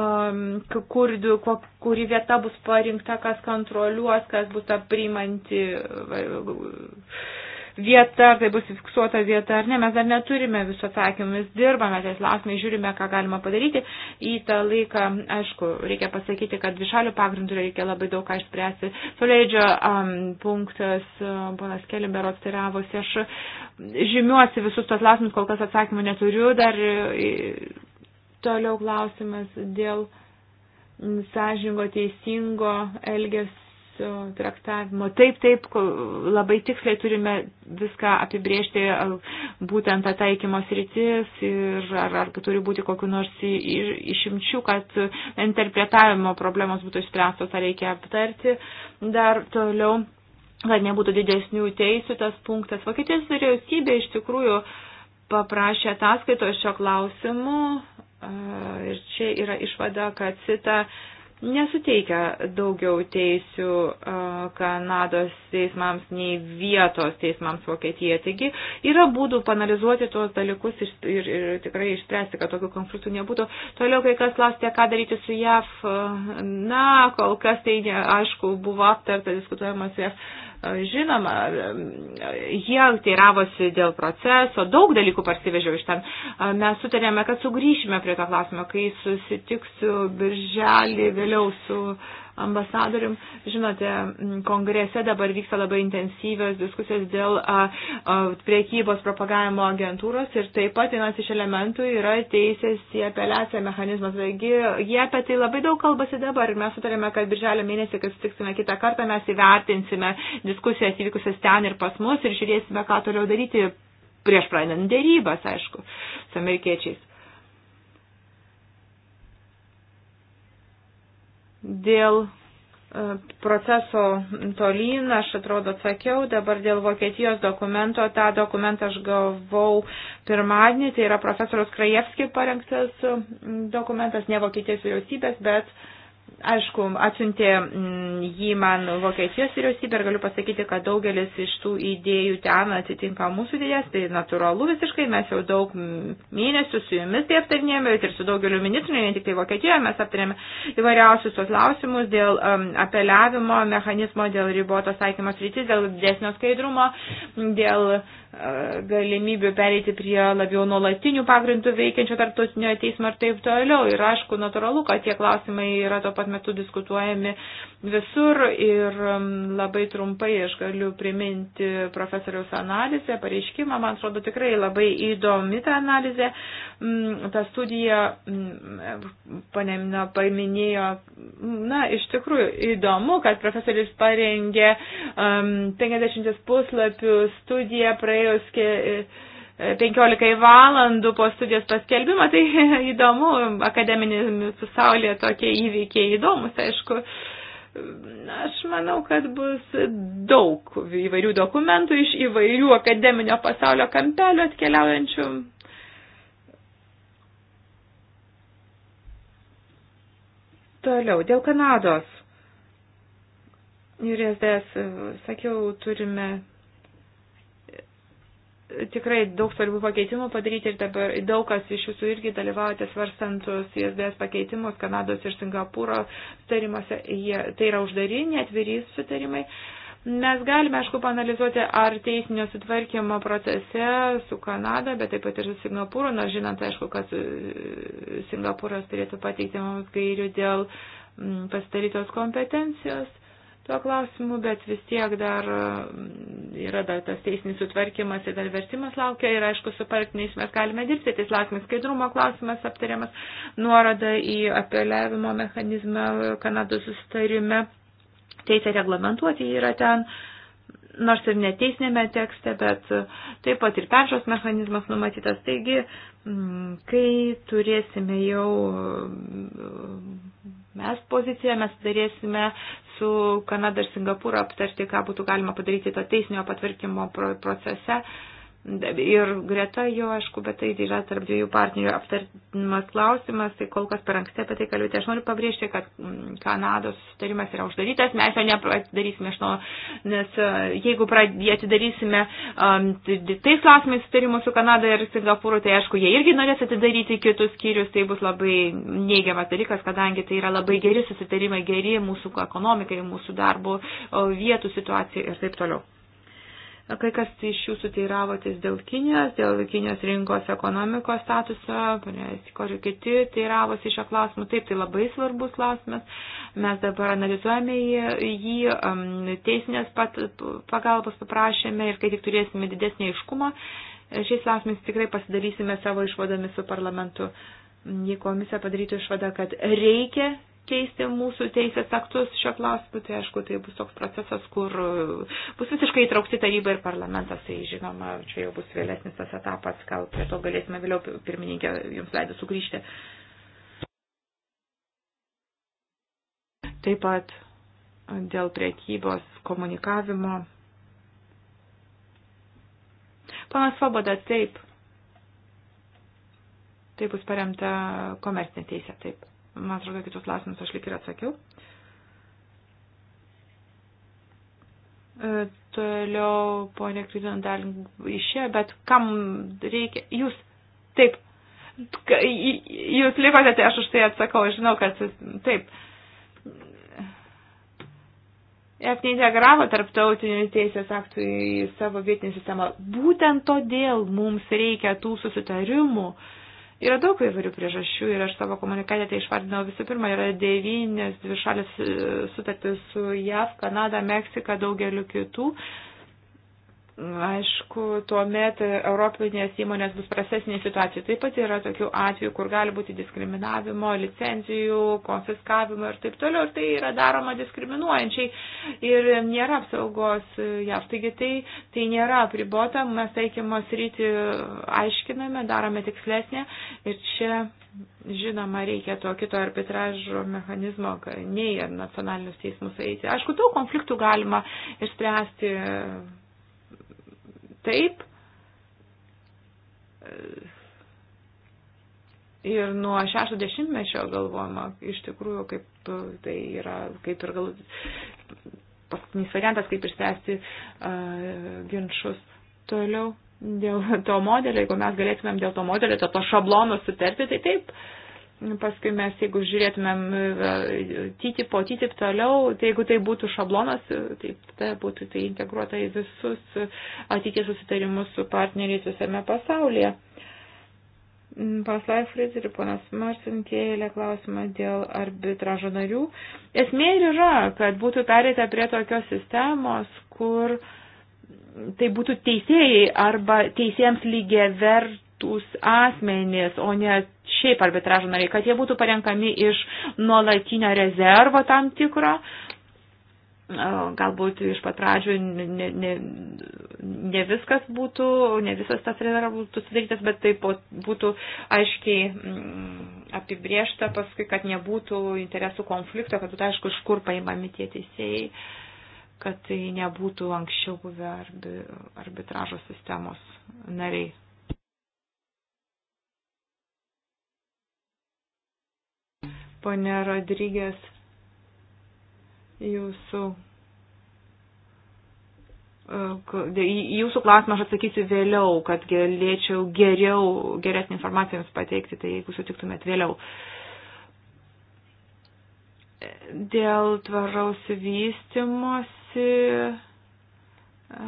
Speaker 2: um, kur, kur, kuri vieta bus parinkta, kas kontroliuos, kas bus ta priimanti. Uh, vieta, ar tai bus fiksuota vieta ar ne, mes dar neturime viso atsakymų, mes dirbame ties lausmai, žiūrime, ką galima padaryti. Į tą laiką, aišku, reikia pasakyti, kad višalių pagrindų reikia labai daug ką išspręsti. Soleidžio um, punktas, um, ponas Kelimberos tiravosi, aš žymiuosi visus tos lausmus, kol kas atsakymų neturiu, dar į, toliau klausimas dėl sąžingo, teisingo elgesio traktavimo. Taip, taip, labai tiksliai turime viską apibriežti, būtent tą taikymo sritis ir ar, ar turi būti kokiu nors išimčių, kad interpretavimo problemos būtų išspręstos, ar reikia aptarti dar toliau, kad nebūtų didesnių teisų tas punktas. Vokietijos vyriausybė iš tikrųjų paprašė ataskaito šio klausimu ir čia yra išvada, kad cita nesuteikia daugiau teisių Kanados teismams nei vietos teismams Vokietija. Taigi yra būdų panalizuoti tuos dalykus ir, ir, ir tikrai išspręsti, kad tokių konfliktų nebūtų. Toliau kai kas klausė, ką daryti su JAV. Na, kol kas tai, aišku, buvo aptarta, diskutuojama su JAV. Žinoma, jie teiravosi dėl proceso, daug dalykų parsivežiau iš ten. Mes sutarėme, kad sugrįšime prie to klausimo, kai susitiksiu birželį vėliau su uh, ambasadorium. Žinote, kongrese dabar vyksta labai intensyvios diskusijos dėl a, a, priekybos propagavimo agentūros ir taip pat vienas iš elementų yra teisės į apeliaciją mechanizmas. Taigi jie apie tai labai daug kalbasi dabar ir mes sutarėme, kad birželio mėnesį, kai sutiksime kitą kartą, mes įvertinsime diskusijas įvykusias ten ir pas mus ir žiūrėsime, ką toliau daryti prieš pradedant dėrybas, aišku, su amerikiečiais. Dėl e, proceso tolyn, aš atrodo atsakiau, dabar dėl Vokietijos dokumento, tą dokumentą aš gavau pirmadienį, tai yra profesorius Krajevski parengtas dokumentas, ne Vokietijos vyriausybės, bet uh, Aišku, atsiuntė mm, jį man Vokietijos vyriausybė ir galiu pasakyti, kad daugelis iš tų idėjų ten atitinka mūsų idėjas, tai natūralu visiškai, mes jau daug mėnesių su jumis tai aptarnėjome, bet ir su daugeliu ministrų, ne tik tai Vokietijoje, mes aptarėme įvairiausius tos klausimus dėl um, apeliavimo mechanizmo, dėl ribotos taikymos rytis, dėl desnio skaidrumo, dėl uh, galimybių pereiti prie labiau nuolatinių pagrindų veikiančio tarptautinio teismo ir taip toliau. Ir aišku, natūralu, kad tie klausimai yra tuo pat metu diskutuojami visur ir mm, labai trumpai aš galiu priminti profesoriaus analizę, pareiškimą, man atrodo tikrai labai įdomi ta analizė. Mm, ta studija mm, panemino paminėjo, na, iš tikrųjų įdomu, kad profesorius parengė um, 50 puslapių studiją praėjus praėjus 15 e, valandų po studijos paskelbimo, tai įdomu, akademinėme pasaulyje tokie įvykiai įdomus, aišku. Aš manau, kad bus daug įvairių dokumentų iš įvairių akademinio pasaulio kampelių atkeliaujančių. Toliau, dėl Kanados. Ir SDS, sakiau, turime tikrai daug svarbių pakeitimų padaryti ir dabar daug kas iš jūsų irgi dalyvaujate svarstant CSDS pakeitimus Kanados ir Singapūro sutarimuose. Jie, tai yra uždari, neatviri sutarimai. Mes galime, aišku, panalizuoti, ar teisinio sutvarkymo procese su Kanada, bet taip pat ir su Singapūru, nors žinant, aišku, kad e, Singapūras turėtų pateikti mums gairių dėl pastarytos kompetencijos tuo klausimu, bet vis tiek dar
Speaker 3: mm,
Speaker 2: yra dar tas teisinis sutvarkymas ir dar vertimas laukia ir aišku, su partneriais mes galime dirbti, tais klausimais skaidrumo klausimas aptariamas, nuoroda į apeliavimo mechanizmą Kanados sustarime, teisė reglamentuoti yra ten nors ir neteisinėme tekste, bet taip pat ir peršos mechanizmas numatytas. Taigi, mm, kai turėsime jau mm, mes poziciją, mes darėsime su Kanada ir Singapūru aptarti, ką būtų galima padaryti to teisinio patvirtinimo procese. Uh, Ir greta jo, aišku, bet tai yra tarp dviejų partnerių aptartimas klausimas, tai kol kas per anksti apie tai kalbėti. Aš noriu pabrėžti, kad mm, Kanados sutarimas yra uždarytas, mes jo neatidarysime iš naujo, nes e, jeigu jį atidarysime um, tais klausimais sutarimu su Kanada ir Singapūru, tai aišku, jie irgi norės atidaryti kitus skyrius, tai bus labai neigiamas dalykas, kadangi tai yra labai geri susitarimai, geri mūsų ekonomikai, mūsų darbo vietų situacijai ir taip toliau. Kai kas iš jūsų teiravotės dėl Kinijos, dėl Kinijos rinkos ekonomikos statuso, ir kiti teiravosi šio klausimu. Taip, tai labai svarbus klausimas. Mes dabar analizuojame jį, um, teisinės pagalbos paprašėme ir kai tik turėsime didesnį aiškumą, šiais klausimais tikrai pasidarysime savo išvadomis su parlamentu. Jei komisija padarytų išvadą, kad reikia keisti mūsų teisės aktus šio klausimu, tai aišku, tai bus toks procesas, kur uh, bus visiškai įtraukti taryba ir parlamentas, tai žinoma, čia jau bus vėlesnis tas etapas, gal prie to galėsime vėliau, pirmininkė, jums leidė sugrįžti. Taip pat dėl priekybos komunikavimo. Panas Svoboda, taip. Tai bus paremta komercinė teisė, taip. Man atrodo, kitus klausimus aš lik ir atsakiau. E, toliau, ponė Kryton, dar išėjo, bet kam reikia, jūs, taip, jūs likote, tai aš už tai atsakau, žinau, kad taip. ES neintegravo tarptautinių teisės aktų į savo vietinį sistemą. Būtent todėl mums reikia tų susitarimų, uh, Yra daug įvairių priežasčių ir aš savo komunikatę tai išvardinau. Visų pirma, yra devynios dvišalės e, sutartys su JAV, Kanada, Meksika, daugeliu kitų. Uh, Aišku, tuo metu europinės įmonės bus prasesnė situacija. Taip pat yra tokių atvejų, kur gali būti diskriminavimo, licenzijų, konfiskavimo ir taip toliau. Ir tai yra daroma diskriminuojančiai ir nėra apsaugos jav. Taigi tai, tai nėra pribota, mes taikymo sritį aiškiname, darome tikslesnė ir čia žinoma, reikia to kito arbitražo mechanizmo, nei ar nacionalinius teismus eiti. Aišku, daug konfliktų galima išspręsti taip. Ir nuo 60-mečio galvojama iš tikrųjų, kaip tai yra, kaip ir gal paskutinis variantas, kaip išspręsti uh, ginčius toliau dėl to modelio, jeigu mes galėtumėm dėl to modelio, dėl to, to šablonų sutarti, tai taip, Paskui mes, jeigu žiūrėtumėm e, TTIP, po TTIP toliau, tai jeigu tai būtų šablonas, e, tai tada būtų tai integruota į visus ateities susitarimus su partneriais visame pasaulyje. Mm, Paslai Fritz ir ponas Marsin kėlė klausimą dėl arbitražo narių. Esmė ir yra, kad būtų pereita prie tokios sistemos, kur tai būtų teisėjai arba teisėjams lygiai vertus asmenės, o ne šiaip arbitražo nariai, kad jie būtų parenkami iš nuolatinio rezervo tam tikro, galbūt iš pat pradžių ne, ne, ne viskas būtų, ne visas tas rezervas būtų sudarytas, bet tai būtų aiškiai mm, apibriešta paskui, kad nebūtų interesų konflikto, kad būtų aišku, iš kur paimami tie teisėjai, kad tai nebūtų anksčiau buvę arbi, arbitražo sistemos nariai. Pone Rodrygės, jūsų, e, jūsų klausimą aš atsakysiu vėliau, kad galėčiau geriau, geresnį informaciją jums pateikti, tai jeigu sutiktumėt vėliau. Dėl tvaraus vystimosi. E,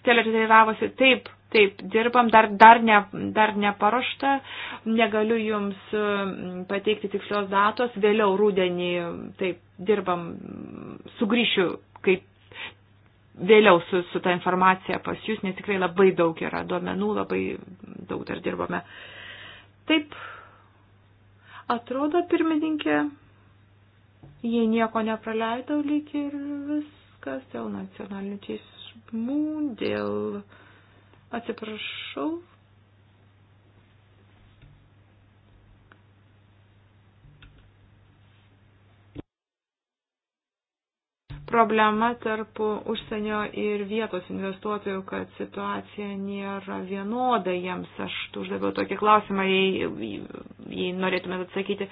Speaker 2: Skeletai dalyvavosi taip Taip, dirbam, dar, dar, ne, dar neparuošta, negaliu jums e, pateikti tikslios datos, vėliau rūdienį, taip, dirbam, sugrįšiu kaip vėliau su, su ta informacija pas jūs, nes tikrai labai daug yra duomenų, labai daug dar dirbame. Taip, atrodo, pirmininkė, jei nieko nepraleidau, lyg ir viskas dėl nacionalinių teismų, dėl. Atsiprašau. problema tarp užsienio ir vietos investuotojų, kad situacija nėra vienoda jiems. Aš uždaviau tokį klausimą, jei, jei norėtumėt atsakyti.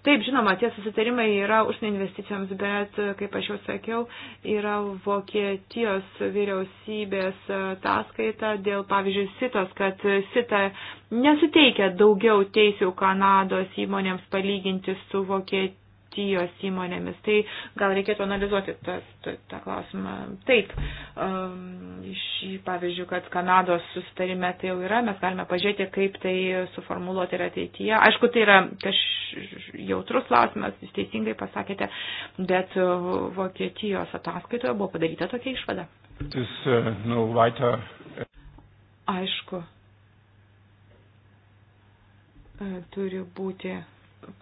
Speaker 2: Taip, žinoma, tie susitarimai yra užsienio investicijoms, bet, kaip aš jau sakiau, yra Vokietijos vyriausybės ataskaita dėl, pavyzdžiui, sitos, kad sita nesuteikia daugiau teisių Kanados įmonėms palyginti su Vokietijos Vokietijos įmonėmis. Tai gal reikėtų analizuoti tą, tą, tą klausimą. Taip, um, iš, pavyzdžiui, kad Kanados sustarime tai jau yra, mes galime pažiūrėti, kaip tai suformuluoti ir ateityje. Aišku, tai yra kaž, jautrus klausimas, jūs teisingai pasakėte, bet Vokietijos ataskaitoje buvo padaryta tokia išvada.
Speaker 1: This, uh, no weiter...
Speaker 2: Aišku, e, turi būti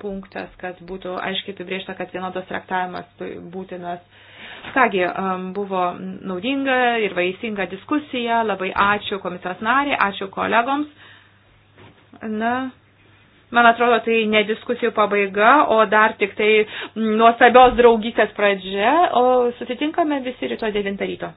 Speaker 2: punktas, kad būtų aiškiai apibriešta, kad vienodas traktavimas būtinas. Kągi, um, buvo naudinga ir vaisinga diskusija. Labai ačiū komisijos nariai, ačiū kolegoms. Na, Man atrodo, tai ne diskusijų pabaiga, o dar tik tai nuostabios draugystės pradžia, o susitinkame visi ryto 9 ryto.